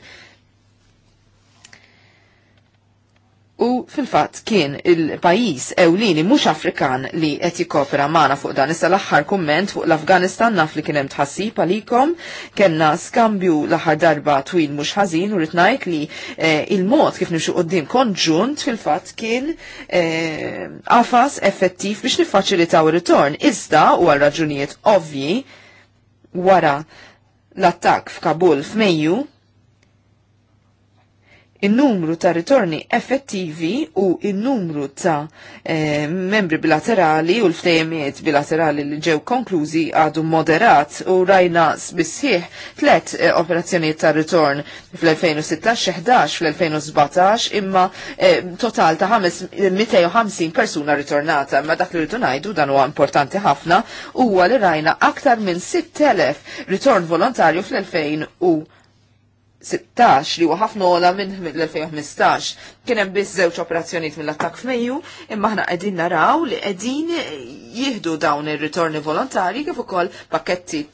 S3: U fil-fat kien il-pajis ewlini mhux Afrikan li qed jikkopera magħna fuq dan issa l-aħħar kumment fuq l-Afganistan naf li kien hemm tħassib għalikom kellna skambju l-aħħar darba twil mhux ħażin u rid ngħid li eh, il-mod kif nimxu qudiem konġunt fil-fatt kien eh, afas effettiv biex niffaċilitaw ir-ritorn iżda u għal raġunijiet ovvji wara l-attakk f'Kabul f'Mejju in-numru ta' ritorni effettivi u il numru ta' eh, membri bilaterali u l-ftejemiet bilaterali li ġew konklużi għadu moderat u rajna sbisħieħ tlet eh, operazzjoni ta' ritorn fl-2016, 11 fl-2017 imma eh, total ta' 250 persuna ritornata imma dak li ritornajdu ngħidu dan huwa importanti ħafna huwa li rajna aktar minn 6000 ritorn volontarju fl 2017 2016 li huwa ħafna minn l-2015. Kien hemm biss żewġ operazzjonijiet mill-attakk f'Mejju, imma aħna qegħdin naraw li qegħdin jieħdu dawn ir-ritorni volontari kif ukoll pakketti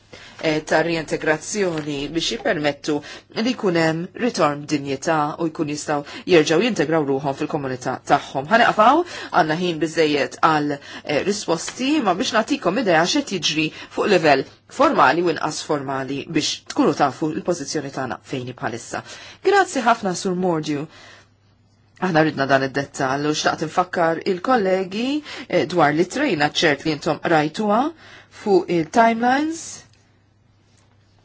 S3: E, ta' reintegrazzjoni biex jipermettu li kunem ritorn dinjeta u jkun jistaw jirġaw jintegraw ruħom fil-komunità tagħhom. Ħaneqfaw għandna ħin biżejjed għal e, risposti ma biex nagħtikom idea xe jiġri fuq level formali u inqas formali biex tkunu tafu l-pożizzjoni tagħna fejni bħalissa. Grazzi ħafna sur Mordju. Aħna ridna dan id-dettall u xtaqt nfakkar il-kollegi e, dwar li trejna ċert li intom rajtuha fuq il-timelines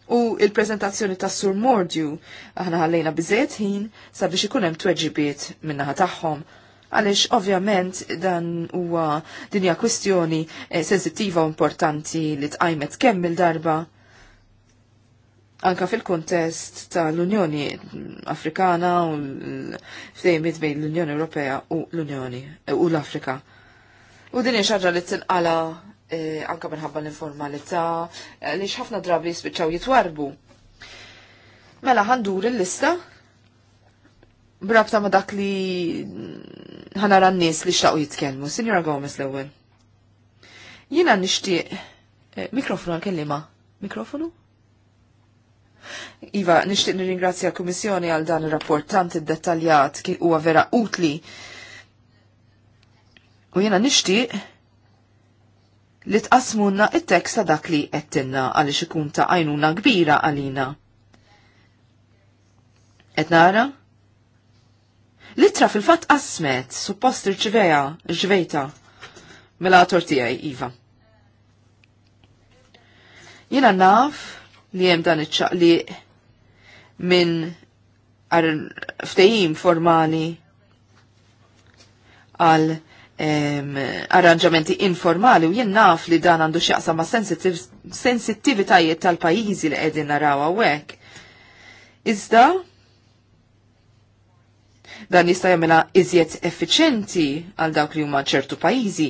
S3: u il-prezentazzjoni ta' Sur Mordju. Aħna ħallejna biżejt ħin sabiex ikun hemm tweġibiet minnaħa tagħhom għalix ovvjament dan huwa dinja kwistjoni eh, sensittiva u importanti li tqajmet kemm il-darba anka fil-kontest tal-Unjoni Afrikana u l-ftejmit bejn l-Unjoni Ewropea u l-Unjoni eh, u l-Afrika. U din xaġa li tinqala Eh, anka minħabba l-informalità, eh, li ħafna drabi jispiċċaw jitwarbu. Mela ħandur il-lista brabta ma dak li ħanara n-nies li xtaqu jitkellmu. Signora Gomez l-ewwel. Jiena nixtieq eh, mikrofonu għal-kellima. Mikrofonu? Iva, nixtieq nirringrazzja l-Kummissjoni għal dan ir-rapport tant iddettaljat ki huwa vera utli. U jiena nixtieq li tqasmunna it-tekst ta' dak li qettinna għaliex ikun ta' għajnuna kbira għalina. Et nara? Litra fil-fat qasmet, suppost irċiveja, ġvejta mela tortijaj, Iva. Jena naf li jem dan iċċaqli minn ftejim formali għal arranġamenti informali u jien naf li dan għandu xjaqsa ma' sensittivitajiet tal-pajizi li qegħdin naraw hawnhekk. Iżda dan jista' jagħmilha iżjed effiċenti għal dawk li huma ċertu pajjiżi,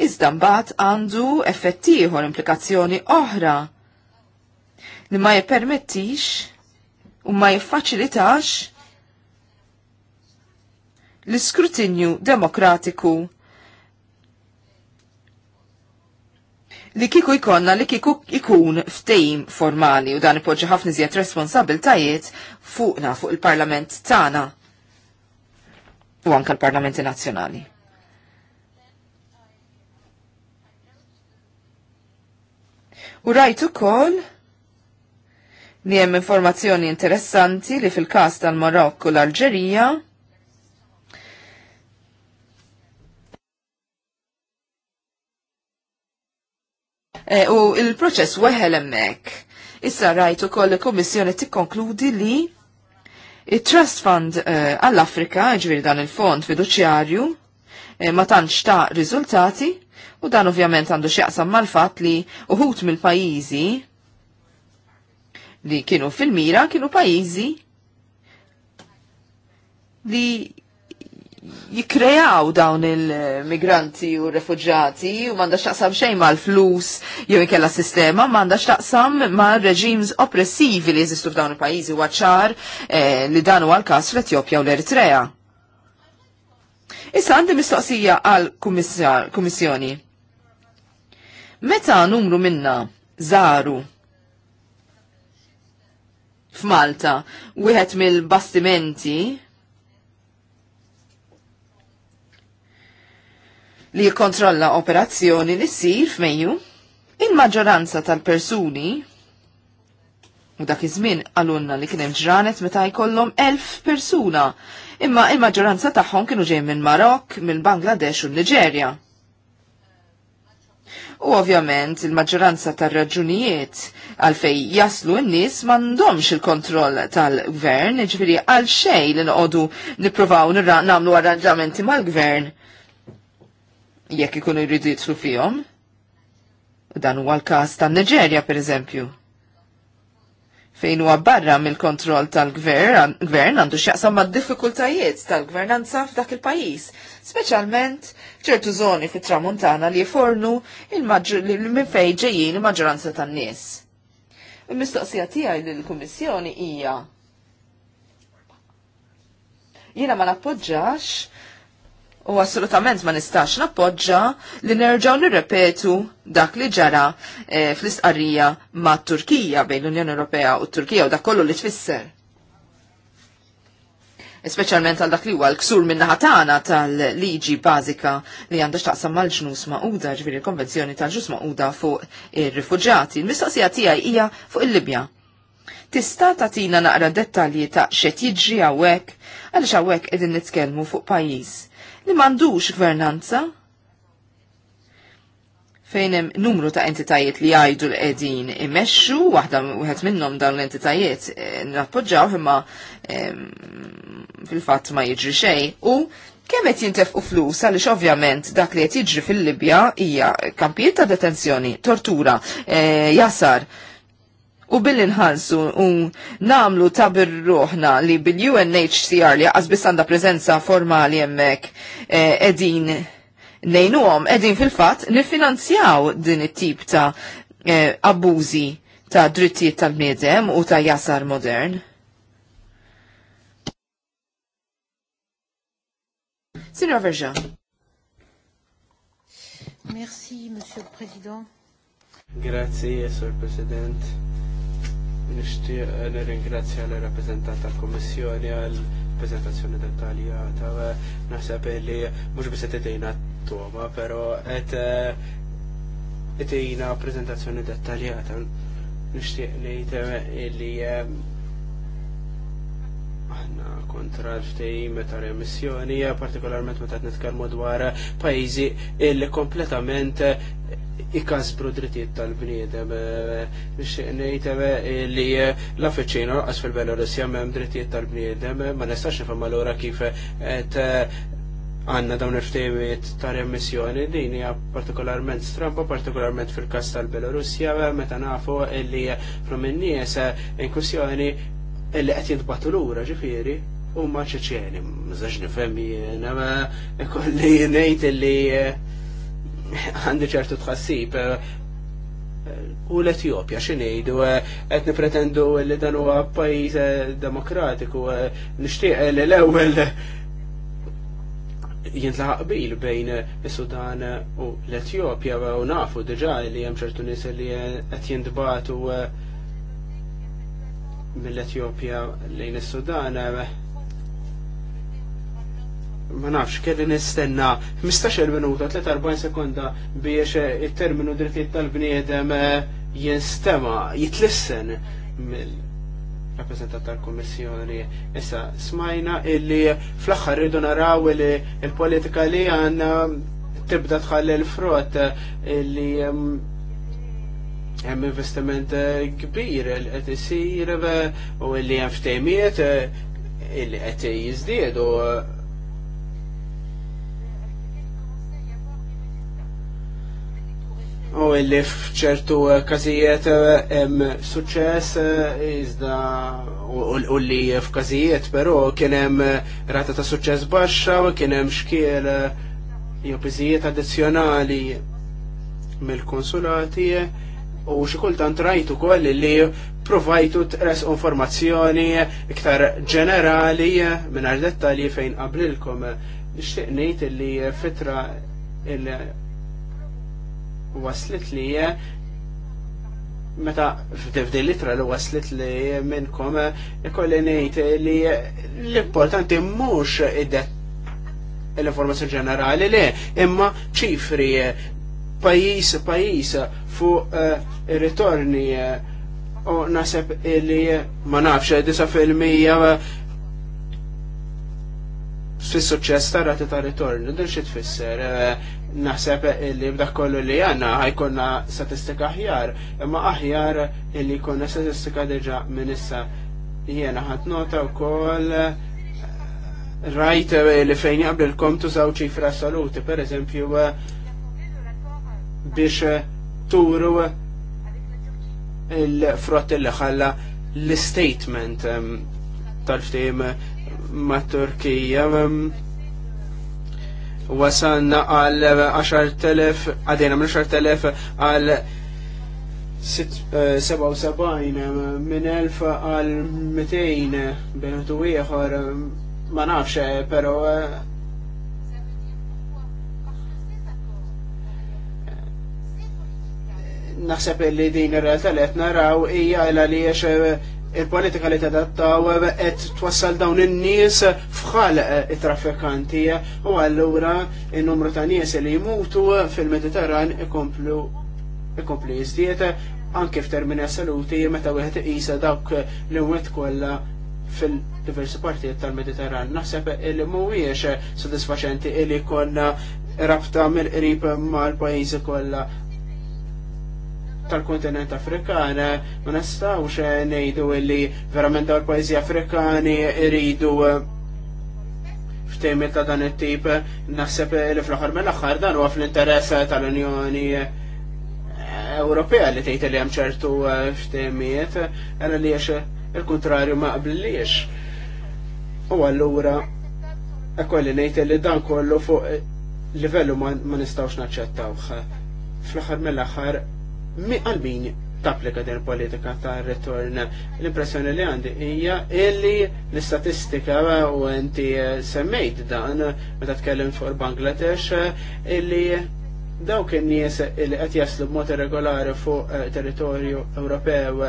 S3: iżda mbagħad għandu effetti ieħor implikazzjoni oħra li ma jippermettix u ma jiffaċilitax l-iskrutinju demokratiku li kiku jkonna li kiku ikun ftejim formali u dan ipoġġi ħafna iżjed responsabiltajiet fuqna fuq il-Parlament tagħna u anka l-Parlamenti Nazzjonali. U rajt ukoll li hemm informazzjoni interessanti li fil-każ tal-Marokku l-Alġerija Eh, u il-proċess weħel hemmhekk. Issa rajt ukoll il-Kummissjoni tikkonkludi li il-Trust Fund eh, għall-Afrika, ġviri dan il-fond fiduċjarju, eh, ma tantx ta' riżultati u dan ovvjament għandu xieqsam mal-fatt li uħut mill-pajjiżi li kienu fil-mira kienu pajjiżi li jikrejaw dawn il-migranti u refugġati u mandax taqsam xejn mal-flus jew ikella sistema, mandax taqsam mal-reġims oppressivi li jeżistu f'dawn il-pajjiżi waċċar eh, li dan huwa l-każ fl-Etjopja u l-Eritrea. Issa għandi mistoqsija għal-Kummissjoni. Meta numru minna zaru f'Malta, wieħed mill-bastimenti li jikontrolla operazzjoni li s-sir f'Mejju, il-maġġoranza tal-persuni u dak iż-żmien għalunna li kien hemm ġranet meta jkollhom elf persuna, imma il-maġġoranza tagħhom kienu ġej minn Marokk, minn Bangladesh u l-Niġerja. U ovvjament il-maġġoranza tar-raġunijiet għalfej jaslu n-nies m'għandhomx il-kontroll tal-gvern, ġifieri għal xejn li noqogħdu nippruvaw nagħmlu arranġamenti mal-gvern jekk ikunu jridu jitlu fihom. Dan huwa l-każ tan-Niġerja pereżempju. Fejn huwa barra mill-kontroll tal-gvern gvern għandu x'jaqsam mad-diffikultajiet tal-gvernanza f'dak il-pajjiż, speċjalment f'ċertu żoni fit-tramuntana li jfornu minn fejn ġejjin il-maġġoranza tan-nies. Il-mistoqsija tiegħi lill-Kummissjoni hija jiena ma nappoġġax U assolutament ma nistax nappoġġa li nerġaw nirrepetu dak li ġara e, fl-istqarrija ma' Turkija bejn l-Unjoni Ewropea u Turkija u dak kollu li tfisser. Speċjalment għal dak li huwa l-ksur minn naħatana tal-liġi bażika li għandha x'taqsam mal-ġnus M'Aquda ġifieri l-Konvenzjoni tal-Ġnus Magħquda fuq ir-rifuġjati. Il-mistoqsija tiegħi hija fuq il-Libja. Tista' tagħtina naqra dettalji ta' x'qed jiġri hawnhekk għaliex hawnhekk qegħdin nitkellmu fuq pajjiż li mandux gvernanza fejn hemm numru ta' entitajiet li jgħidu l-qegħdin imexxu, waħda wieħed minnhom dawn l-entitajiet eh, nappoġġaw imma fil-fatt ma jiġri xejn u kemm qed u flus għaliex ovvjament dak li qed jiġri fil-Libja hija kampijiet ta' detenzjoni, tortura, eh, jasar u billi nħalsu u namlu tabir ruħna li bil-UNHCR li għazbis għanda prezenza formali jemmek eh, edin nejnu għom edin fil-fat nifinanzjaw din it-tip ta' eh, abbużi ta' drittijiet tal-bniedem u ta' jasar modern. Signor Verja.
S4: Merci, Monsieur le Président.
S2: Grazie, Sir President. Nishtiq nirringrazzja l-rappresentant tal-Kommissjoni għal prezentazzjoni dettaljata. Naħseb li mhux biss qed tgħinha t-toma, però qed tgħinha eh, prezentazzjoni dettaljata. Nixtieq ngħid eh, li aħna kontra l-ftejim meta remissjoni, eh, partikolarment meta qed nitkellmu dwar eh, pajjiżi illi kompletament eh, ikasbru drittijiet tal-bniedem. Nixtieq ngħid li l-Afriċina qas fil belorussja m'hemm drittijiet tal-bniedem, ma nistax nifhem allura kif qed għanna dawn il-ftejmiet ta' remissjoni li hija partikolarment stramba, partikolarment fil-kas tal-Belorussja, meta nafu illi fl in-nies inkussjoni illi qed jintbatu lura ġifieri huma ċeċeni, mżax nifhem jiena ma ikolli ngħid illi eh, għandi ċertu tħassib eh, u l-Etjopja xinejdu, għet eh, nipretendu li dan huwa pajis demokratiku, nishtiq li l-ewel jintlaħaq qbil bejn is-Sudan u l-Etjopja u nafu diġa li hemm ċertu nies li qed jintbatu uh, mill-Etjopja lejn is-Sudan eh, ma nafx, kelli nistenna 15 minuta, 43 sekonda biex eh, il-terminu drittijiet tal-bniedem eh, jinstema, jitlissen mill-rappresentant tal-Kommissjoni. Issa, smajna illi fl-axħar rridu naraw li il-politika li għanna tibda tħalli l-frott illi mm, hemm investiment eh, kbir li qed isir eh, u li hemm ftehmiet eh, li qed jiżdiedu u li fċertu każijiet hemm suċċess iżda u li f'każijiet però kien hemm rata ta' suċċess baxxa u kien hemm xkiel jew biżijiet addizzjonali mill-konsulati u xikultant rajtu koll li provajtu tres informazzjoni iktar ġenerali minn dettali fejn qablilkom. Nishtiq ngħid li fitra il waslit li meta f'devdin litra li waslit li minnkom ikolli ngħid li l-importanti mhux id-det l-informazzjoni ġenerali li imma ċifri pajis pajis fuq eh, ritorni eh, u nasab illi ma nafx eh, disa fil-mija fis-suċċess ta' rati ta' ritorni, Din xi tfisser naħseb illi b'dak kollu li għanna ħajkonna statistika aħjar, imma aħjar illi jkollna statistika diġà minissa jiena ħadd nota wkoll rajt li fejn jaqbel kom tużaw ċifra saluti, per eżempju biex eh, turu eh, il-frott li ħalla l-statement eh, tal-ftim ma' Turkija wasanna għal 10.000 għadina minn 10.000 għal 77 minn 1000 għal 200 bejn u ma nafx pero naħseb li din ir-realtà li qed naraw hija għaliex eh, il-politika li tadattaw eh, qed twassal dawn in-nies f'ħalq eh, it-traffikanti u allura n-numru ta' nies li jmutu fil-Mediterran ikomplu ikomplu jiżdied anke f'termini assoluti meta wieħed iqisa dawk li wet kollha fil-diversi partijiet tal-Mediterran. Naħseb li mhuwiex sodisfaċenti li konna rabta mill-qrib mal-pajjiżi kollha tal-kontinent Afrikan ma nistawx eh, ngħidu li verament dawn pajjiżi Afrikani iridu eh, f'temi ta' dan it-tip naħseb li fl-aħħar mill-aħħar dan huwa fl-interess tal-Unjoni eh, Ewropea li tgħid li hemm ċertu f'temijiet għal li il-kontrarju ma qabliliex. U allura ekkolli ngħid li dan kollu fuq livellu ma nistgħux naċċettawh. Fl-aħħar mill-aħħar mi għal min tapplika din politika ta' return. L-impressjoni li għandi hija illi l-istatistika u inti semmejt dan meta tkellem fuq Bangladesh illi dawk in-nies illi qed jaslu b'mod irregolari fuq eh, territorju Ewropew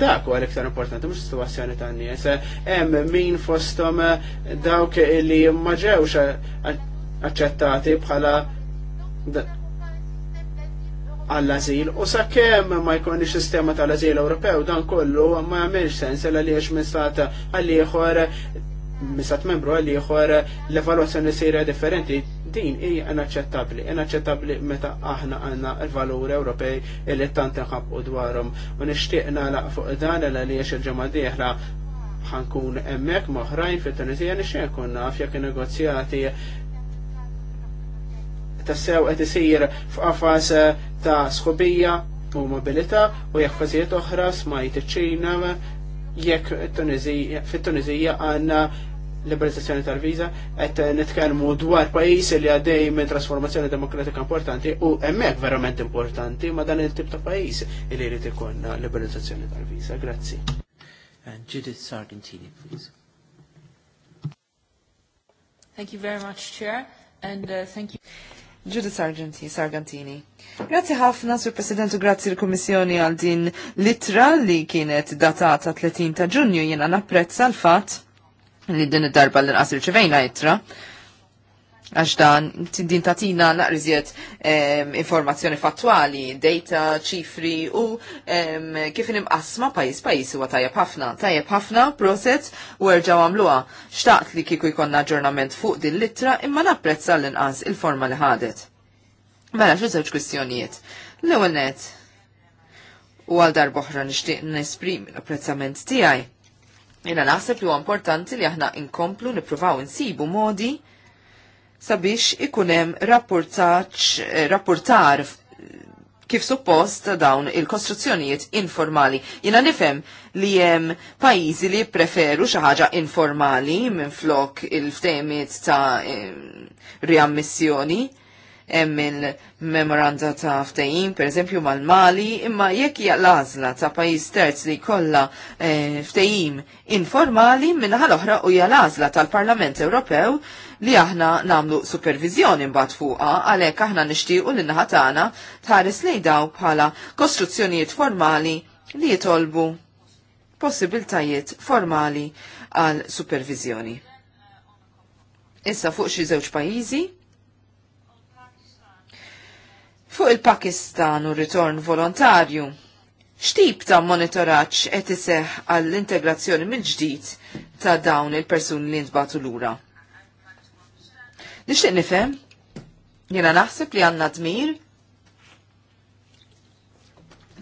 S2: dak huwa l-iktar importanti mhux situazzjoni ta' nies. Hemm min fosthom dawk illi ma ġewx aċċettati bħala għall-azil u sakemm ma jkunx sistema tal-azil Ewropew dan kollu ma jagħmilx sens l għaliex mistat għalieħor mistat ieħor membru għalieħor jħor l-evaluazzjoni sejra differenti, din hija inaċċettabbli, inaċċettabbli meta aħna għandna l-valuri Ewropej li tant nħabqu dwarhom. U nixtieq nagħlaq fuq dan l għaliex il-ġimgħa dieħla ħankun hemmhekk moħrajn fit-Tunisija nixtieq jkun naf jekk negozjati tassew qed isir f'qafas eh, ta' sħobija u mobilità u jekk fażijiet oħra smajt iċ-Ċina jekk fit-Tunizija għandna liberalizzazzjoni tal-viza, qed nitkellmu dwar pajjiż li għaddej minn trasformazzjoni demokratika importanti u hemmhekk verament importanti ma dan il-tip ta' pajjiż li jrid ikollna liberalizzazzjoni tal viża Grazzi. Uh, Judith Sargentini, please.
S4: Thank you very much, Chair, and
S3: uh, thank you. Judy Sargenti, Sargantini. Grazzi ħafna, Sur Presidentu, grazzi l-Komissjoni għal din litra li kienet datata 30 ta' ġunju jena napprezza l-fat li din id-darba l-inqas ċivejna itra għax dan din tatina naqriżiet informazzjoni fattwali, data, ċifri u kif nimqasma pajis pajis huwa tajjeb ħafna. Tajjeb ħafna proset u erġaw għamluha. Xtaqt li kieku jkollna aġġornament fuq din littra imma napprezza l-inqas il-forma li ħadet. Mela xi żewġ kwistjonijiet. L-ewwel net u għal darboħra nixtieq nesprim l-apprezzament tiegħi. Jena naħseb li huwa importanti li aħna inkomplu nippruvaw insibu modi sabiex ikunem eh, rapportar kif suppost dawn il-kostruzzjonijiet informali. Jina nifem li jem pajizi li preferu xaħġa informali minn flok il-ftemiet ta' eh, riammissjoni hemm il-memoranda ta' ftehim, per eżempju mal-Mali, imma jekk hija l-għażla ta' pajjiż terz li kollha e, eh, ftehim informali minnaħa l-oħra u hija l-għażla tal-Parlament Ewropew li aħna namlu supervizjoni mbagħad fuqha għalhekk aħna nixtiequ li naħa tagħna tħares lejn daw bħala kostruzzjonijiet formali li jitolbu possibiltajiet formali għal supervizjoni. Issa fuq xi żewġ pajjiżi fuq il-Pakistan u ritorn volontarju. Xtip ta' monitoraċ qed iseħħ għall-integrazzjoni mill-ġdid ta' dawn il-persuni li ntbatu lura? Nixtieq nifhem, jiena naħseb li għandna tmir.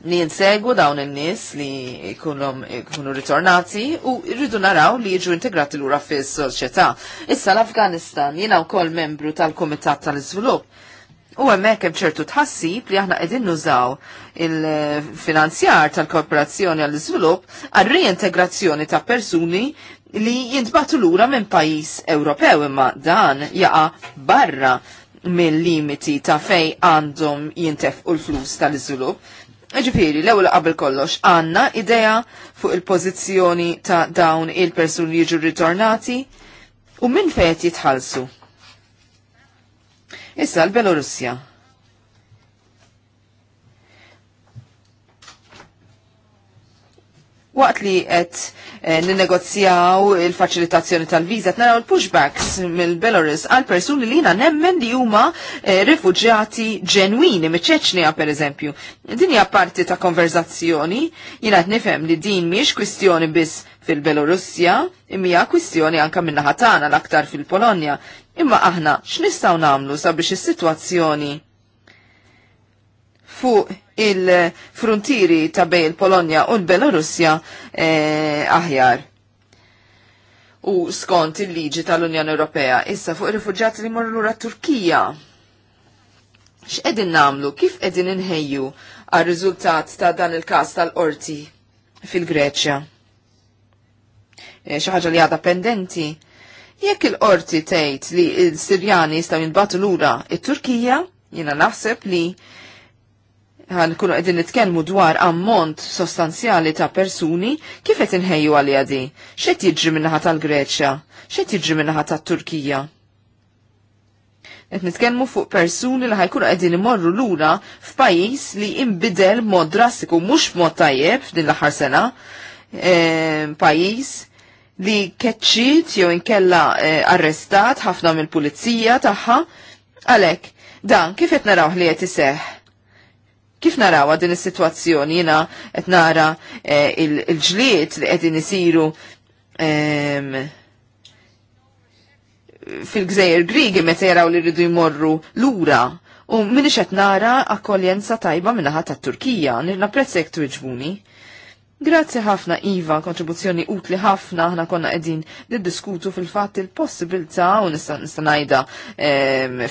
S3: li jinsegwu dawn in-nies li jkunu ritornati u rridu naraw li jiġu integrati lura fis-soċjetà. Issa l-Afganistan jiena wkoll membru tal-Kumitat tal-Iżvilupp U hemmhekk hemm ċertu tħassib li aħna qegħdin nużaw il-finanzjar tal-Korporazzjoni għall iżvilupp għal reintegrazzjoni ta' persuni li jintbatu lura minn pajis Ewropew imma dan jaqa barra minn limiti ta' fej għandhom jintef u l-flus tal-iżvilupp. Ġifiri, l ewwel qabel kollox għanna idea fuq il-pozizjoni ta' dawn il-persuni jiġu ritornati u minn fejt jitħalsu. Issa l-Belorussja. waqt li qed eh, ninnegozjaw il-faċilitazzjoni tal viza naraw il-pushbacks mill-Belarus għal persuni li jina nemmen li huma eh, rifuġjati ġenwini miċ per pereżempju. Din hija parti ta' konverzazzjoni jiena qed nifhem li din mhix kwistjoni biss fil-Belorussja imma kwistjoni anka minnaħa tagħna l-aktar fil-Polonja. Imma aħna x'nistgħu nagħmlu sabiex is-sitwazzjoni fuq il frontiri ta' bej il-Polonja u l-Belorussja eh, aħjar u skont il-liġi tal-Unjoni Ewropea issa fuq ir-rifuġjati li morru lura Turkija. X'qegħdin namlu? Kif qegħdin inħejju għar-riżultat ta' dan il-każ tal-qorti fil-Greċja? Eh, xi ħaġa li għadha pendenti. Jekk il-qorti tgħid li l-Sirjani jistgħu jinbatu lura it-Turkija, jiena naħseb li għan kunu għedin nitkelmu dwar ammont sostanzjali ta' persuni kif qed inħejju għal di? X'et jiġri minnaħa tal-Greċja? Xet jidġi minnaħa tat-Turkija? Qed nitkellmu fuq persuni li ħajkunu qegħdin imorru lura f'pajjiż li imbidel mod drastiku mhux mod tajjeb f'din l-aħħar sena, e, pajjiż li keċċit jew inkella e, arrestat ħafna mill-pulizija tagħha għalhekk dan kif qed narawh li qed iseħħ Kif narawa din is-sitwazzjoni jina qed nara eh, l il-ġlied li qegħdin isiru ehm, fil-gżejjer Grigi meta jaraw li rridu jmorru lura u minix qed nara akkoljenza tajba minnaħa tat-Turkija, nirna prezzek tu iġbuni. Grazzi ħafna Iva, kontribuzzjoni utli ħafna, ħna konna edin diskutu fil-fat il-possibilità u nista' ngħidha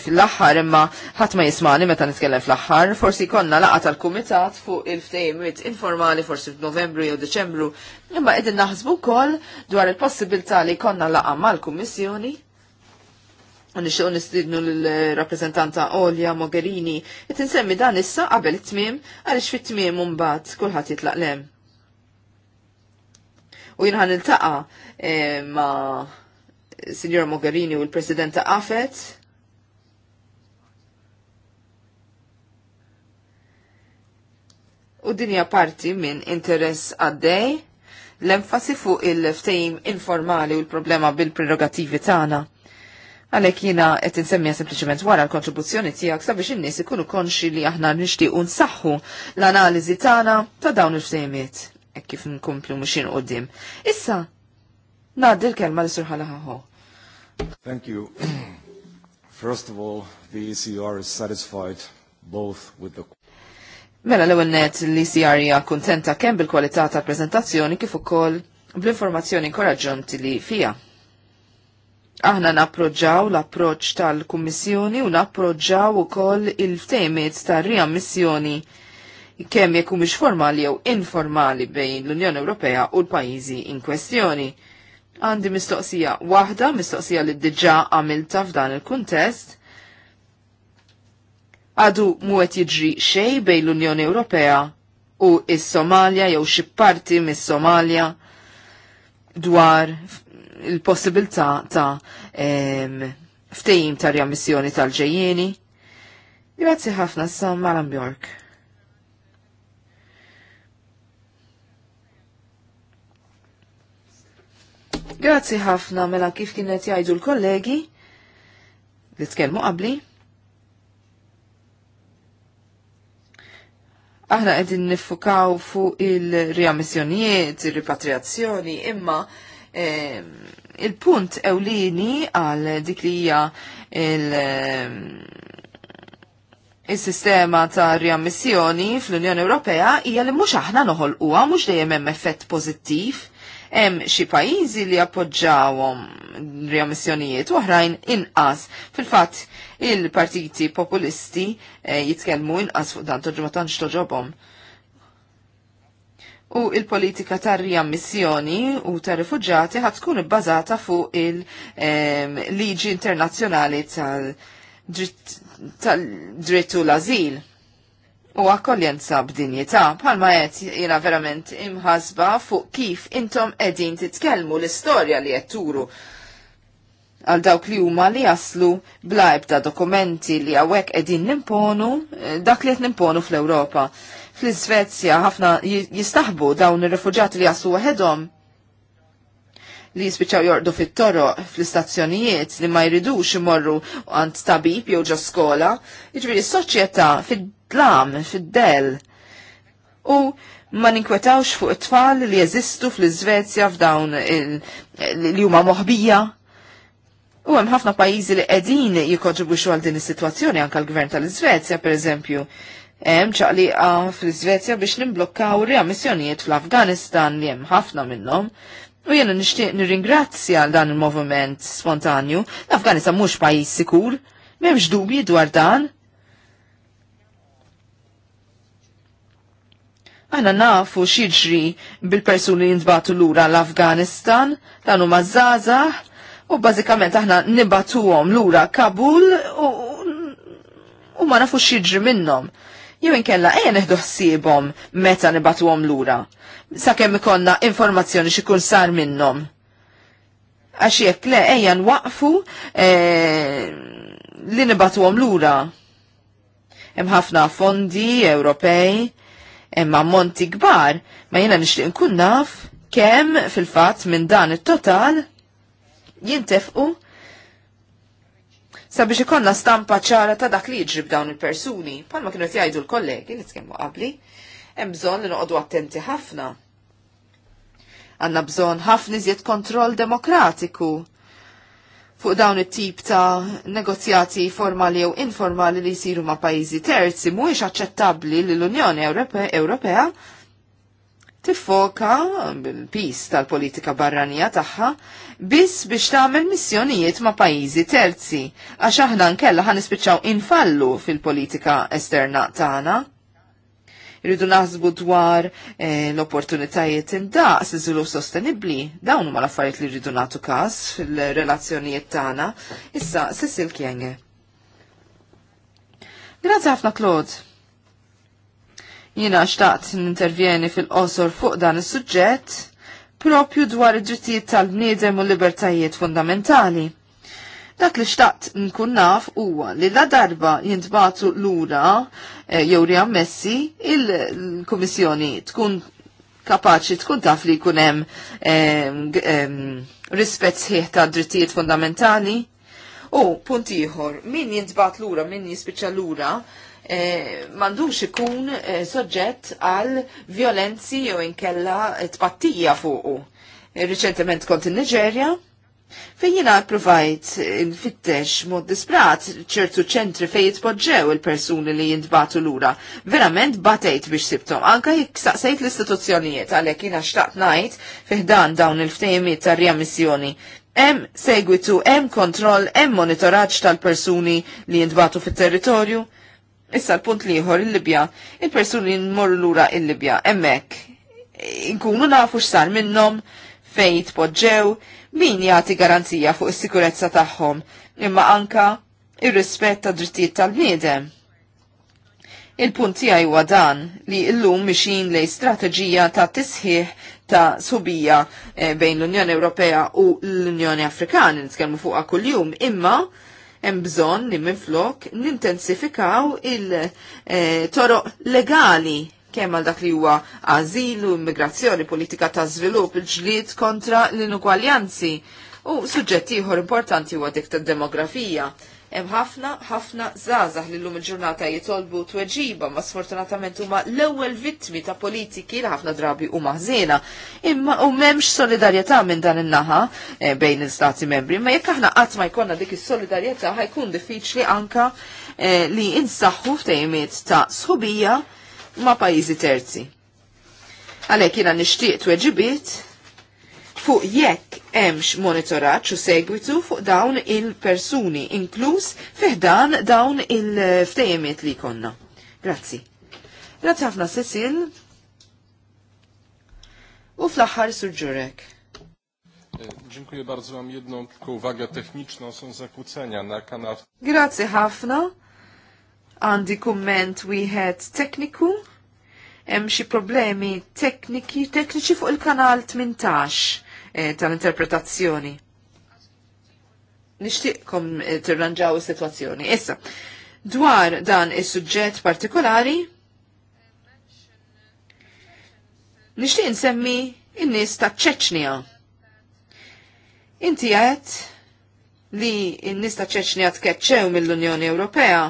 S3: fil-aħħar imma ħadd ma jismani meta nitkellem fl-aħħar, forsi konna laqa tal-kumitat fuq il ftejmiet informali forsi f'Novembru jew Deċembru, imma qegħdin naħsbu wkoll dwar il-possibilità li konna laqa mal-Kummissjoni nixtieq nistidnu l-rappreżentanta Olja Mogherini, it dan issa qabel it-tmiem għaliex fit-tmiem mbagħad kulħadd jitlaq lem. U jina ħan iltaqa eh, ma Signora Mogherini u l-Presidenta Afet. U dinja parti minn interess għaddej l-enfasi fuq il ftejm informali u l-problema bil-prerogativi tagħna. Għalek jina qed insemmija sempliċement wara l-kontribuzzjoni tiegħek sabiex in-nies ikunu konxi li aħna nixtiequ nsaħħu l-analiżi tagħna ta' dawn il-ftejmiet. E kif nkomplu muxin qoddim. Issa, naddi l-kelma li surħala ħaħu.
S4: Thank you. First of all, the ECR is satisfied both with the
S3: Mela l ewwel net li ecr hija kuntenta kemm bil-kwalità tal-preżentazzjoni kif ukoll bl-informazzjoni inkoraġġanti li fija. Aħna napproġġaw l-approċċ tal-Kummissjoni u napproġġaw ukoll il ftehmiet tar-riammissjoni missjoni kemm jekk mhux formali jew informali bejn l-Unjoni Ewropea u l-pajjiżi in kwestjoni. Għandi mistoqsija waħda, mistoqsija li diġà għamilta f'dan il-kuntest, għadu muwet jiġri xej bejn l-Unjoni Ewropea u is-Somalia jew xi parti mis-Somalia dwar il-possibilità ta' ftejim ta' remissjoni tal-ġejjeni. Grazzi ħafna, Sam Maran Bjork. Grazzi ħafna mela kif kienet jgħidu l-kollegi li tkellmu qabli. Aħna qegħdin niffukaw fuq il-riammissjonijiet, il-ripatriazzjoni, imma eh, il-punt ewlieni għal dik li hija ehm, il-sistema ta' riammissjoni fl-Unjoni Ewropea hija li mhux aħna noħolquha mhux dejjem hemm effett pożittiv Hemm xi pajjiżi li appoġġawhom riammissjonijiet oħrajn inqas. Fil-fatt il-partiti populisti eh, jitkellmu inqas fuq dan toġma tantx toġobhom. U il-politika tar riammissjoni u tar rifuġġati ħad tkun ibbażata fuq il-liġi ehm, internazzjonali tal-drittu l-azil u akkoljenza b'dinjità bħalma qed jiena verament imħasba fuq kif intom qegħdin titkellmu l-istorja li qed turu għal dawk li huma li jaslu blajb ta' dokumenti li hawnhekk qegħdin nimponu eh, dak li qed nimponu fl-Ewropa. Fl-Iżvezja ħafna jistaħbu dawn ir-refuġjati li jaslu waħedhom li jispiċaw jordu fit-toro fl-istazzjonijiet li ma jridux imorru għand tabib jew ġo skola, jiġri s-soċjetà fid tlam, fid-del. U ma ninkwetawx fuq it-tfal li jeżistu fl-Iżvezja f'dawn li huma moħbija. U hemm ħafna pajjiżi li qegħdin jikkontribwixxu għal din is-sitwazzjoni anke l-Gvern tal-Iżvezja pereżempju. Hemm ċaqliqa fl-Iżvezja biex nimblokkaw riammissjonijiet fl-Afganistan li hemm ħafna minnhom. U jena nishtiq nirringrazzja għal dan il movement spontanju. L-Afganistan mhux pajjiż sikur, m'hemmx dubji dwar dan. Għana nafu xieġri bil-persuni li nbatu l-ura l-Afganistan, tanu mażaza, u bazikament aħna nibatuhom l-ura Kabul u, u ma nafu xieġri minnom. Jew inkella ejja neħdu ħsiebhom meta nibatuhom lura. Sakemm ikonna informazzjoni xikun sar minnhom. Għax jekk le ejja nwaqfu e, li nibatuhom lura. Hemm ħafna fondi Ewropej imma monti kbar, ma jena nixtieq nkun naf kem fil-fatt minn dan it-total jintefqu sabiex ikonna stampa ċara ta' dak li jiġri b'dawn il-persuni, palma kienu jgħidu l-kollegi li tkemmu qabli, hemm bżonn li noqogħdu attenti ħafna. Għanna bżonn ħafna iżjed kontroll demokratiku fuq dawn it-tip ta' negozjati formali jew informali li jsiru ma' pajjiżi terzi mhuwiex aċċettabbli li l-Unjoni Ewropea tiffoka bil-pis tal-politika barranija tagħha biss biex tagħmel missjonijiet ma' pajjiżi terzi għax aħna nkella ħanispiċċaw infallu fil-politika esterna tagħna. Irridu naħsbu dwar eh, l-opportunitajiet indaqs iżvilupp sostenibbli. Dawn huma l-affarijiet li rridu nagħtu każ fil-relazzjonijiet tagħna. Issa Cecil Kienge. Grazzi ħafna Claude. Jiena xtaqt nintervjeni fil-qosor fuq dan is-suġġett propju dwar id-drittijiet tal-bniedem u l-libertajiet fundamentali Dak li xtaqt nkun naf huwa li la darba jintbatu lura eh, jew riammessi il-Kummissjoni tkun kapaċi tkun taf li jkun hemm rispett sħiħ ta' drittijiet fundamentali. U punt ieħor, min jintbat lura, min jispiċċa lura, E, eh, mandux ikun e, soġġett għal violenzi jew inkella tpattija fuqu. Reċentement Riċentement kont in niġerja Fejn jina provajt eh, nfittex mod disprat ċertu ċentri fejn jitpoġġew il-persuni li jintbatu lura. Verament batejt biex sibtom, anka jek saqsejt l-istituzzjonijiet għalhekk jina xtaqt ngħid fiħdan dawn il-ftejmiet tar riammissjoni. Hemm segwitu, hemm kontroll, hemm monitoraġġ tal-persuni li jindbatu fit-territorju. Issa l-punt liħor il-Libja, il-persuni nmorru lura il-Libja, emmek, inkunu nafu x'sar minnhom fejn jitpoġġew, min jagħti garanzija fuq is-sikurezza tagħhom, imma anka ir-rispett ta' drittijiet tal-bniedem. Il-punt tiegħi huwa dan li llum mixin lej strateġija ta' tisħiħ ta' subija eh, bejn l-Unjoni Ewropea u l-Unjoni Afrikana nitkellmu fuqha kuljum, imma hemm bżonn li minflok nintensifikaw il-toroq eh, legali kemm għal dak li huwa u immigrazzjoni, politika ta' żvilupp, il-ġlied kontra l-inugwaljanzi. U suġġetti ieħor importanti huwa dik tad-demografija. Hemm ħafna ħafna żgħażagħ li llum il-ġurnata jitolbu tweġiba ma sfortunatament huma l-ewwel vittmi ta' politiki li ħafna drabi huma ħżiena. Imma u m'hemmx solidarjetà minn dan in-naħa e, bejn il-Stati membri, ma jekk aħna qatt ma jkollna dik is-solidarjetà ħajkun diffiċli anka e, li insaħħu ftejmiet ta' sħubija ma' pajjiżi terzi. Għalhekk jiena nixtieq tweġibiet fuq jekk hemmx monitorat u segwitu fuq dawn il-persuni inkluż fiħdan dawn il-ftejemiet li konna. Grazzi. Grazzi ħafna Cecil. U fl-aħħar surġurek.
S1: E, dziękuję bardzo. Mam jedną tylko uwagę techniczną. Są zakłócenia na kanał.
S3: Grazie ħafna għandi kumment wieħed tekniku, hemm xi problemi tekniki, tekniċi fuq il-kanal 18 eh, tal-interpretazzjoni. Nixtieqkom eh, tirranġaw is-sitwazzjoni. Issa, dwar dan is-suġġett partikolari, nixtieq insemmi in-nies ta' ċeċnija. Inti għedt li n-nies ta' ċeċnija tkeċċew mill-Unjoni Ewropea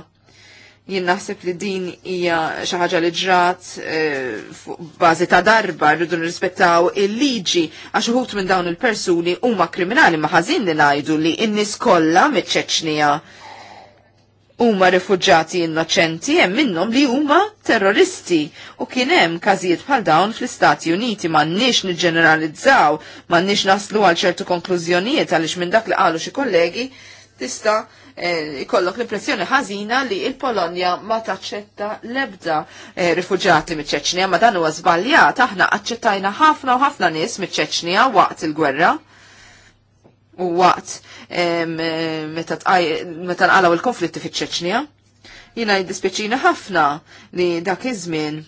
S3: jien naħseb li din hija xi ħaġa li ġrat eh, fuq bażi ta' darba rridu nirrispettaw il-liġi għax uħut minn dawn il-persuni huma kriminali ma ħażin li ngħidu li n-nies kollha miċ-Ċeċnija huma rifuġġati innoċenti hemm minnhom li huma terroristi u kien hemm każijiet bħal dawn fl-Istati Uniti m'għandniex niġġeneralizzaw, m'għandniex naslu għal ċertu konklużjonijiet għaliex minn dak li qalu xi kollegi tista' Eh, ikollok l-impressjoni ħażina li il-Polonja ma taċċetta l-ebda eh, rifuġati miċ-Ċeċnija, ma dan huwa żbaljat aħna aċċettajna ħafna u ħafna nies miċ-Ċeċnija waqt il-gwerra u waqt eh, meta nqalgħu il-konflitti fiċ-Ċeċnija. Jina jiddispjaċina ħafna li dak iż-żmien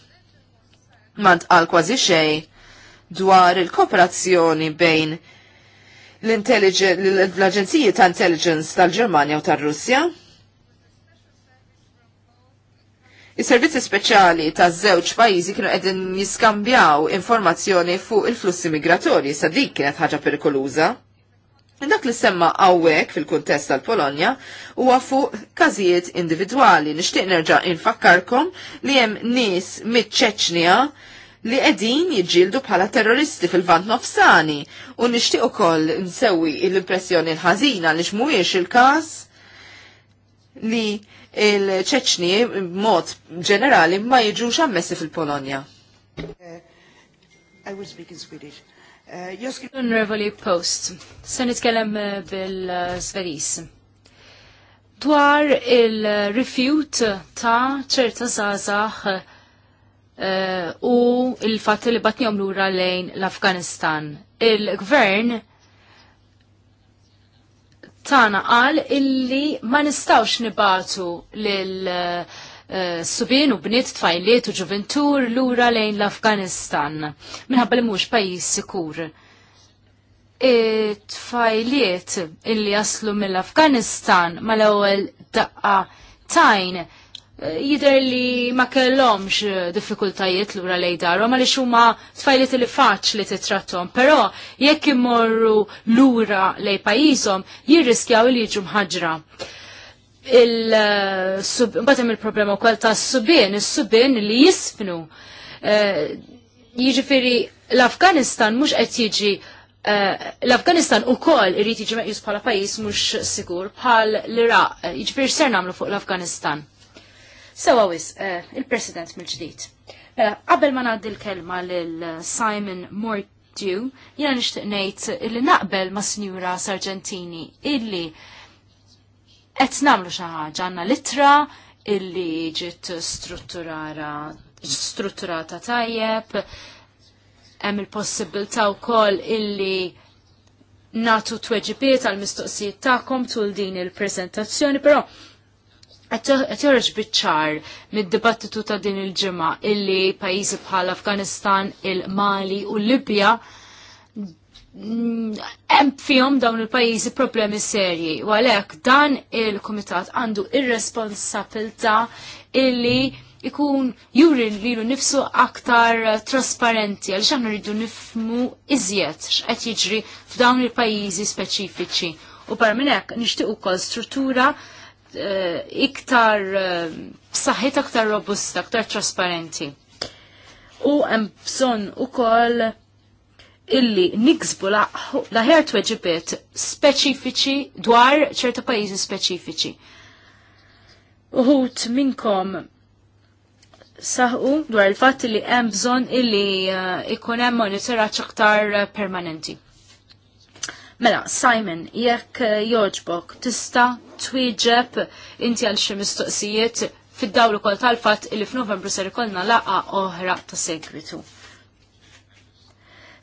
S3: ma ntqal kważi xejn dwar il-kooperazzjoni bejn l-Aġenziji ta' Intelligence tal-Ġermanja u tar-Russja. Is-servizzi speċjali ta' żewġ pajjiżi kienu qegħdin jiskambjaw informazzjoni fuq il-flussi migratorji sa dik kienet ħaġa perikoluża. Dak li semma għawek fil-kuntest tal-Polonja huwa fuq każijiet individwali. Nixtieq nerġa' infakkarkom li hemm nies miċ-Ċeċnija li qegħdin jiġġieldu bħala terroristi fil-vant nofsani u nixtieq ukoll nsewi l-impressjoni l-ħażina li xmujiex il-każ li il-ċeċni mod ġenerali ma jiġux ammessi fil-Polonja.
S4: Eh, I will speak in Swedish. Honorable eh, Post, se nitkellem eh, bil-Sveris. Dwar il-refute ta' ċerta zazax uh, u il fat li batnijom lura lejn l-Afganistan. Il-gvern tana qal illi ma nistawx nibatu lil uh, eh, subin u bniet tfajliet u ġuventur lura lejn l-Afganistan. Minħabba li mhux pajjiż sikur. It-tfajliet illi jaslu mill-Afganistan mal-ewwel daqqa tajn jider li ma kellomx eh, diffikultajiet lura lej darhom għaliex huma tfajliet li faċli titrattom, però jekk imorru lura lej pajjiżhom jirriskjaw li jiġu mħaġra. Eh, mbagħad il-problema wkoll tas-subien, is subin li jisfnu. Eh, jiġifieri l-Afganistan mhux qed jiġi l-Afganistan u kol irrit jiġi meqjus bħala pajis mhux sigur bħal l-Iraq. Jiġifieri ser nagħmlu fuq l-Afganistan. Sewa wis, eh, il-President mill-ġdid. Eh, qabel ma ngħaddi l-kelma l Simon Mordew, jiena nixtieq ngħid li naqbel ma' Sinjura Sargentini illi qed nagħmlu xi ħaġa għandna litra illi ġiet strutturata tajjeb, hemm il-possibilità wkoll illi natu tweġibiet għal mistoqsijiet tagħkom tul din il-preżentazzjoni, però għatjoreġ bitċar mid-dibattitu ta' din il-ġimma illi pajizi bħal Afganistan, il-Mali u Libja mm, hemm fihom dawn il-pajjiżi problemi serji u għalhekk dan il-kumitat għandu ir responsabilta illi ikun juri lilu nifsu aktar trasparenti għal xaħna rridu nifmu iżjed x'qed jiġri f'dawn il-pajjiżi speċifiċi. U par minn hekk nixtieq ukoll struttura Eh, iktar b'saħħit eh, aktar robusta, aktar trasparenti. U hemm bżonn ukoll illi niksbu laħer tweġibiet speċifiċi dwar ċerta pajjiżi speċifiċi. Uħut minnkom saħu dwar il-fatt li hemm bżonn illi eh, ikun hemm monitoraġġ aktar permanenti. Mela, Simon, jekk eh, joġbok, tista twieġeb inti għal xi mistoqsijiet fid-dawl ukoll tal-fatt li f'Novembru ser ikollna laqa oħra ta' segwitu.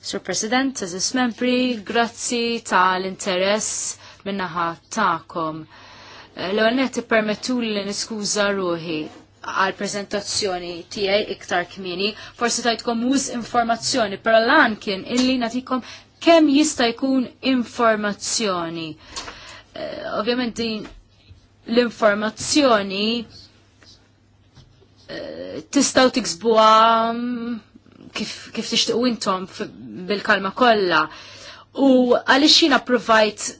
S4: Sur President, Tazis Membri, grazzi tal-interess minnaħa ta'kom. Eh, L-għonet permettu li niskuza ruħi għal prezentazzjoni tiegħi iktar kmini, forsi tajtkom uż informazzjoni, però lan kien illi natikom kemm jista' jkun informazzjoni. Uh, Ovvjament din l-informazzjoni uh, tistaw tiksbuha mm, kif, kif tixtiqu intom bil-kalma kollha. U għaliex jiena provajt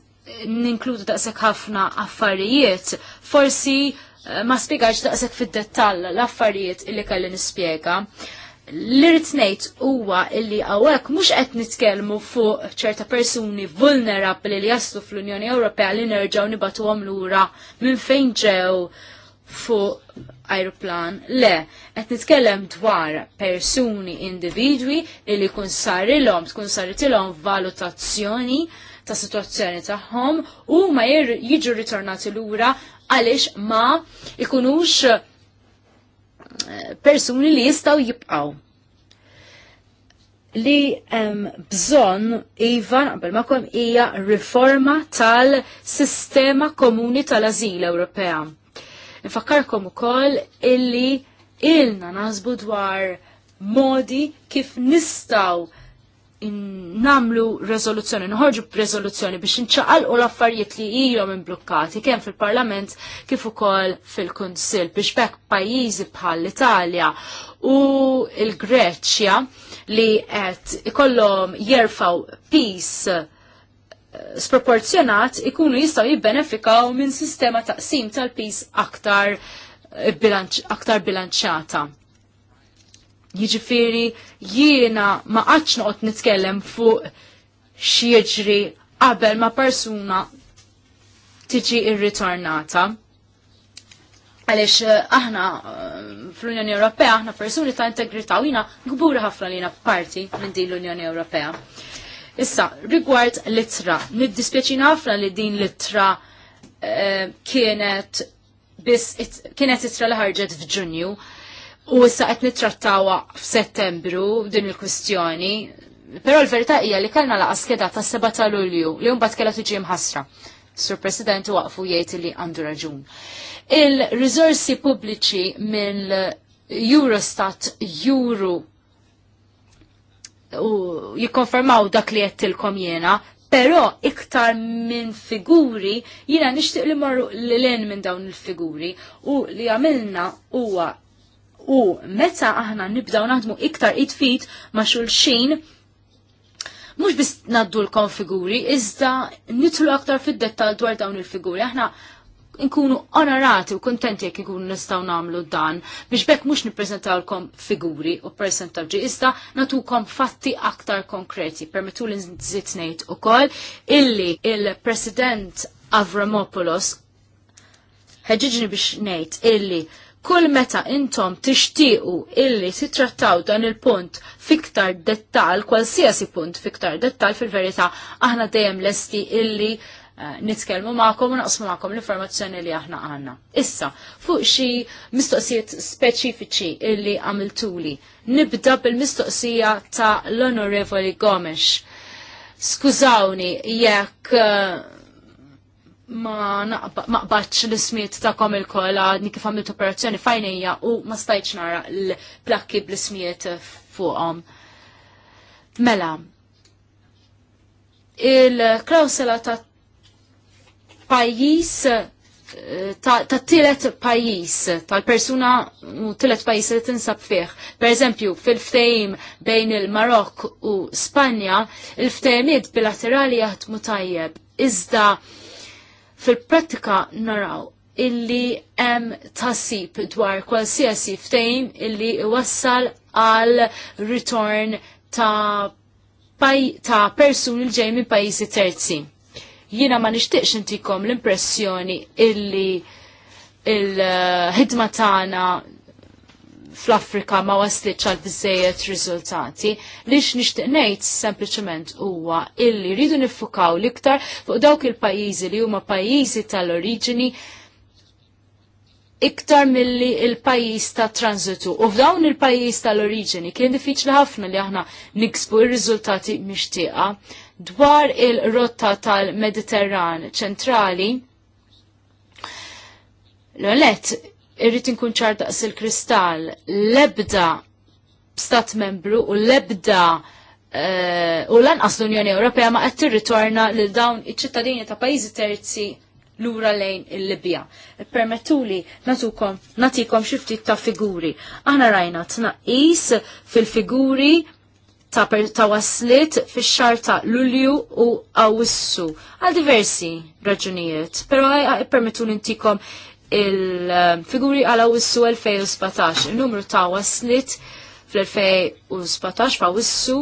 S4: ninkludu daqshekk ħafna affarijiet, forsi uh, ma spjegax daqshekk fid-dettall l-affarijiet illi kelli nispjega. Uh, l irtnejt ngħid huwa illi hawnhekk mhux qed nitkellmu fuq ċerta persuni vulnerabbli li jaslu fl-Unjoni Ewropea li nerġgħu l lura minn fejn ġew fuq ajruplan. Le, qed nitkellem dwar persuni individwi illi kun sarilhom, tkun saritilhom valutazzjoni ta' situazzjoni tagħhom u ma jiġu ritornati lura għaliex ma ikunux persuni li jistaw jibqaw. Li um, bżon, Iva, qabel ma kom hija riforma tal-sistema komuni tal-azil Ewropea. Nfakkarkom ukoll illi ilna nasbu dwar modi kif nistaw namlu rezoluzzjoni, nħorġu rezoluzzjoni biex nċaqal l-affarijiet li ilhom imblukkati kemm fil-Parlament kif ukoll fil-Kunsill biex bekk pajjiżi bħal l-Italja u l-Greċja li qed ikollhom jerfaw peace eh, sproporzjonat ikunu jistgħu jibbenefikaw minn sistema taqsim tal-peace aktar eh, bilanċ, aktar bilanċata. Jiġifieri jiena ma qatx noqgħod nitkellem fuq xi jiġri qabel ma persuna tiġi irritornata. Għalix eh, aħna eh, fl-Unjoni Ewropea, aħna persuni ta' integrità u jina gbura ħafna li parti minn din l-Unjoni Ewropea. Issa, rigward litra, niddispjaċina ħafna li din litra eh, kienet kienet itra li ħarġet f'Ġunju, U issa qed nittrattawha f'Settembru din il-kwistjoni, però l-verità hija li kellna laqgħa skeda ta' 7 ta' Lulju li mbagħad kellha tiġi mħassra. Sur President waqfu jgħid li għandu raġun. Il-riżorsi pubbliċi mill Eurostat Euro u jikkonfermaw dak li jettilkom jena, pero iktar minn figuri jina nishtiq li marru l-len minn dawn il-figuri u li għamilna huwa u meta aħna nibdaw naħdmu iktar it-fit ma' xulxin mux bis naddu l-konfiguri, iżda nitlu aktar fid-dettal dwar dawn il-figuri. Aħna nkunu onorati u kontenti jekk ikunu nistgħu nagħmlu dan biex bekk mhux nippreżentawlkom figuri u percentaġġi iżda natukom fatti aktar konkreti. Permettu li nżid u ukoll illi il-President Avramopoulos ħeġiġni biex ngħid illi Kull meta intom tixtiequ illi titrattaw dan il-punt fiktar dettal, kwalsiasi punt fiktar dettal fil-verità, aħna dejjem lesti illi uh, nitkellmu magħkom u naqsmu ma'kom l-informazzjoni li aħna għandna. Issa, fuq xi mistoqsijiet speċifiċi illi għamiltuli. Nibda bil-mistoqsija ta' l-Onorevoli Gomes. Skużawni jekk uh, ma naqbaċ l-ismiet kom il kola għadni kif għamilt operazzjoni fajnija u ma stajċ nara l-plakki bl-ismiet fuqom. Mela, il-klausela ta' pajis ta' t-tilet pajis, tal-persuna u t-tilet pajis li tinsab fih. Per eżempju, fil-ftejm bejn il-Marok u Spanja, il ftejmid bilaterali jaħdmu tajjeb. Iżda, fil-prattika naraw illi hemm tasib dwar qualsiasi ftejn illi wassal għal ritorn ta' ta' persuni l ġej minn pajjiżi terzi. Jiena ma nixtieqx intikom l-impressjoni illi il-ħidma tagħna fl-Afrika ma waslitx għal bizzejiet riżultati. Lix nixtieq ngħid sempliċement huwa illi rridu nifukaw l-iktar fuq dawk il-pajjiżi li huma pajjiżi tal-oriġini iktar milli il-pajjiż ta' tranzitu U f'dawn il-pajjiż tal-oriġini kien diffiċli ħafna li aħna niksbu il riżultati mixtieqa dwar il-rotta tal-Mediterran ċentrali. L-għalet, irrid inkun ċar daqs il-kristall l-ebda stat membru u l-ebda eh, u lanqas l-Unjoni Ewropea ma qed tirritorna lil dawn iċ-ċittadini ta' pajjiżi terzi lura lejn il-Libja. Permettuli natukom, natikom ftit ta' figuri. Aħna rajna tnaqis fil-figuri ta' ta' waslit fix xar ta' Lulju u Awissu għal diversi raġunijiet, pero permettu ntikom il-figuri għala wissu 2017. Il-numru ta' waslit fl-2017 fa' wissu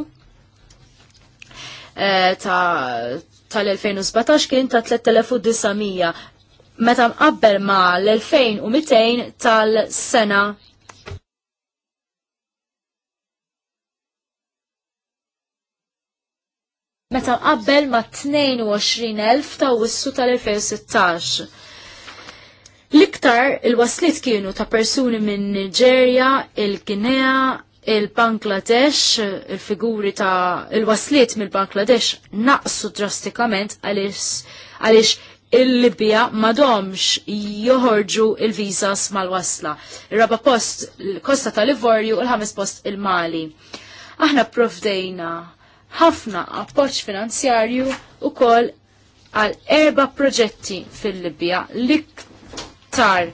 S4: eh, tal-2017 kien ta' 3900 meta mqabbel ma' l-2200 tal-sena meta mqabbel ma' 22,000 ta' wissu tal-2016 L-iktar il-waslit kienu ta' persuni minn Nigeria, il-Ginea, il-Bangladesh, il-figuri ta' il-waslit mill bangladesh naqsu drastikament għalix il-Libja madomx joħorġu il-vizas mal-wasla. Il-raba post il-Kosta tal-Livorju, il-ħames post il-Mali. Aħna provdejna ħafna appoċ finanzjarju u kol għal erba proġetti fil-Libja iktar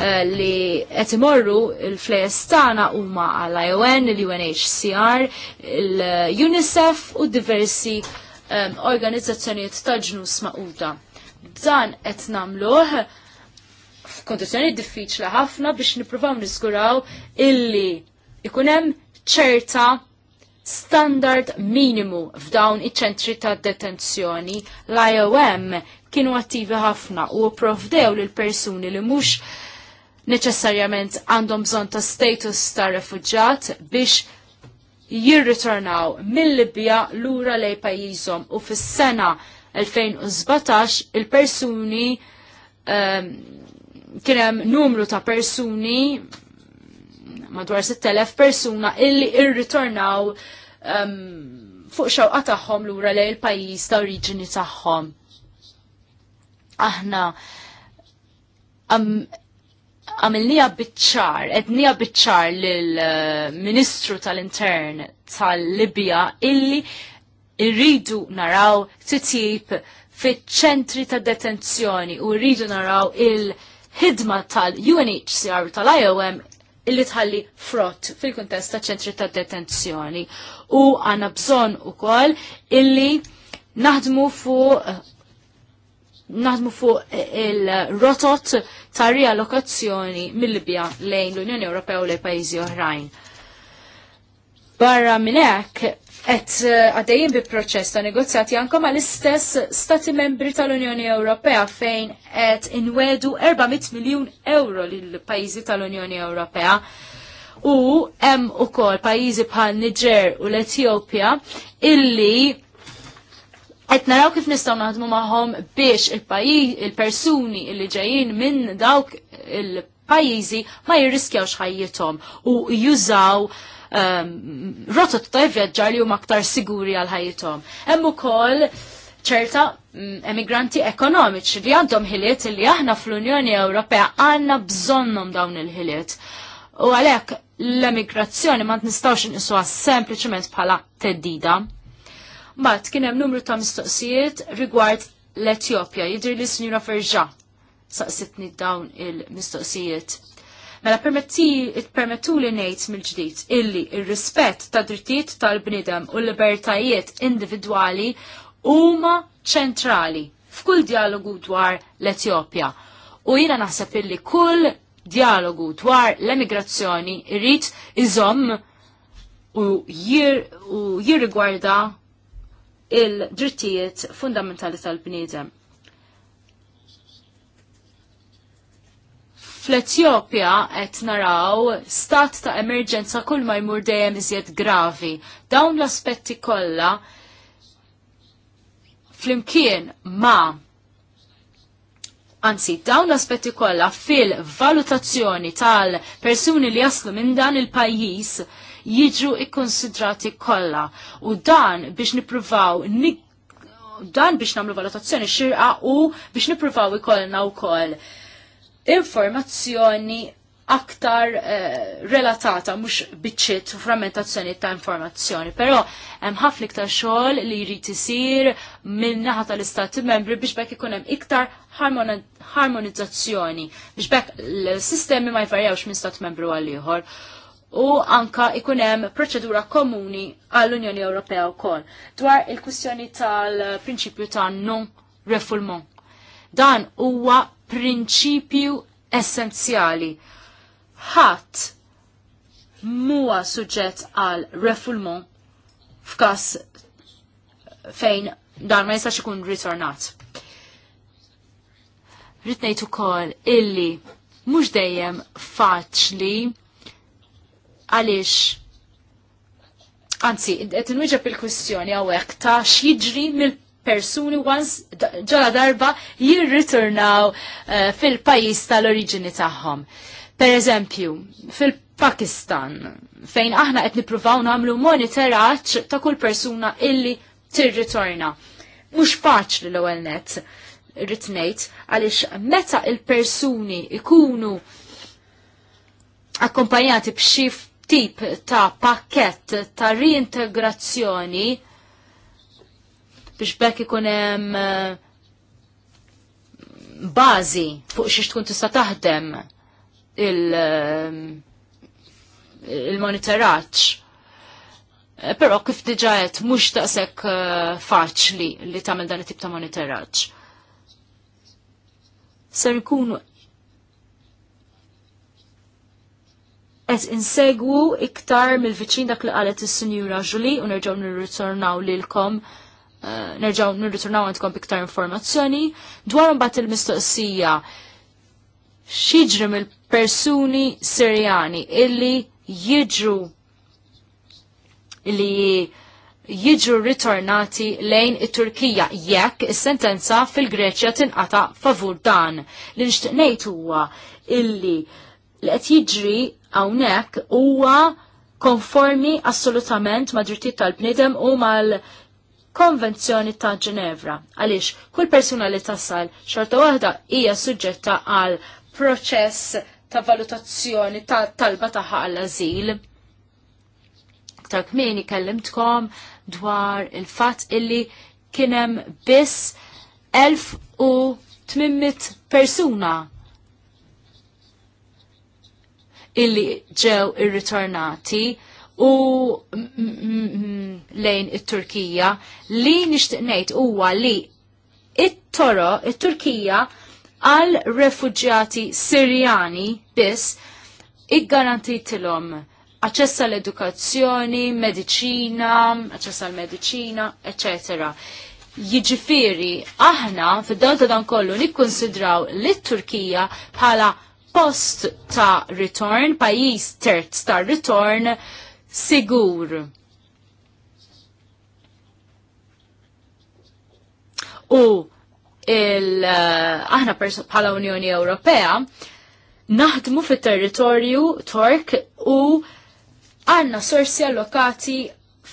S4: eh, li qed imorru il-flejes tagħna huma għal ION, il-UNHCR, il-UNICEF u diversi eh, organizzazzjonijiet ta' ġnus maquda. Dan qed nagħmluh f'kondizzjoni diffiċli ħafna biex nippruvaw niskuraw illi ikun hemm ċerta standard minimu f'dawn iċ-ċentri ta' detenzjoni. L-IOM kienu attivi ħafna u provdew lil persuni li mhux neċessarjament għandhom bżonn ta' status ta' refugġat biex jirritornaw mill-Libja lura lej pajjiżhom u fis-sena 2017 il-persuni um, kien hemm numru ta' persuni madwar 6000 persuna illi irriturnaw um, ehm, fuq xewqa tagħhom lura lej il-pajjiż ta' oriġini tagħhom aħna għamilnija bitċar, ednija bitċar l-Ministru eh, tal-Intern tal-Libja illi irridu naraw titjib fit-ċentri ta' detenzjoni u rridu naraw il-ħidma tal-UNHCR tal-IOM illi tħalli frott fil-kontest ta' ċentri ta' detenzjoni. U għana bżon u koll illi naħdmu fuq naħdmu fuq il-rotot ta' riallokazzjoni mill-Libja lejn l-Unjoni Ewropea u lejn pajjiżi oħrajn. Barra minn hekk qed eh, għaddejjin bi proċess ta' negozjati anke mal-istess stati membri tal-Unjoni Ewropea fejn qed inwedu 400 miljun euro lil pajjiżi tal-Unjoni Ewropea u hemm ukoll pajjiżi bħal Niġer u l-Etjopja illi qed naraw kif nistgħu naħdmu magħhom biex il persuni il-persuni li ġejjin minn dawk il-pajjiżi ma jirriskjawx ħajjithom u jużaw um, rotot ta' vjaġġar li huma aktar siguri għal ħajjithom. Hemm ukoll ċerta mm, emigranti ekonomiċi li għandhom ħiliet li aħna fl-Unjoni Ewropea għandna bżonnhom dawn il-ħiliet. U għalhekk l-emigrazzjoni ma nistgħux inqisuha sempliċement bħala teddida Mat, kien hemm numru ta' mistoqsijiet rigward l-Etjopja, jidri li Sinjura Ferġa saqsitni dawn il-mistoqsijiet. Mela permettu li ngħid mill-ġdid illi r rispett ta' drittijiet tal-bnidem u l-libertajiet individwali huma ċentrali f'kull dialogu dwar l-Etjopja. U jiena naħseb illi kull dialogu dwar l-emigrazzjoni irrid iżomm u jirrigwarda il-drittijiet fundamentali tal-bniedem. Fl-Etjopja qed naraw stat ta' emerġenza kull ma jmur dejjem iżjed gravi. Dawn l-aspetti kollha flimkien ma' Anzi, dawn l-aspetti kollha fil-valutazzjoni tal-persuni li jaslu minn dan il-pajjiż jiġu ikkonsidrati kollha u dan biex nippruvaw dan biex nagħmlu valutazzjoni xirqa u biex nippruvaw ikollna wkoll informazzjoni aktar eh, relatata, mux u frammentazzjoni ta' informazzjoni. Pero hemm ħafna iktar xogħol li jrid isir min-naħa tal-istati membri biex bekk ikun hemm iktar harmonizzazzjoni biex bekk l-sistemi ma jvarjawx minn stat membru għal ieħor u anka ikunem proċedura komuni għall-Unjoni Ewropea wkoll dwar il-kwistjoni tal-prinċipju ta' non refoulement. Dan huwa prinċipju essenzjali. Ħadd muwa suġġett għal refoulement f'każ fejn dan ma jistax ikun ritornat. ngħid ukoll illi mhux dejjem faċli għaliex Anzi, qed inwieġeb il-kwistjoni hawnhekk ta' x'jiġri mill-persuni once ġala darba jirriturnaw eh, fil-pajjiż tal-oriġini tagħhom. Per eżempju, fil-Pakistan, fejn aħna qed nippruvaw nagħmlu monitoraġġ ta' kull persuna illi tirritorna. Mhux faċli l-ewwel net rrid ngħid għaliex meta il-persuni ikunu akkompanjati b'xi tip ta' pakket ta' reintegrazzjoni biex bekk ikun hemm eh, bażi fuq xiex tkun tista' taħdem il-monitoraġġ. Il eh, eh, Però kif diġa qed mhux daqshekk faċli li tagħmel dan it-tip ta' monitoraġġ. Ser ikunu es insegwu iktar mill-viċin dak li qalet is-Sinjura Ġuli u nerġgħu nirritornaw lilkom eh, nerġgħu nirritornaw għandkom iktar informazzjoni dwar imbagħad il-mistoqsija x'jiġri mill-persuni Sirjani illi jiġru illi jiġu ritornati lejn it-Turkija jekk is-sentenza fil-Greċja tinqata favur dan. l ngħid huwa illi li qed jiġri hawnhekk huwa konformi assolutament ma' drittijiet tal-bniedem u mal konvenzjoni ta' Ġenevra. Għaliex, kull persuna li tassal xorta waħda hija suġġetta għal proċess ta' valutazzjoni ta' talba ta' għal azil Ta' kmini kellimtkom dwar il-fat illi kienem biss 1800 persuna illi ġew irritornati u lejn it-Turkija li nixtieq ngħid huwa li it-toro it-Turkija għal refuġjati Sirjani biss iggarantitilhom aċċess għall edukazzjoni, mediċina, aċċess għall mediċina, eccetera. Jiġifieri aħna fid-dawl dan kollu nikkonsidraw lit-Turkija bħala post ta' return, pajjiż terz ta' return sigur. U il eh, aħna bħala Unjoni Ewropea naħdmu fit-territorju Tork u għanna sorsi allokati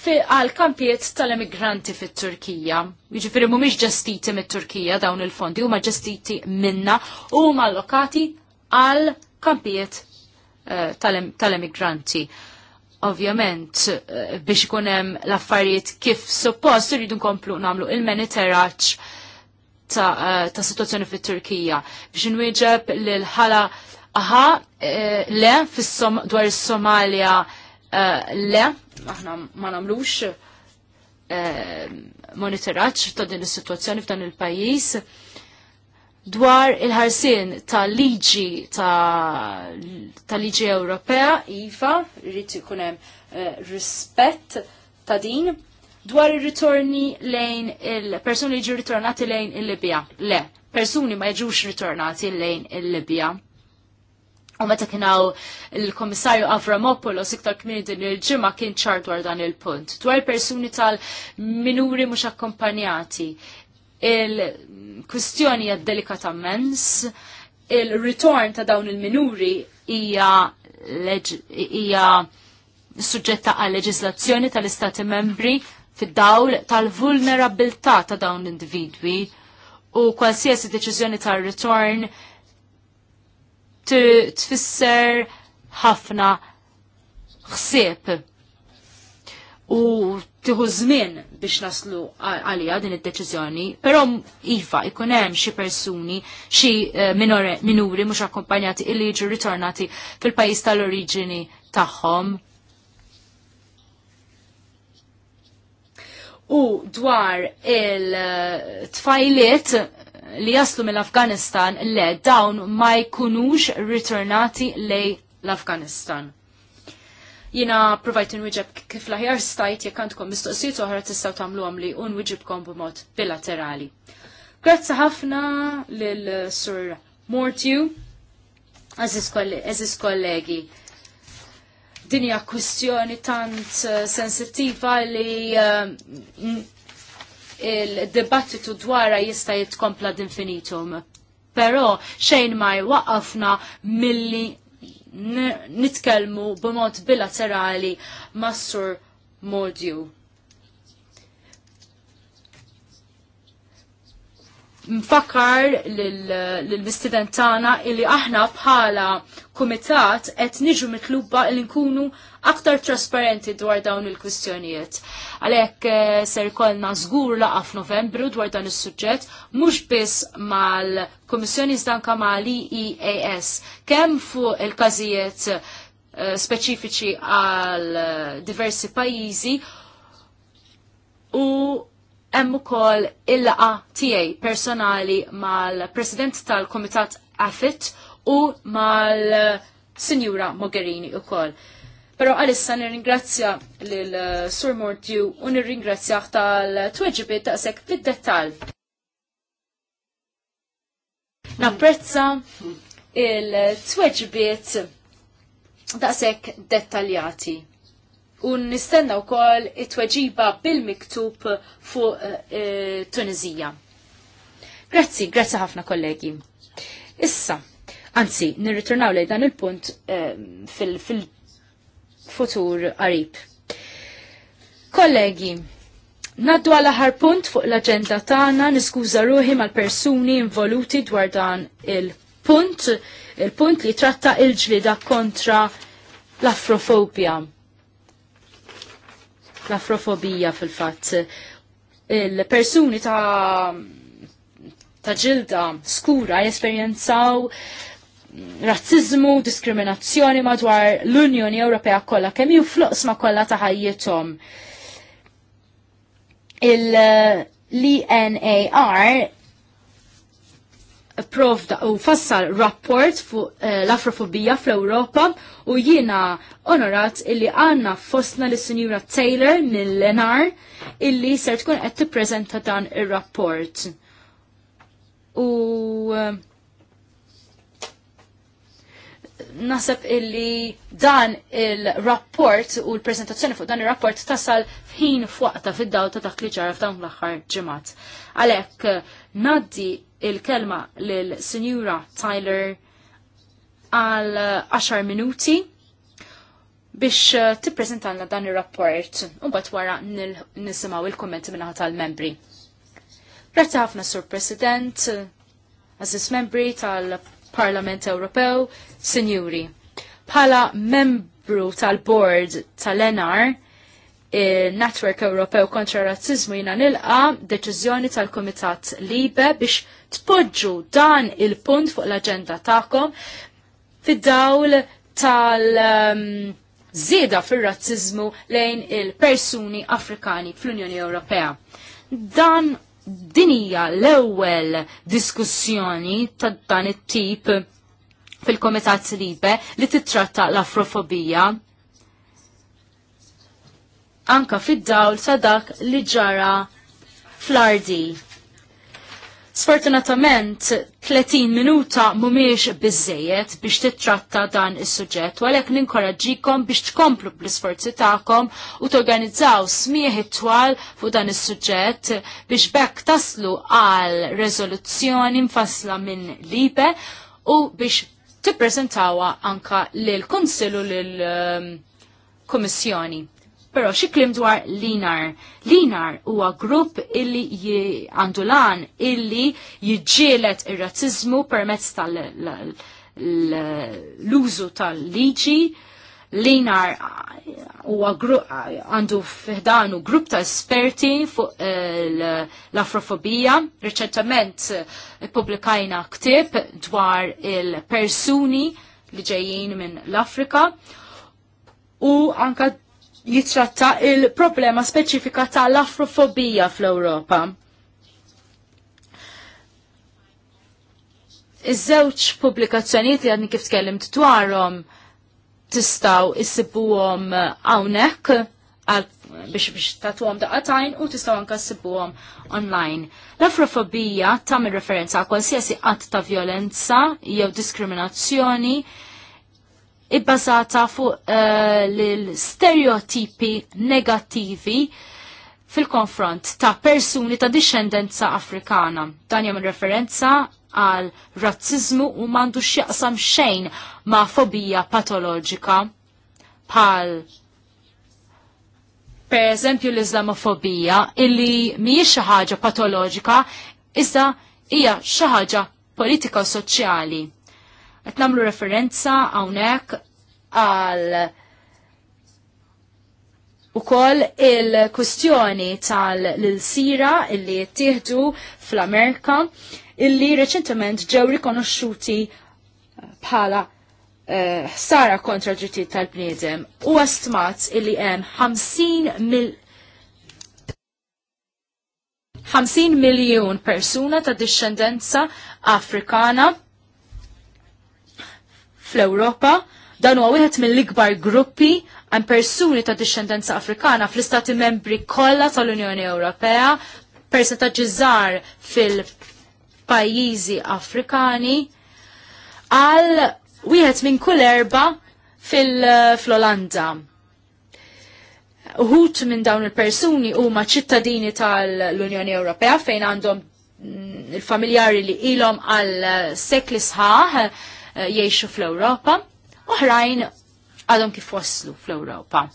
S4: għal kampijiet tal-emigranti fit turkija Jiġifieri mhumiex ġestiti mit turkija dawn il-fondi, huma ġestiti minna u huma allokati għal kampijiet eh, tal-emigranti. Ovvjament, eh, biex kunem l-affarijiet kif suppost, rridu nkomplu namlu il-meniteraċ ta', eh, ta situazzjoni fit turkija biex nwieġeb l-ħala aha le fis dwar is somalia le aħna ma namlux monitoraċ ta' din is-sitwazzjoni f'dan il-pajjiż dwar il-ħarsin tal-liġi ta' liġi Ewropea, IFA, rrit ikunem uh, eh, rispett ta' din, dwar il-ritorni lejn il-persuni li ritornati lejn il-Libja. Le, persuni ma jġux ritornati lejn il-Libja. U meta kienaw il-komissarju Avramopoulos iktar kmini din il-ġimma kien ċar dwar dan il-punt. Dwar il-persuni tal-minuri mux akkompanjati il kwistjoni hija delikata mens, il-return ta' dawn il-minuri hija hija suġġetta għal leġislazzjoni tal-Istati membri fid-dawl tal-vulnerabilità ta' dawn l-individwi u kwalsiasi deċiżjoni tal-return tfisser ħafna ħsieb u tiħu żmien biex naslu għalija din id-deċiżjoni, però iva ikunem hemm xi persuni, xi eh, minuri mhux akkompanjati illi jiġu ritornati fil-pajjiż tal-oriġini tagħhom. U dwar il-tfajliet eh, li jaslu mill-Afganistan le dawn ma jkunux ritornati lej l-Afganistan. Jina provajt nwiġeb kif laħjar stajt jekk għandkom mistoqsijiet oħra tistgħu tagħmluhom li u nwiġibkom b'mod bilaterali. Grazzi ħafna lil Sur Mortiu, eżis kollegi. Dinja kwistjoni tant eh, sensittiva li eh, il-dibattitu dwara jista' jitkompla d-infinitum. Pero xejn ma jwaqafna milli nitkellmu b'mod bilaterali mas-sur modju. Mfakkar lill-mistident illi aħna bħala kumitat qed niġu mitluba li nkunu aktar trasparenti dwar dawn il-kwistjonijiet. Għalhekk eh, ser ikollna żgur laqa f'Novembru dwar dan is-suġġett mhux biss mal-Kummissjoni żdanka mal IEAS. kemm fuq il-każijiet eh, speċifiċi għal eh, diversi pajjiżi u hemm ukoll il-laqa tiegħi personali mal-President tal-Komitat Affit u mal-Sinjura Mogherini ukoll. Pero għalissa nirringrazzja lil-Sur eh, Mordju u nirringrazzja tal-tweġibiet taqsek fid-dettal. Napprezza il-tweġbiet daqshekk dettaljati u nistenna wkoll it-tweġiba bil-miktub fuq e, Tunizija. Grazzi, grazzi ħafna kollegi. Issa, anzi, nirriturnaw lej dan il-punt eh, fil-futur fil qarib. Kollegi, Naddu għal aħar punt fuq l-agenda tagħna niskuża ruħi mal-persuni involuti dwar dan il-punt, il-punt li tratta il-ġlida kontra l-afrofobja l-afrofobija fil-fatt. Il-persuni ta' ta' ġilda skura jesperjenzaw razzizmu, diskriminazzjoni madwar l-Unjoni Ewropea kollha kemm jinfluqs ma' kollha ta' ħajjithom. Il-LNAR provda u fassal rapport fuq eh, l-afrofobija fl-Europa u jiena onorat illi għanna fosna l sinjura Taylor mill-Lenar illi ser tkun qed tippreżenta dan ir-rapport. U eh, nasab illi dan il-rapport u l-prezentazzjoni fuq dan il-rapport tasal fħin fuqta fid dawta ta' li f'dawn l-aħħar ġimgħat. Għalhekk eh, naddi il-kelma l sinjura Tyler għal 10 minuti biex uh, tippreżentanna dan ir-rapport u bat wara nisimgħu il-kummenti minnaħat tal-membri. Grazie ħafna Sur President, Aziz Membri tal-Parlament Ewropew, Sinjuri. Bħala membru tal-Board tal-NR, il-Network Ewropew kontra Razzizmu jina nilqa deċiżjoni tal-Komitat Libe biex tpoġġu dan il-punt fuq l-agenda tagħkom fid-dawl tal-żieda um, fir-razzizmu lejn il-persuni Afrikani fl-Unjoni Ewropea. Dan dinija l-ewwel diskussjoni ta' dan it-tip fil-Komitat Libe li titratta l-Afrofobija anka fid-dawl sa dak li ġara fl-ardi. Sfortunatament, 30 minuta mumiex bizzejiet biex titratta dan is suġġett u għalek ninkoraġġikom biex tkomplu bl-isforzi tagħkom u torganizzaw smieħ twal fuq dan is suġġett biex bekk taslu għal rezoluzzjoni mfassla minn libe u biex tippreżentawa anka l konsilu l ehm, komissjoni. Pero xi klim dwar linar. Linar huwa grupp illi għandu lan illi jiġġielet ir-razzizmu permezz tal-użu tal-liġi. Linar huwa għandu fiħdanu grupp ta' esperti fuq eh, l-afrofobija. Reċentament eh, publikajna ktib dwar il-persuni li ġejjin minn l-Afrika u anka jitratta il-problema speċifika tal-afrofobija fl-Ewropa. Iż-żewġ pubblikazzjonijiet li għadni kif tkellimt dwarhom tistaw issibuhom hawnhekk biex biex tatuhom daqatajn u tistgħu anke ssibuhom online. L-afrofobija tagħmel referenza għal qualsiasi qatt ta' violenza jew diskriminazzjoni ibbażata fuq eh, l-stereotipi negattivi fil-konfront ta' persuni ta' discendenza afrikana. Dan jagħmel referenza għal razzizmu u mandu xjaqsam xejn ma' fobija patoloġika bħal per eżempju l-Islamofobija illi mhijiex xi ħaġa patoloġika iżda hija xi ħaġa politika soċjali qed nagħmlu referenza hawnhekk għal ukoll il kwestjoni tal-sira illi jittieħdu fl-Amerika illi reċentement ġew rikonoxxuti bħala uh, eh, sara kontra ġittijiet tal-bniedem u għastmat illi hemm 50 mil 50 miljun persuna ta' discendenza Afrikana fl-Ewropa, dan huwa wieħed mill-ikbar gruppi għan persuni ta' discendenza Afrikana fl-istati membri kollha tal-Unjoni Ewropea, persentaġġi żgħar fil-pajjiżi Afrikani għal wieħed minn kull erba fil-Olanda. Uħut minn dawn il-persuni huma ċittadini tal-Unjoni Ewropea fejn għandhom mm, il-familjari li ilhom għal sekli sħaħ Eh, jiexu fl-Europa, uħrajn għadhom kif waslu fl-Europa.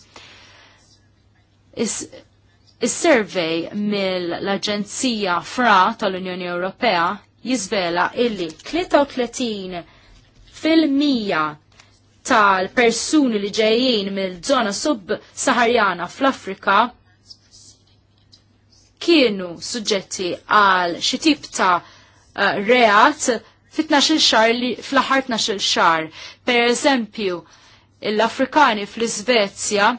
S4: Is-survey mill-Aġenzija FRA tal-Unjoni Ewropea jizvela illi 33 fil-mija tal-persuni li ġejjin mill-żona sub-Saharjana fl-Afrika kienu suġġetti għal xi tip ta' eh, reat fit-12 xar li fl-aħħar 12 xar. Per eżempju, l-Afrikani fl-Iżvezja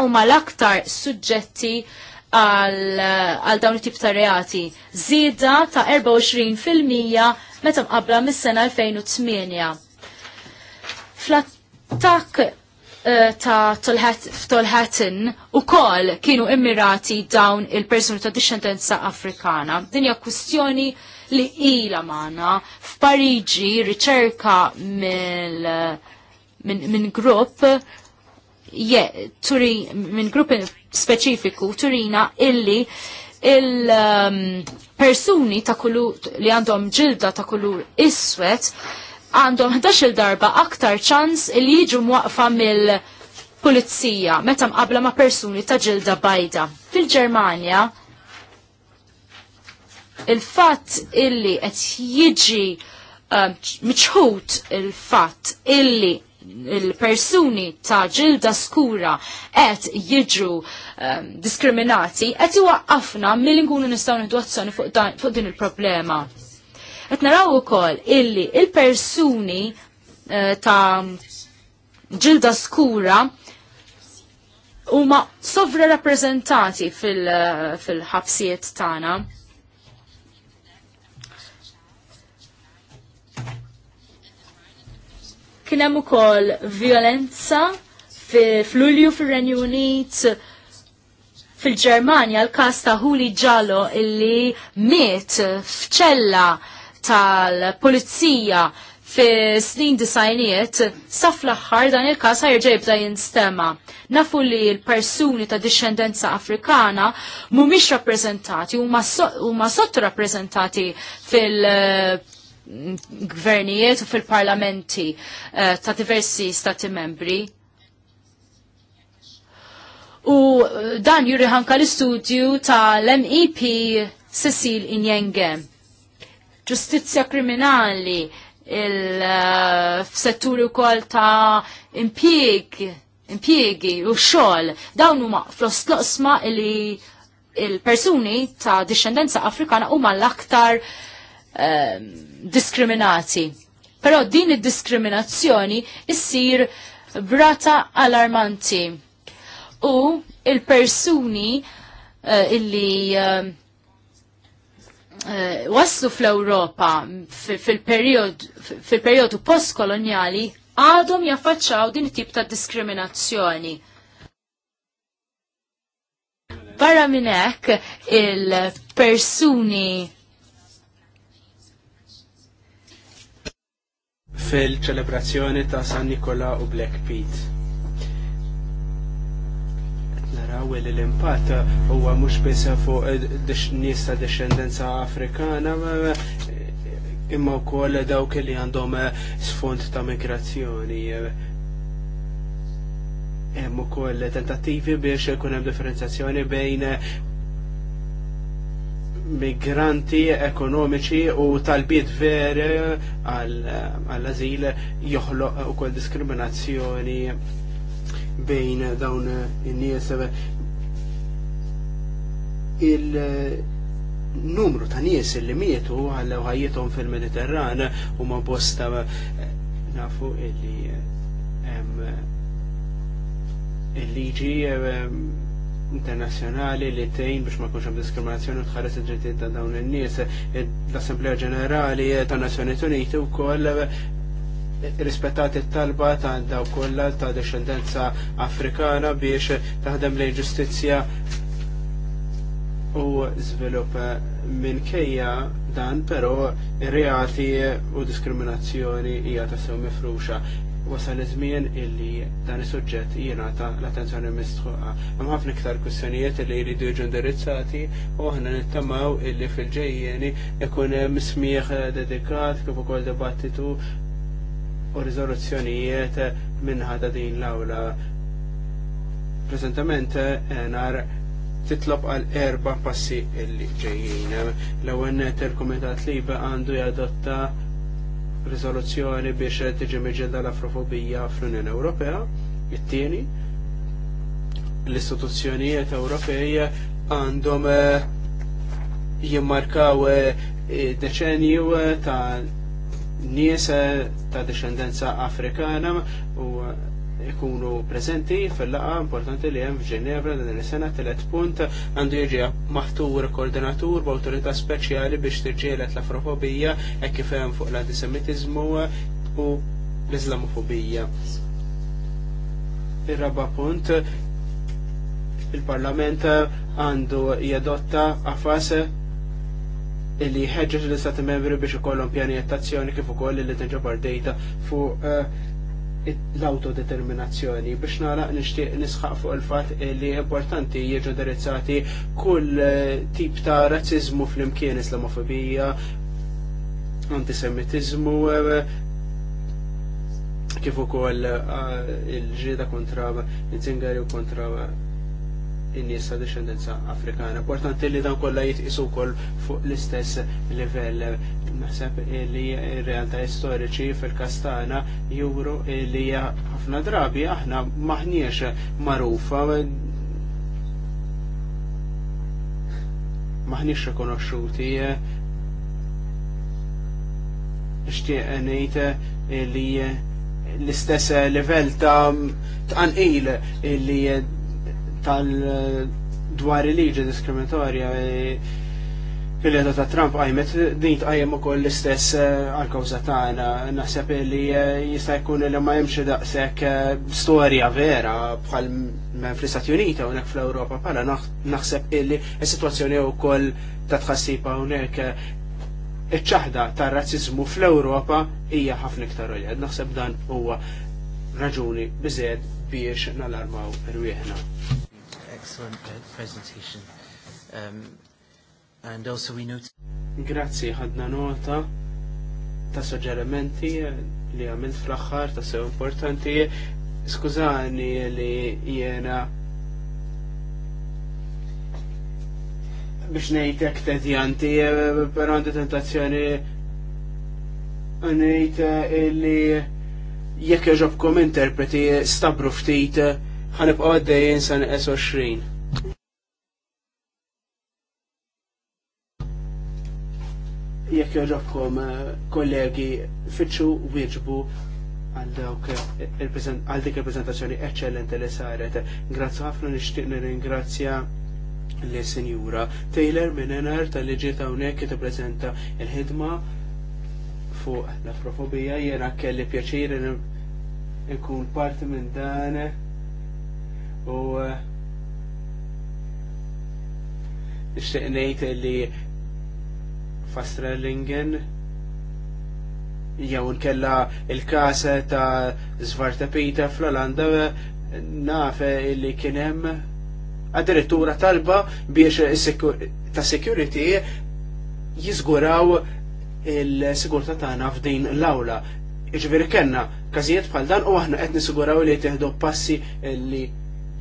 S4: huma l-aktar suġġetti għal dawn it-tip ta' reati. Zida ta' 24% meta mqabla mis-sena 2008. Fl-attakk eh, ta' Tolhatin u kol kienu immirati dawn il-personi ta' discendenza afrikana. Dinja kwistjoni li ila mana f'Pariġi riċerka mill minn min grupp turi, minn grupp speċifiku turina illi il-persuni um, ta' kulur li għandhom ġilda ta' kulur iswet għandhom 11 darba aktar ċans li jiġu mwaqfa mill pulizija meta mqabla ma' persuni ta' ġilda bajda. Fil-Ġermanja, il-fatt illi qed jiġi uh, miċħut il-fatt illi il-persuni ta' ġilda skura qed jiġu um, diskriminati qed iwaqqafna milli nkunu nistgħu nieħdu fuq, din il-problema. Qed naraw ukoll illi il-persuni uh, ta' ġilda skura huma sovra rappreżentati uh, fil-ħabsijiet fil tagħna. Kien hemm ukoll violenza fl-Ulju fir-Renju Unit fil-Ġermanja l-każ ta' Huli Ġallo illi miet f'ċella tal-Pulizija fi snin disajniet, saf l-axħar dan il kasa ħajrġa jibda jinstema. Nafu li l-persuni ta' discendenza afrikana mumiex rappresentati u ma sott rappresentati fil- gvernijiet u fil-parlamenti uh, ta' diversi stati membri. U eh, dan juri ħanka l-istudju ta' l-MEP Cecil Injenge. Ġustizja kriminali il-setturi eh, uh, kol ta' impieg, impiegi u xol. Dawn huma fl-osma li il-persuni ta' discendenza afrikana huma l-aktar uh, Ehm, diskriminati. Però din id-diskriminazzjoni issir brata alarmanti. U il-persuni uh, illi uh, uh, waslu fl-Europa fil-periodu fil periodu fil postkoloniali għadhom jaffaċċaw din tip ta' diskriminazzjoni. Barra minnek il-persuni
S2: fil-ċelebrazzjoni ta' San Nikola u Black Pete. Naraw li l-impatt huwa mhux biss fuq nies ta' dixxendenza Afrikana imma wkoll dawk li għandhom eh, sfond ta' migrazzjoni. Hemm ukoll tentattivi biex ikun hemm differenzjazzjoni bejn migranti ekonomiċi u talbiet veri għall-azil joħloq u kol diskriminazzjoni bejn dawn in-nies il-numru ta' nies li mietu għall ħajjithom fil-Mediterran u ma' bosta nafu illi il-liġi internazzjonali li tejn biex ma jkunx hemm diskriminazzjoni u tħares id-drittijiet ta' dawn in-nies. L-Assemblea Ġenerali tan Nazzjonijiet Uniti wkoll rispettat it-talba ta' daw kollha ta' descendenza Afrikana biex taħdem lejn ġustizzja u żvilupp kejja dan però reati u diskriminazzjoni hija tassew mifruxa wasal iż-żmien illi dan is-suġġett ta' l-attenzjoni mistħuqa. Hemm ħafna iktar kwistjonijiet li jridu jiġu indirizzati u aħna nittamaw illi fil-ġejjeni ikun hemm smieħ dedikat kif ukoll dibattitu u riżoluzzjonijiet ħada din l-awla. Preżentament nar titlob għal erba' passi illi ġejjin. L-ewwel il-Kumitat Liba għandu jadotta riżoluzzjoni biex tiġi miġedda l-afrofobija fl-Unjoni Ewropea, it-tieni l-istituzzjonijiet Ewropej għandhom eh, jimmarkaw eh, eh, deċenju ta' nies ta' descendenza afrikana u ikunu prezenti fil-laqa importanti li hemm f'Ġenevra din is-sena telet punt għandu jiġi maħtur koordinatur b'awtorità speċjali biex tirġielet l-afrofobija hekk kif hemm fuq l-antisemitiżmu u l-islamofobija. Ir-raba punt il-Parlament għandu jadotta għafas li ħeġġeġ l-istati membri biex ikollhom pjanijiet tazzjoni kif ukoll li tinġabar dejta fuq eh, l-autodeterminazzjoni biex naraq nixtieq nisħaq fuq il-fatt li importanti jiġu derizzati kull eh, tip ta' razzizmu fl-imkien islamofobija, antisemitizmu, eh, kif ukoll eh, il ġida kontra l-zingari u kontra in-nies ta' discendenza Afrikana. Importanti li dan kollha jitqisu wkoll fuq l-istess livell. Naħseb li r-realtà istoriċi fil-Kastana juru li ħafna drabi aħna maħniex magħrufa maħniex rikonoxxuti xtieq ngħid li l-istess livell ta' tqanqil li tal dwar il-liġi diskriminatorja eh, il-leda ta' Trump għajmet din tqajjem ukoll l-istess eh, għal-kawża tagħna. Naħseb li eh, jista' jkun li ma jemxi daqshekk storja vera bħal fl-Istati Uniti hawnhekk fl-Ewropa bħala naħseb illi s-sitwazzjoni wkoll ta' tħassib hawnhekk iċ-ċaħda tar-razziżmu fl-Ewropa hija ħafna iktar għolja. Naħseb dan huwa raġuni biżed biex nalarmaw rwieħna excellent uh, presentation. Um, and also we note... Grazzi, ħadna nota ta' suġġerimenti li għamil fl-axħar ta' sew importanti. Skużani li jena biex nejtek tedjanti, pero għandi tentazzjoni nejt illi jekk jġobkom interpreti stabru ftit ħanibqa' għaddejjin sa neqes 20. Jekk joġobkom eh, kollegi fitxu wieġbu għal dawk għal dik il-preżentazzjoni eċċellenti li saret. Grazzi ħafna nixtieq nirringrazzja li sinjura Taylor minn enar tal-li ġiet hawnhekk tippreżenta il-ħidma fuq l-afrofobija jiena kelli pjaċir nkun parti minn dan u eh, nixtieq li Fastrellingen jew nkella il-kasa ta' Zvarta Pita fl-Olanda nafe li kien hemm addirittura talba biex ta' security jiżguraw il-sigurta tagħna f'din l-awla. Iġveri kellna każijiet bħal dan u aħna qed nisiguraw li teħdu passi li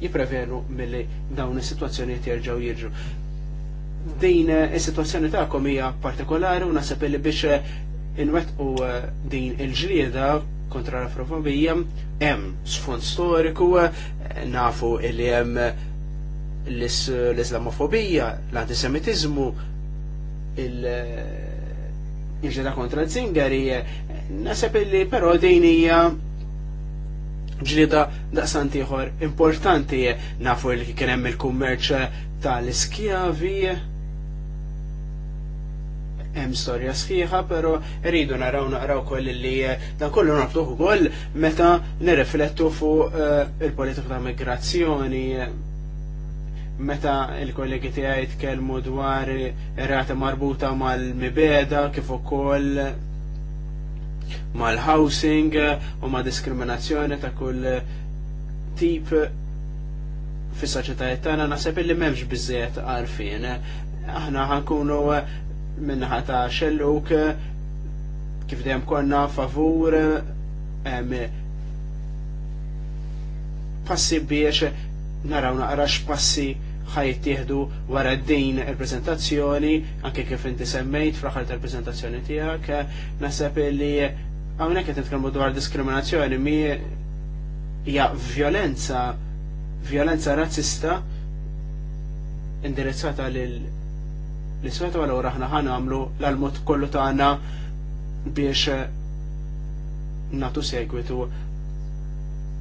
S2: mill milli dawn is sitwazzjoni jerġgħu jirġu. Din eh, is-sitwazzjoni tagħkom hija partikolari u nasab li biex eh, inwettqu eh, din il-ġlieda kontra l-afrofobija hemm sfond storiku nafu li hemm l-islamofobija, l-antisemitizmu, il-ġeda kontra l-zingari, nasab li però din hija ġlida daqsan ieħor importanti nafu li kien hemm il-kummerċ tal-iskjavi hemm storja sħiħa, però rridu naraw naqraw koll li dan kollu naftuħ ukoll meta nirriflettu fuq eh, il-politika ta' migrazzjoni meta il-kollegi tiegħi tkellmu dwar ir-rata marbuta mal-mibeda kif ukoll mal-housing eh, u ma' diskriminazzjoni ta' kull eh, tip eh, fis soċjetajiet tagħna naħseb li m'hemmx biżejjed għarfien. Aħna ħankunu minnaħa ta' xelluk kif dejjem konna favur passi biex naraw naqra passi ħajtieħdu wara din il-prezentazzjoni, anke kif inti semmejt fl-aħħar tal-prezentazzjoni tiegħek, naħseb li hawnhekk qed nitkellmu dwar diskriminazzjoni mi hija violenza violenza razzista indirizzata lil l-isweta u għallura ħana għamlu l-almut kollu tagħna biex natu segwitu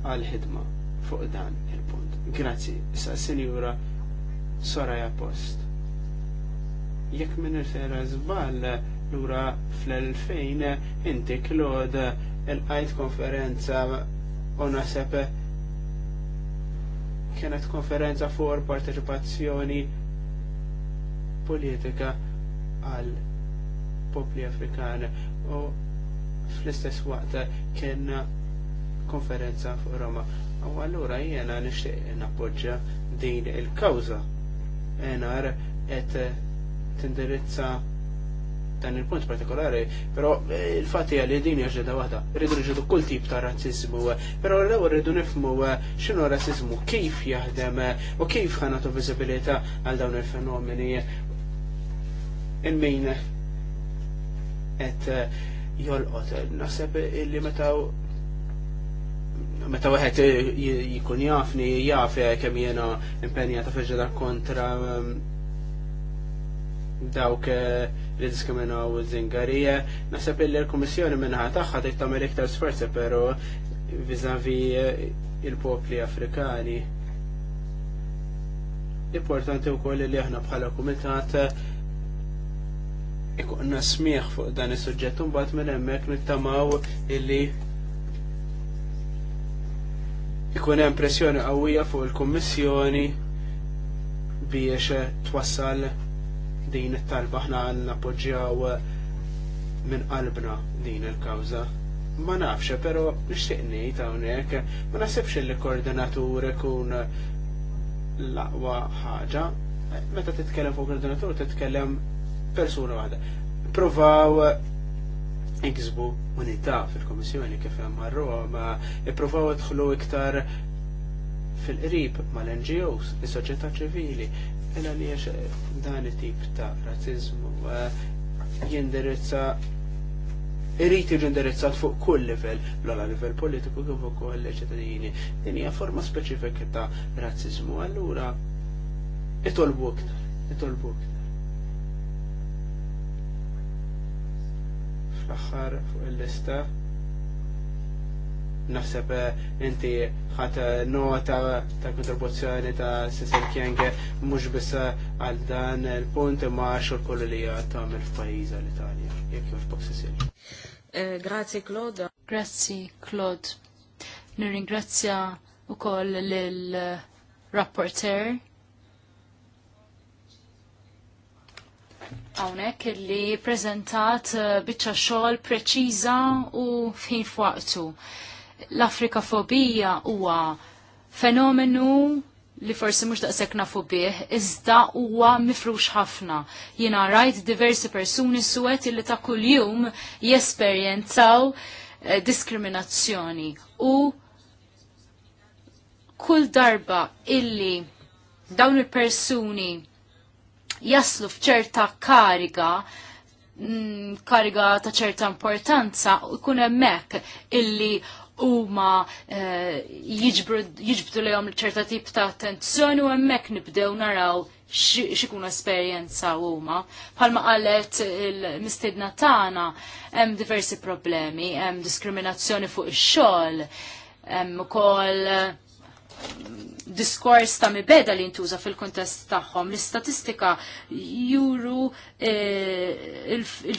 S2: għal-ħidma fuq dan il-punt. Grazzi, sa' senjura Soraya Post. Jekk minn il-fera zbal, lura fl-2000 inti klod il-għajt konferenza u naseb kienet konferenza fuq partecipazzjoni politika għal popli afrikane u fl-istess waqt kien konferenza fuq Roma. U allura jena nixtieq nappoġġa din il-kawża enar et tindirizza dan il-punt partikolari, pero eh, il-fatti għalli din da wahda, rridu nġedu kull tip ta' razzizmu, eh, pero l-għu rridu nifmu eh, xinu razzizmu, kif jaħdem u kif ħanatu vizibilita għal dawn il-fenomeni il-min et jolqot. Naseb li metaw meta wieħed jkun jafni jaf kemm jiena impenjata fiġġeda kontra um, dawk eh, li diskriminaw iż-Zingarija. Naħseb illi l-Kummissjoni minnaħa tagħha trid tagħmel iktar sforzi però viżavi eh, il-popli Afrikani. Importanti wkoll li aħna bħala kumitat eh, ikunna smieħ fuq dan is-suġġett u mbagħad minn hemmhekk nittamaw illi ikun hemm pressjoni qawwija fuq il-Kummissjoni biex twassal din it-talba ħna nappoġġjaw minn qalbna din il-kawża. Ma nafx, però nixtieq ngħid hawnhekk, ma nasibx li koordinatur ikun l-aqwa ħaġa. Meta titkellem fuq koordinatur titkellem persuna waħda. Provaw iksbu unità fil-Komissjoni kif hemm marruha ma ippruvaw idħlu iktar fil-qrib mal-NGOs, is-soċjetà ċivili, illa li eh, dan it-tip ta' razzizmu eh, jindirizza irrid jiġi indirizzat fuq kull livell, l-ola livell politiku kif ukoll ċittadini. Din hija forma speċifika ta' razzizmu, allura itolbu iktar, itolbu iktar. fl-axħar fuq il-lista. Naħseb eh, inti ħat eh, nota ta' kontribuzzjoni ta' Cecil Kienge mhux biss eh, għal dan il-punt ma' xur kollu li tagħmel f'pajjiż l-Italja. Jekk fuq Cecil.
S4: Grazzi Claude. Grazzi Claude. Nirringrazzja koll l rapporter hawnhekk illi prezentat eh, biċċa xogħol preċiża u fin fwaqtu. L-Afrikafobija huwa fenomenu li forsi mux daqsek nafu bih, iżda huwa mifrux ħafna. Jina rajt diversi persuni suwet li ta' kuljum jesperjenzaw eh, diskriminazzjoni u kull darba illi dawn il-persuni jaslu fċerta kariga mm, kariga ta' ċerta importanza u kun hemmhekk illi huma eh, jiġbdu lejhom ċerta tip ta' attenzjoni u hemmhekk nibdew naraw xikun esperjenza huma. Palma qalet il-mistidna tagħna hemm diversi problemi, hemm diskriminazzjoni fuq ix-xogħol, hemm ukoll diskors ta' mibeda li jintuża fil-kontest tagħhom. L-istatistika juru eh,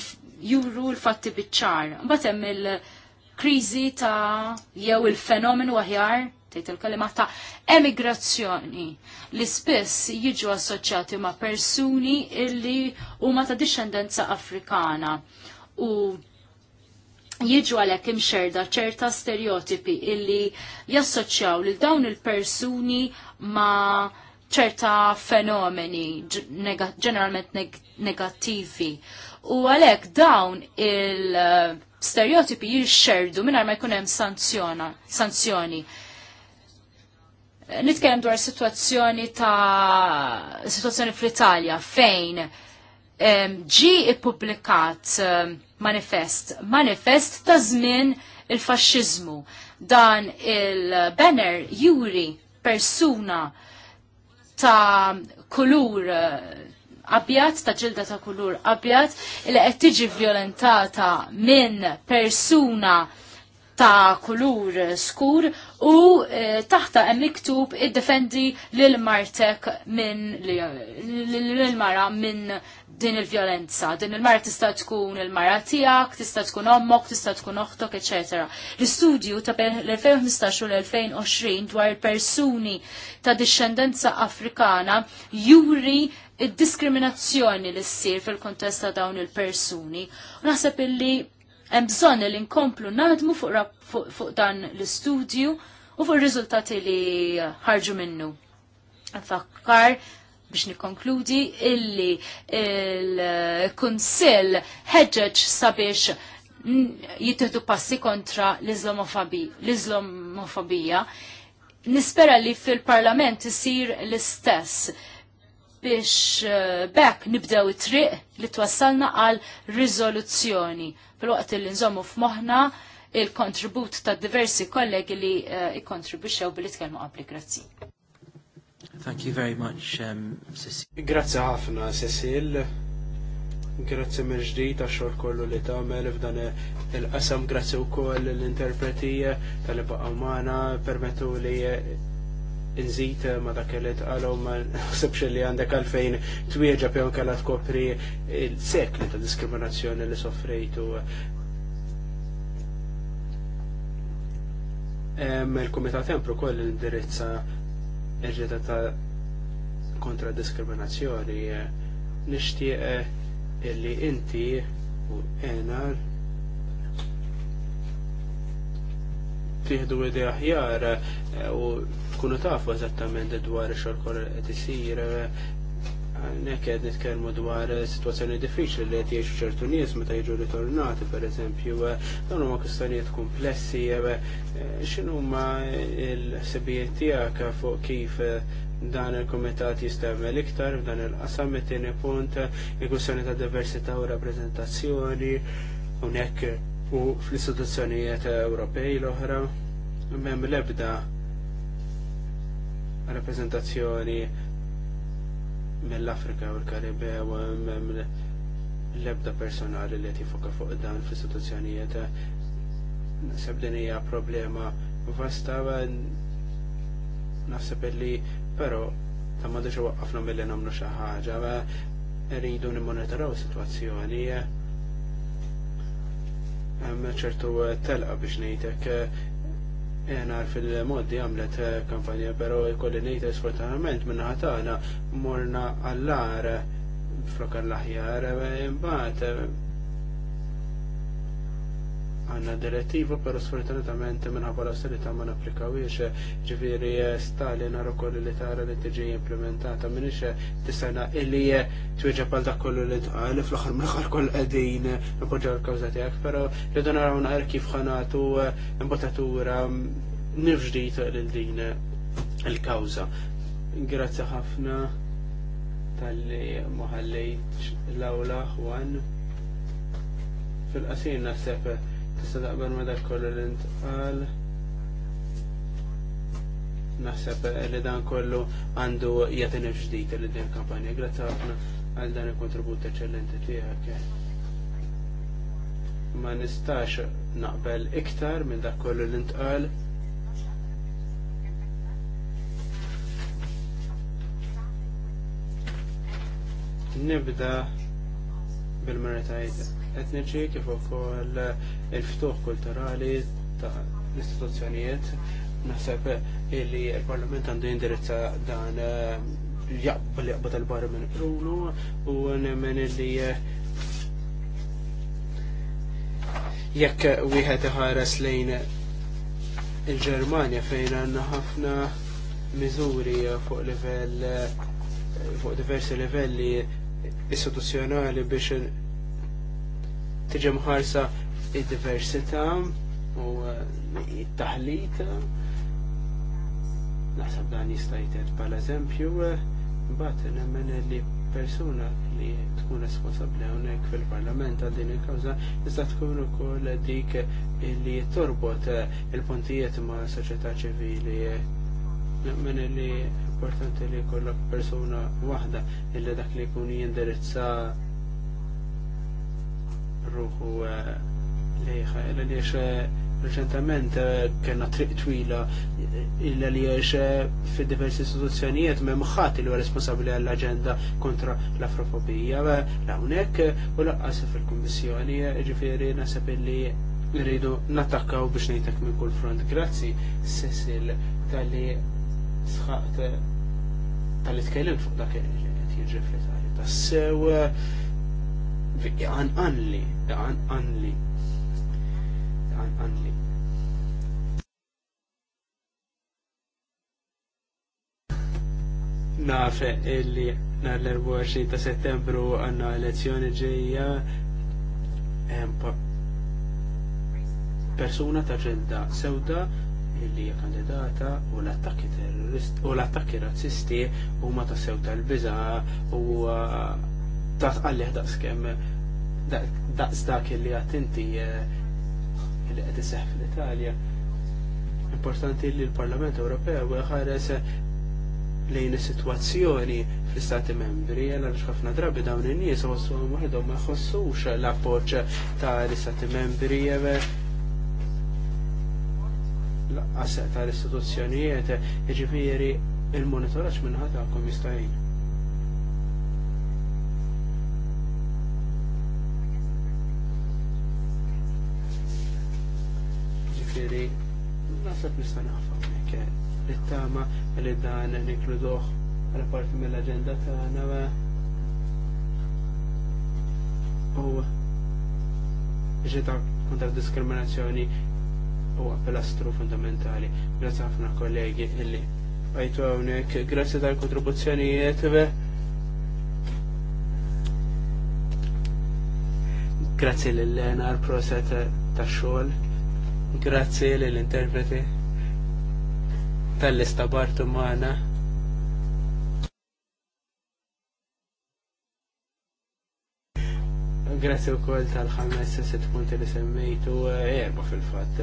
S4: juru l-fatti biċċar. Mbagħad hemm il-kriżi ta' jew il-fenomenu aħjar tgħid il-kelima ta' emigrazzjoni li spiss jiġu assoċjati ma' persuni illi huma ta' discendenza Afrikana u jiġu għalek imxerda ċerta stereotipi illi jassoċjaw lil dawn il-persuni ma ċerta fenomeni ġeneralment neg negattivi. U għalek dawn il-stereotipi eh, jirxerdu minna ma jkun hemm sanzjoni. Nitkellem dwar situazzjoni ta' situazzjoni fl-Italja fejn ġi ippubblikat manifest, manifest ta' żmien il-faxxiżmu. Dan il-banner juri persuna ta' kulur eh, abjad, ta' ġilda ta' kulur abjad, il qed tiġi violentata minn persuna ta' kulur skur u taħta hemm miktub iddefendi lil martek minn lil mara minn din il-vjolenza. Din il-mara tista' tkun il-mara tiegħek, tista' tkun ommok, tista' tkun oħtok, etc. L-istudju ta' l-2015 u l-2020 dwar persuni ta' discendenza afrikana juri id-diskriminazzjoni li ssir fil-kontest ta' dawn il-persuni. U naħseb illi Hemm bżonn li nkomplu nadmu fuq, dan l-istudju u fuq ir-riżultati li ħarġu minnu. Fakkar biex nikkonkludi illi il-Kunsill ħeġġeġ sabiex jittieħdu passi kontra l iżlomofobija Nispera li fil-Parlament isir l-istess biex eh, bekk nibdew it-triq li twassalna għal riżoluzzjoni. Fil-waqt li nżommu f'moħħna il-kontribut ta' diversi kollegi li eh, ikkontribwixxew billi tkellmu qabli. Grazzi.
S1: Thank you very much, um,
S2: Cecil. Grazie ħafna, Cecil. Grazie mill ġdid għax xogħol kollu li tagħmel f'dan il-qasam, grazzi wkoll l-interpreti tal-baqa' magħna permettu li nżid eh, ma dak li tqalgħu ma nħsibx li għandek għalfejn twieġeb jew kellha tkopri il sekli ta' diskriminazzjoni li soffrejtu. Il-Kumitat Tempru koll l indirizza irġeta ta' kontra diskriminazzjoni nixtieq eh, illi inti u enar tieħdu idea aħjar eh, u tkunu tafu eżattament dwar ix-xogħol korret isir qed nitkelmu dwar situazzjoni diffiċli li qed jgħixu ċertu nies meta jiġu ritornati pereżempju eh, dawn huma kwistjonijiet komplessi eh, x'inhu huma l-sibijiet tiegħek fuq kif dan il-komitat jistemmel iktar f'dan il-qasam it-tieni punt il-kwistjoni ta' diversità u rappreżentazzjoni unek u fl-istituzzjonijiet Ewropej l-oħra m'hemm l-ebda rappresentazzjoni mill-Afrika u l u m'hemm l-ebda personali li qed fuq dan fl-istituzzjonijiet naħseb din hija problema vasta naħseb li però ta' madux waqqafna milli li nagħmlu xi ħaġa rridu nimmonitoraw is-sitwazzjoni ċertu eh, telqa biex nejtek eh, Enar fil-moddi għamlet eh, kampanja, pero jkolli nejta sfortunatament minna ħatana morna għallar flokar l-aħjar, imbagħad għanna direttiva pero sfortunatament minħabba l ostilità ma napplikawiex ġifieri stali nara kollu li tara li tiġi implementata minix tisana illi twieġa pal dak kollu li tqali fl-aħħar mill-aħħar koll qegħdin nipoġġa l-kawża tiegħek li rridu naraw naqar kif ħanatu eh, imbotatura mm, nifġdijt lil din il-kawża. Grazzi ħafna tal-li maħallejt l-awla fil qasin naħseb tista' taqbel ma dak kollu li ntqal. Naħseb li dan kollu għandu jagħtini ġdid li din kampanja. Grazzi ħafna għal dan il-kontribut eċċellenti tiegħek. Ma nistax naqbel iktar minn dak kollu li ntqal. Nibda bil-maritajda etniċi kif ukoll il-ftuħ kulturali ta' l-istituzzjonijiet. Naħseb illi l parlament għandu jindirizza dan eh, li jaqbad tal-barra minn Bruno u nemmen illi eh, jekk wieħed iħares lejn il-Ġermanja fejn għandna ħafna miżuri fuq livell eh, fuq diversi livelli istituzzjonali biex tiġem ħarsa id diversita u eh, id taħlit Naħseb dan jistajtet pal bħala eżempju, eh, mbagħad nemmen li persuna li tkun responsabli hawnhekk fil-Parlament għal din il-kawża tista' tkun ukoll dik li torbot eh, il-puntijiet ma' soċjetà ċivili. Nemmen li importanti li kollok persuna waħda illi dak li jkun jindirizza ruħu liħa, eh, illa li eh, reċentament eh, kena triq twila illa li jiex fi diversi istituzzjonijiet me mħat li responsabili għall-agenda kontra l-afrofobija. La unek u laqqas fil-kommissjoni ġifiri nasab li rridu natakkaw biex nejtek minn kull front. Grazzi, Cecil, tal-li sħaqt tal-li tkellim fuq dak li qed jiġri Tassew għanqanli, għanqanli, għanqanli. Naf illi nar l-24 ta' settembru għanna elezzjoni ġeja persuna ta' ġelda sewda illi hija kandidata u l-attakki terrorist u l-attakki razzisti huma ta' sew tal-biża u uh, tat għallih daqskem daqs dak li għatinti eh, li għed seħ fl-Italja. Importanti li l-Parlament Ewropew ħares lejn is-sitwazzjoni fl-Istati membri, għal għax ħafna drabi dawn in-nies għossu waħedhom ma jħossux l-appoġġ ta' l-Istati membri laqqas ta' l-istituzzjonijiet, jiġifieri il-monitoraġġ minnħatakom jista' jistajin. ġifiri, nasab nista' naħfam hekk. Eh, nittama li dan ninkluduh għal parti mill-aġenda tagħna eh. u ġeta kontra diskriminazzjoni u pilastru fundamentali. Grazie ħafna kollegi illi għajtu għawnek, grazzi tal jietve. Eh. Grazie l lenar proset ta' xogħol. Grazzi l-interpreti tal-istabartu maħna. Grazzi u koll tal-ħames set punti li semmejtu eh, erba fil-fat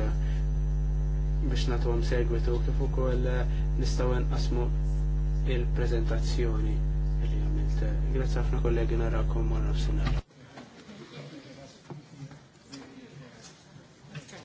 S2: biex natu għam segwitu kif ukoll koll eh, inqasmu nqasmu il-prezentazzjoni li għamilt. Grazzi għafna kollegi narakom ma' nofsinar.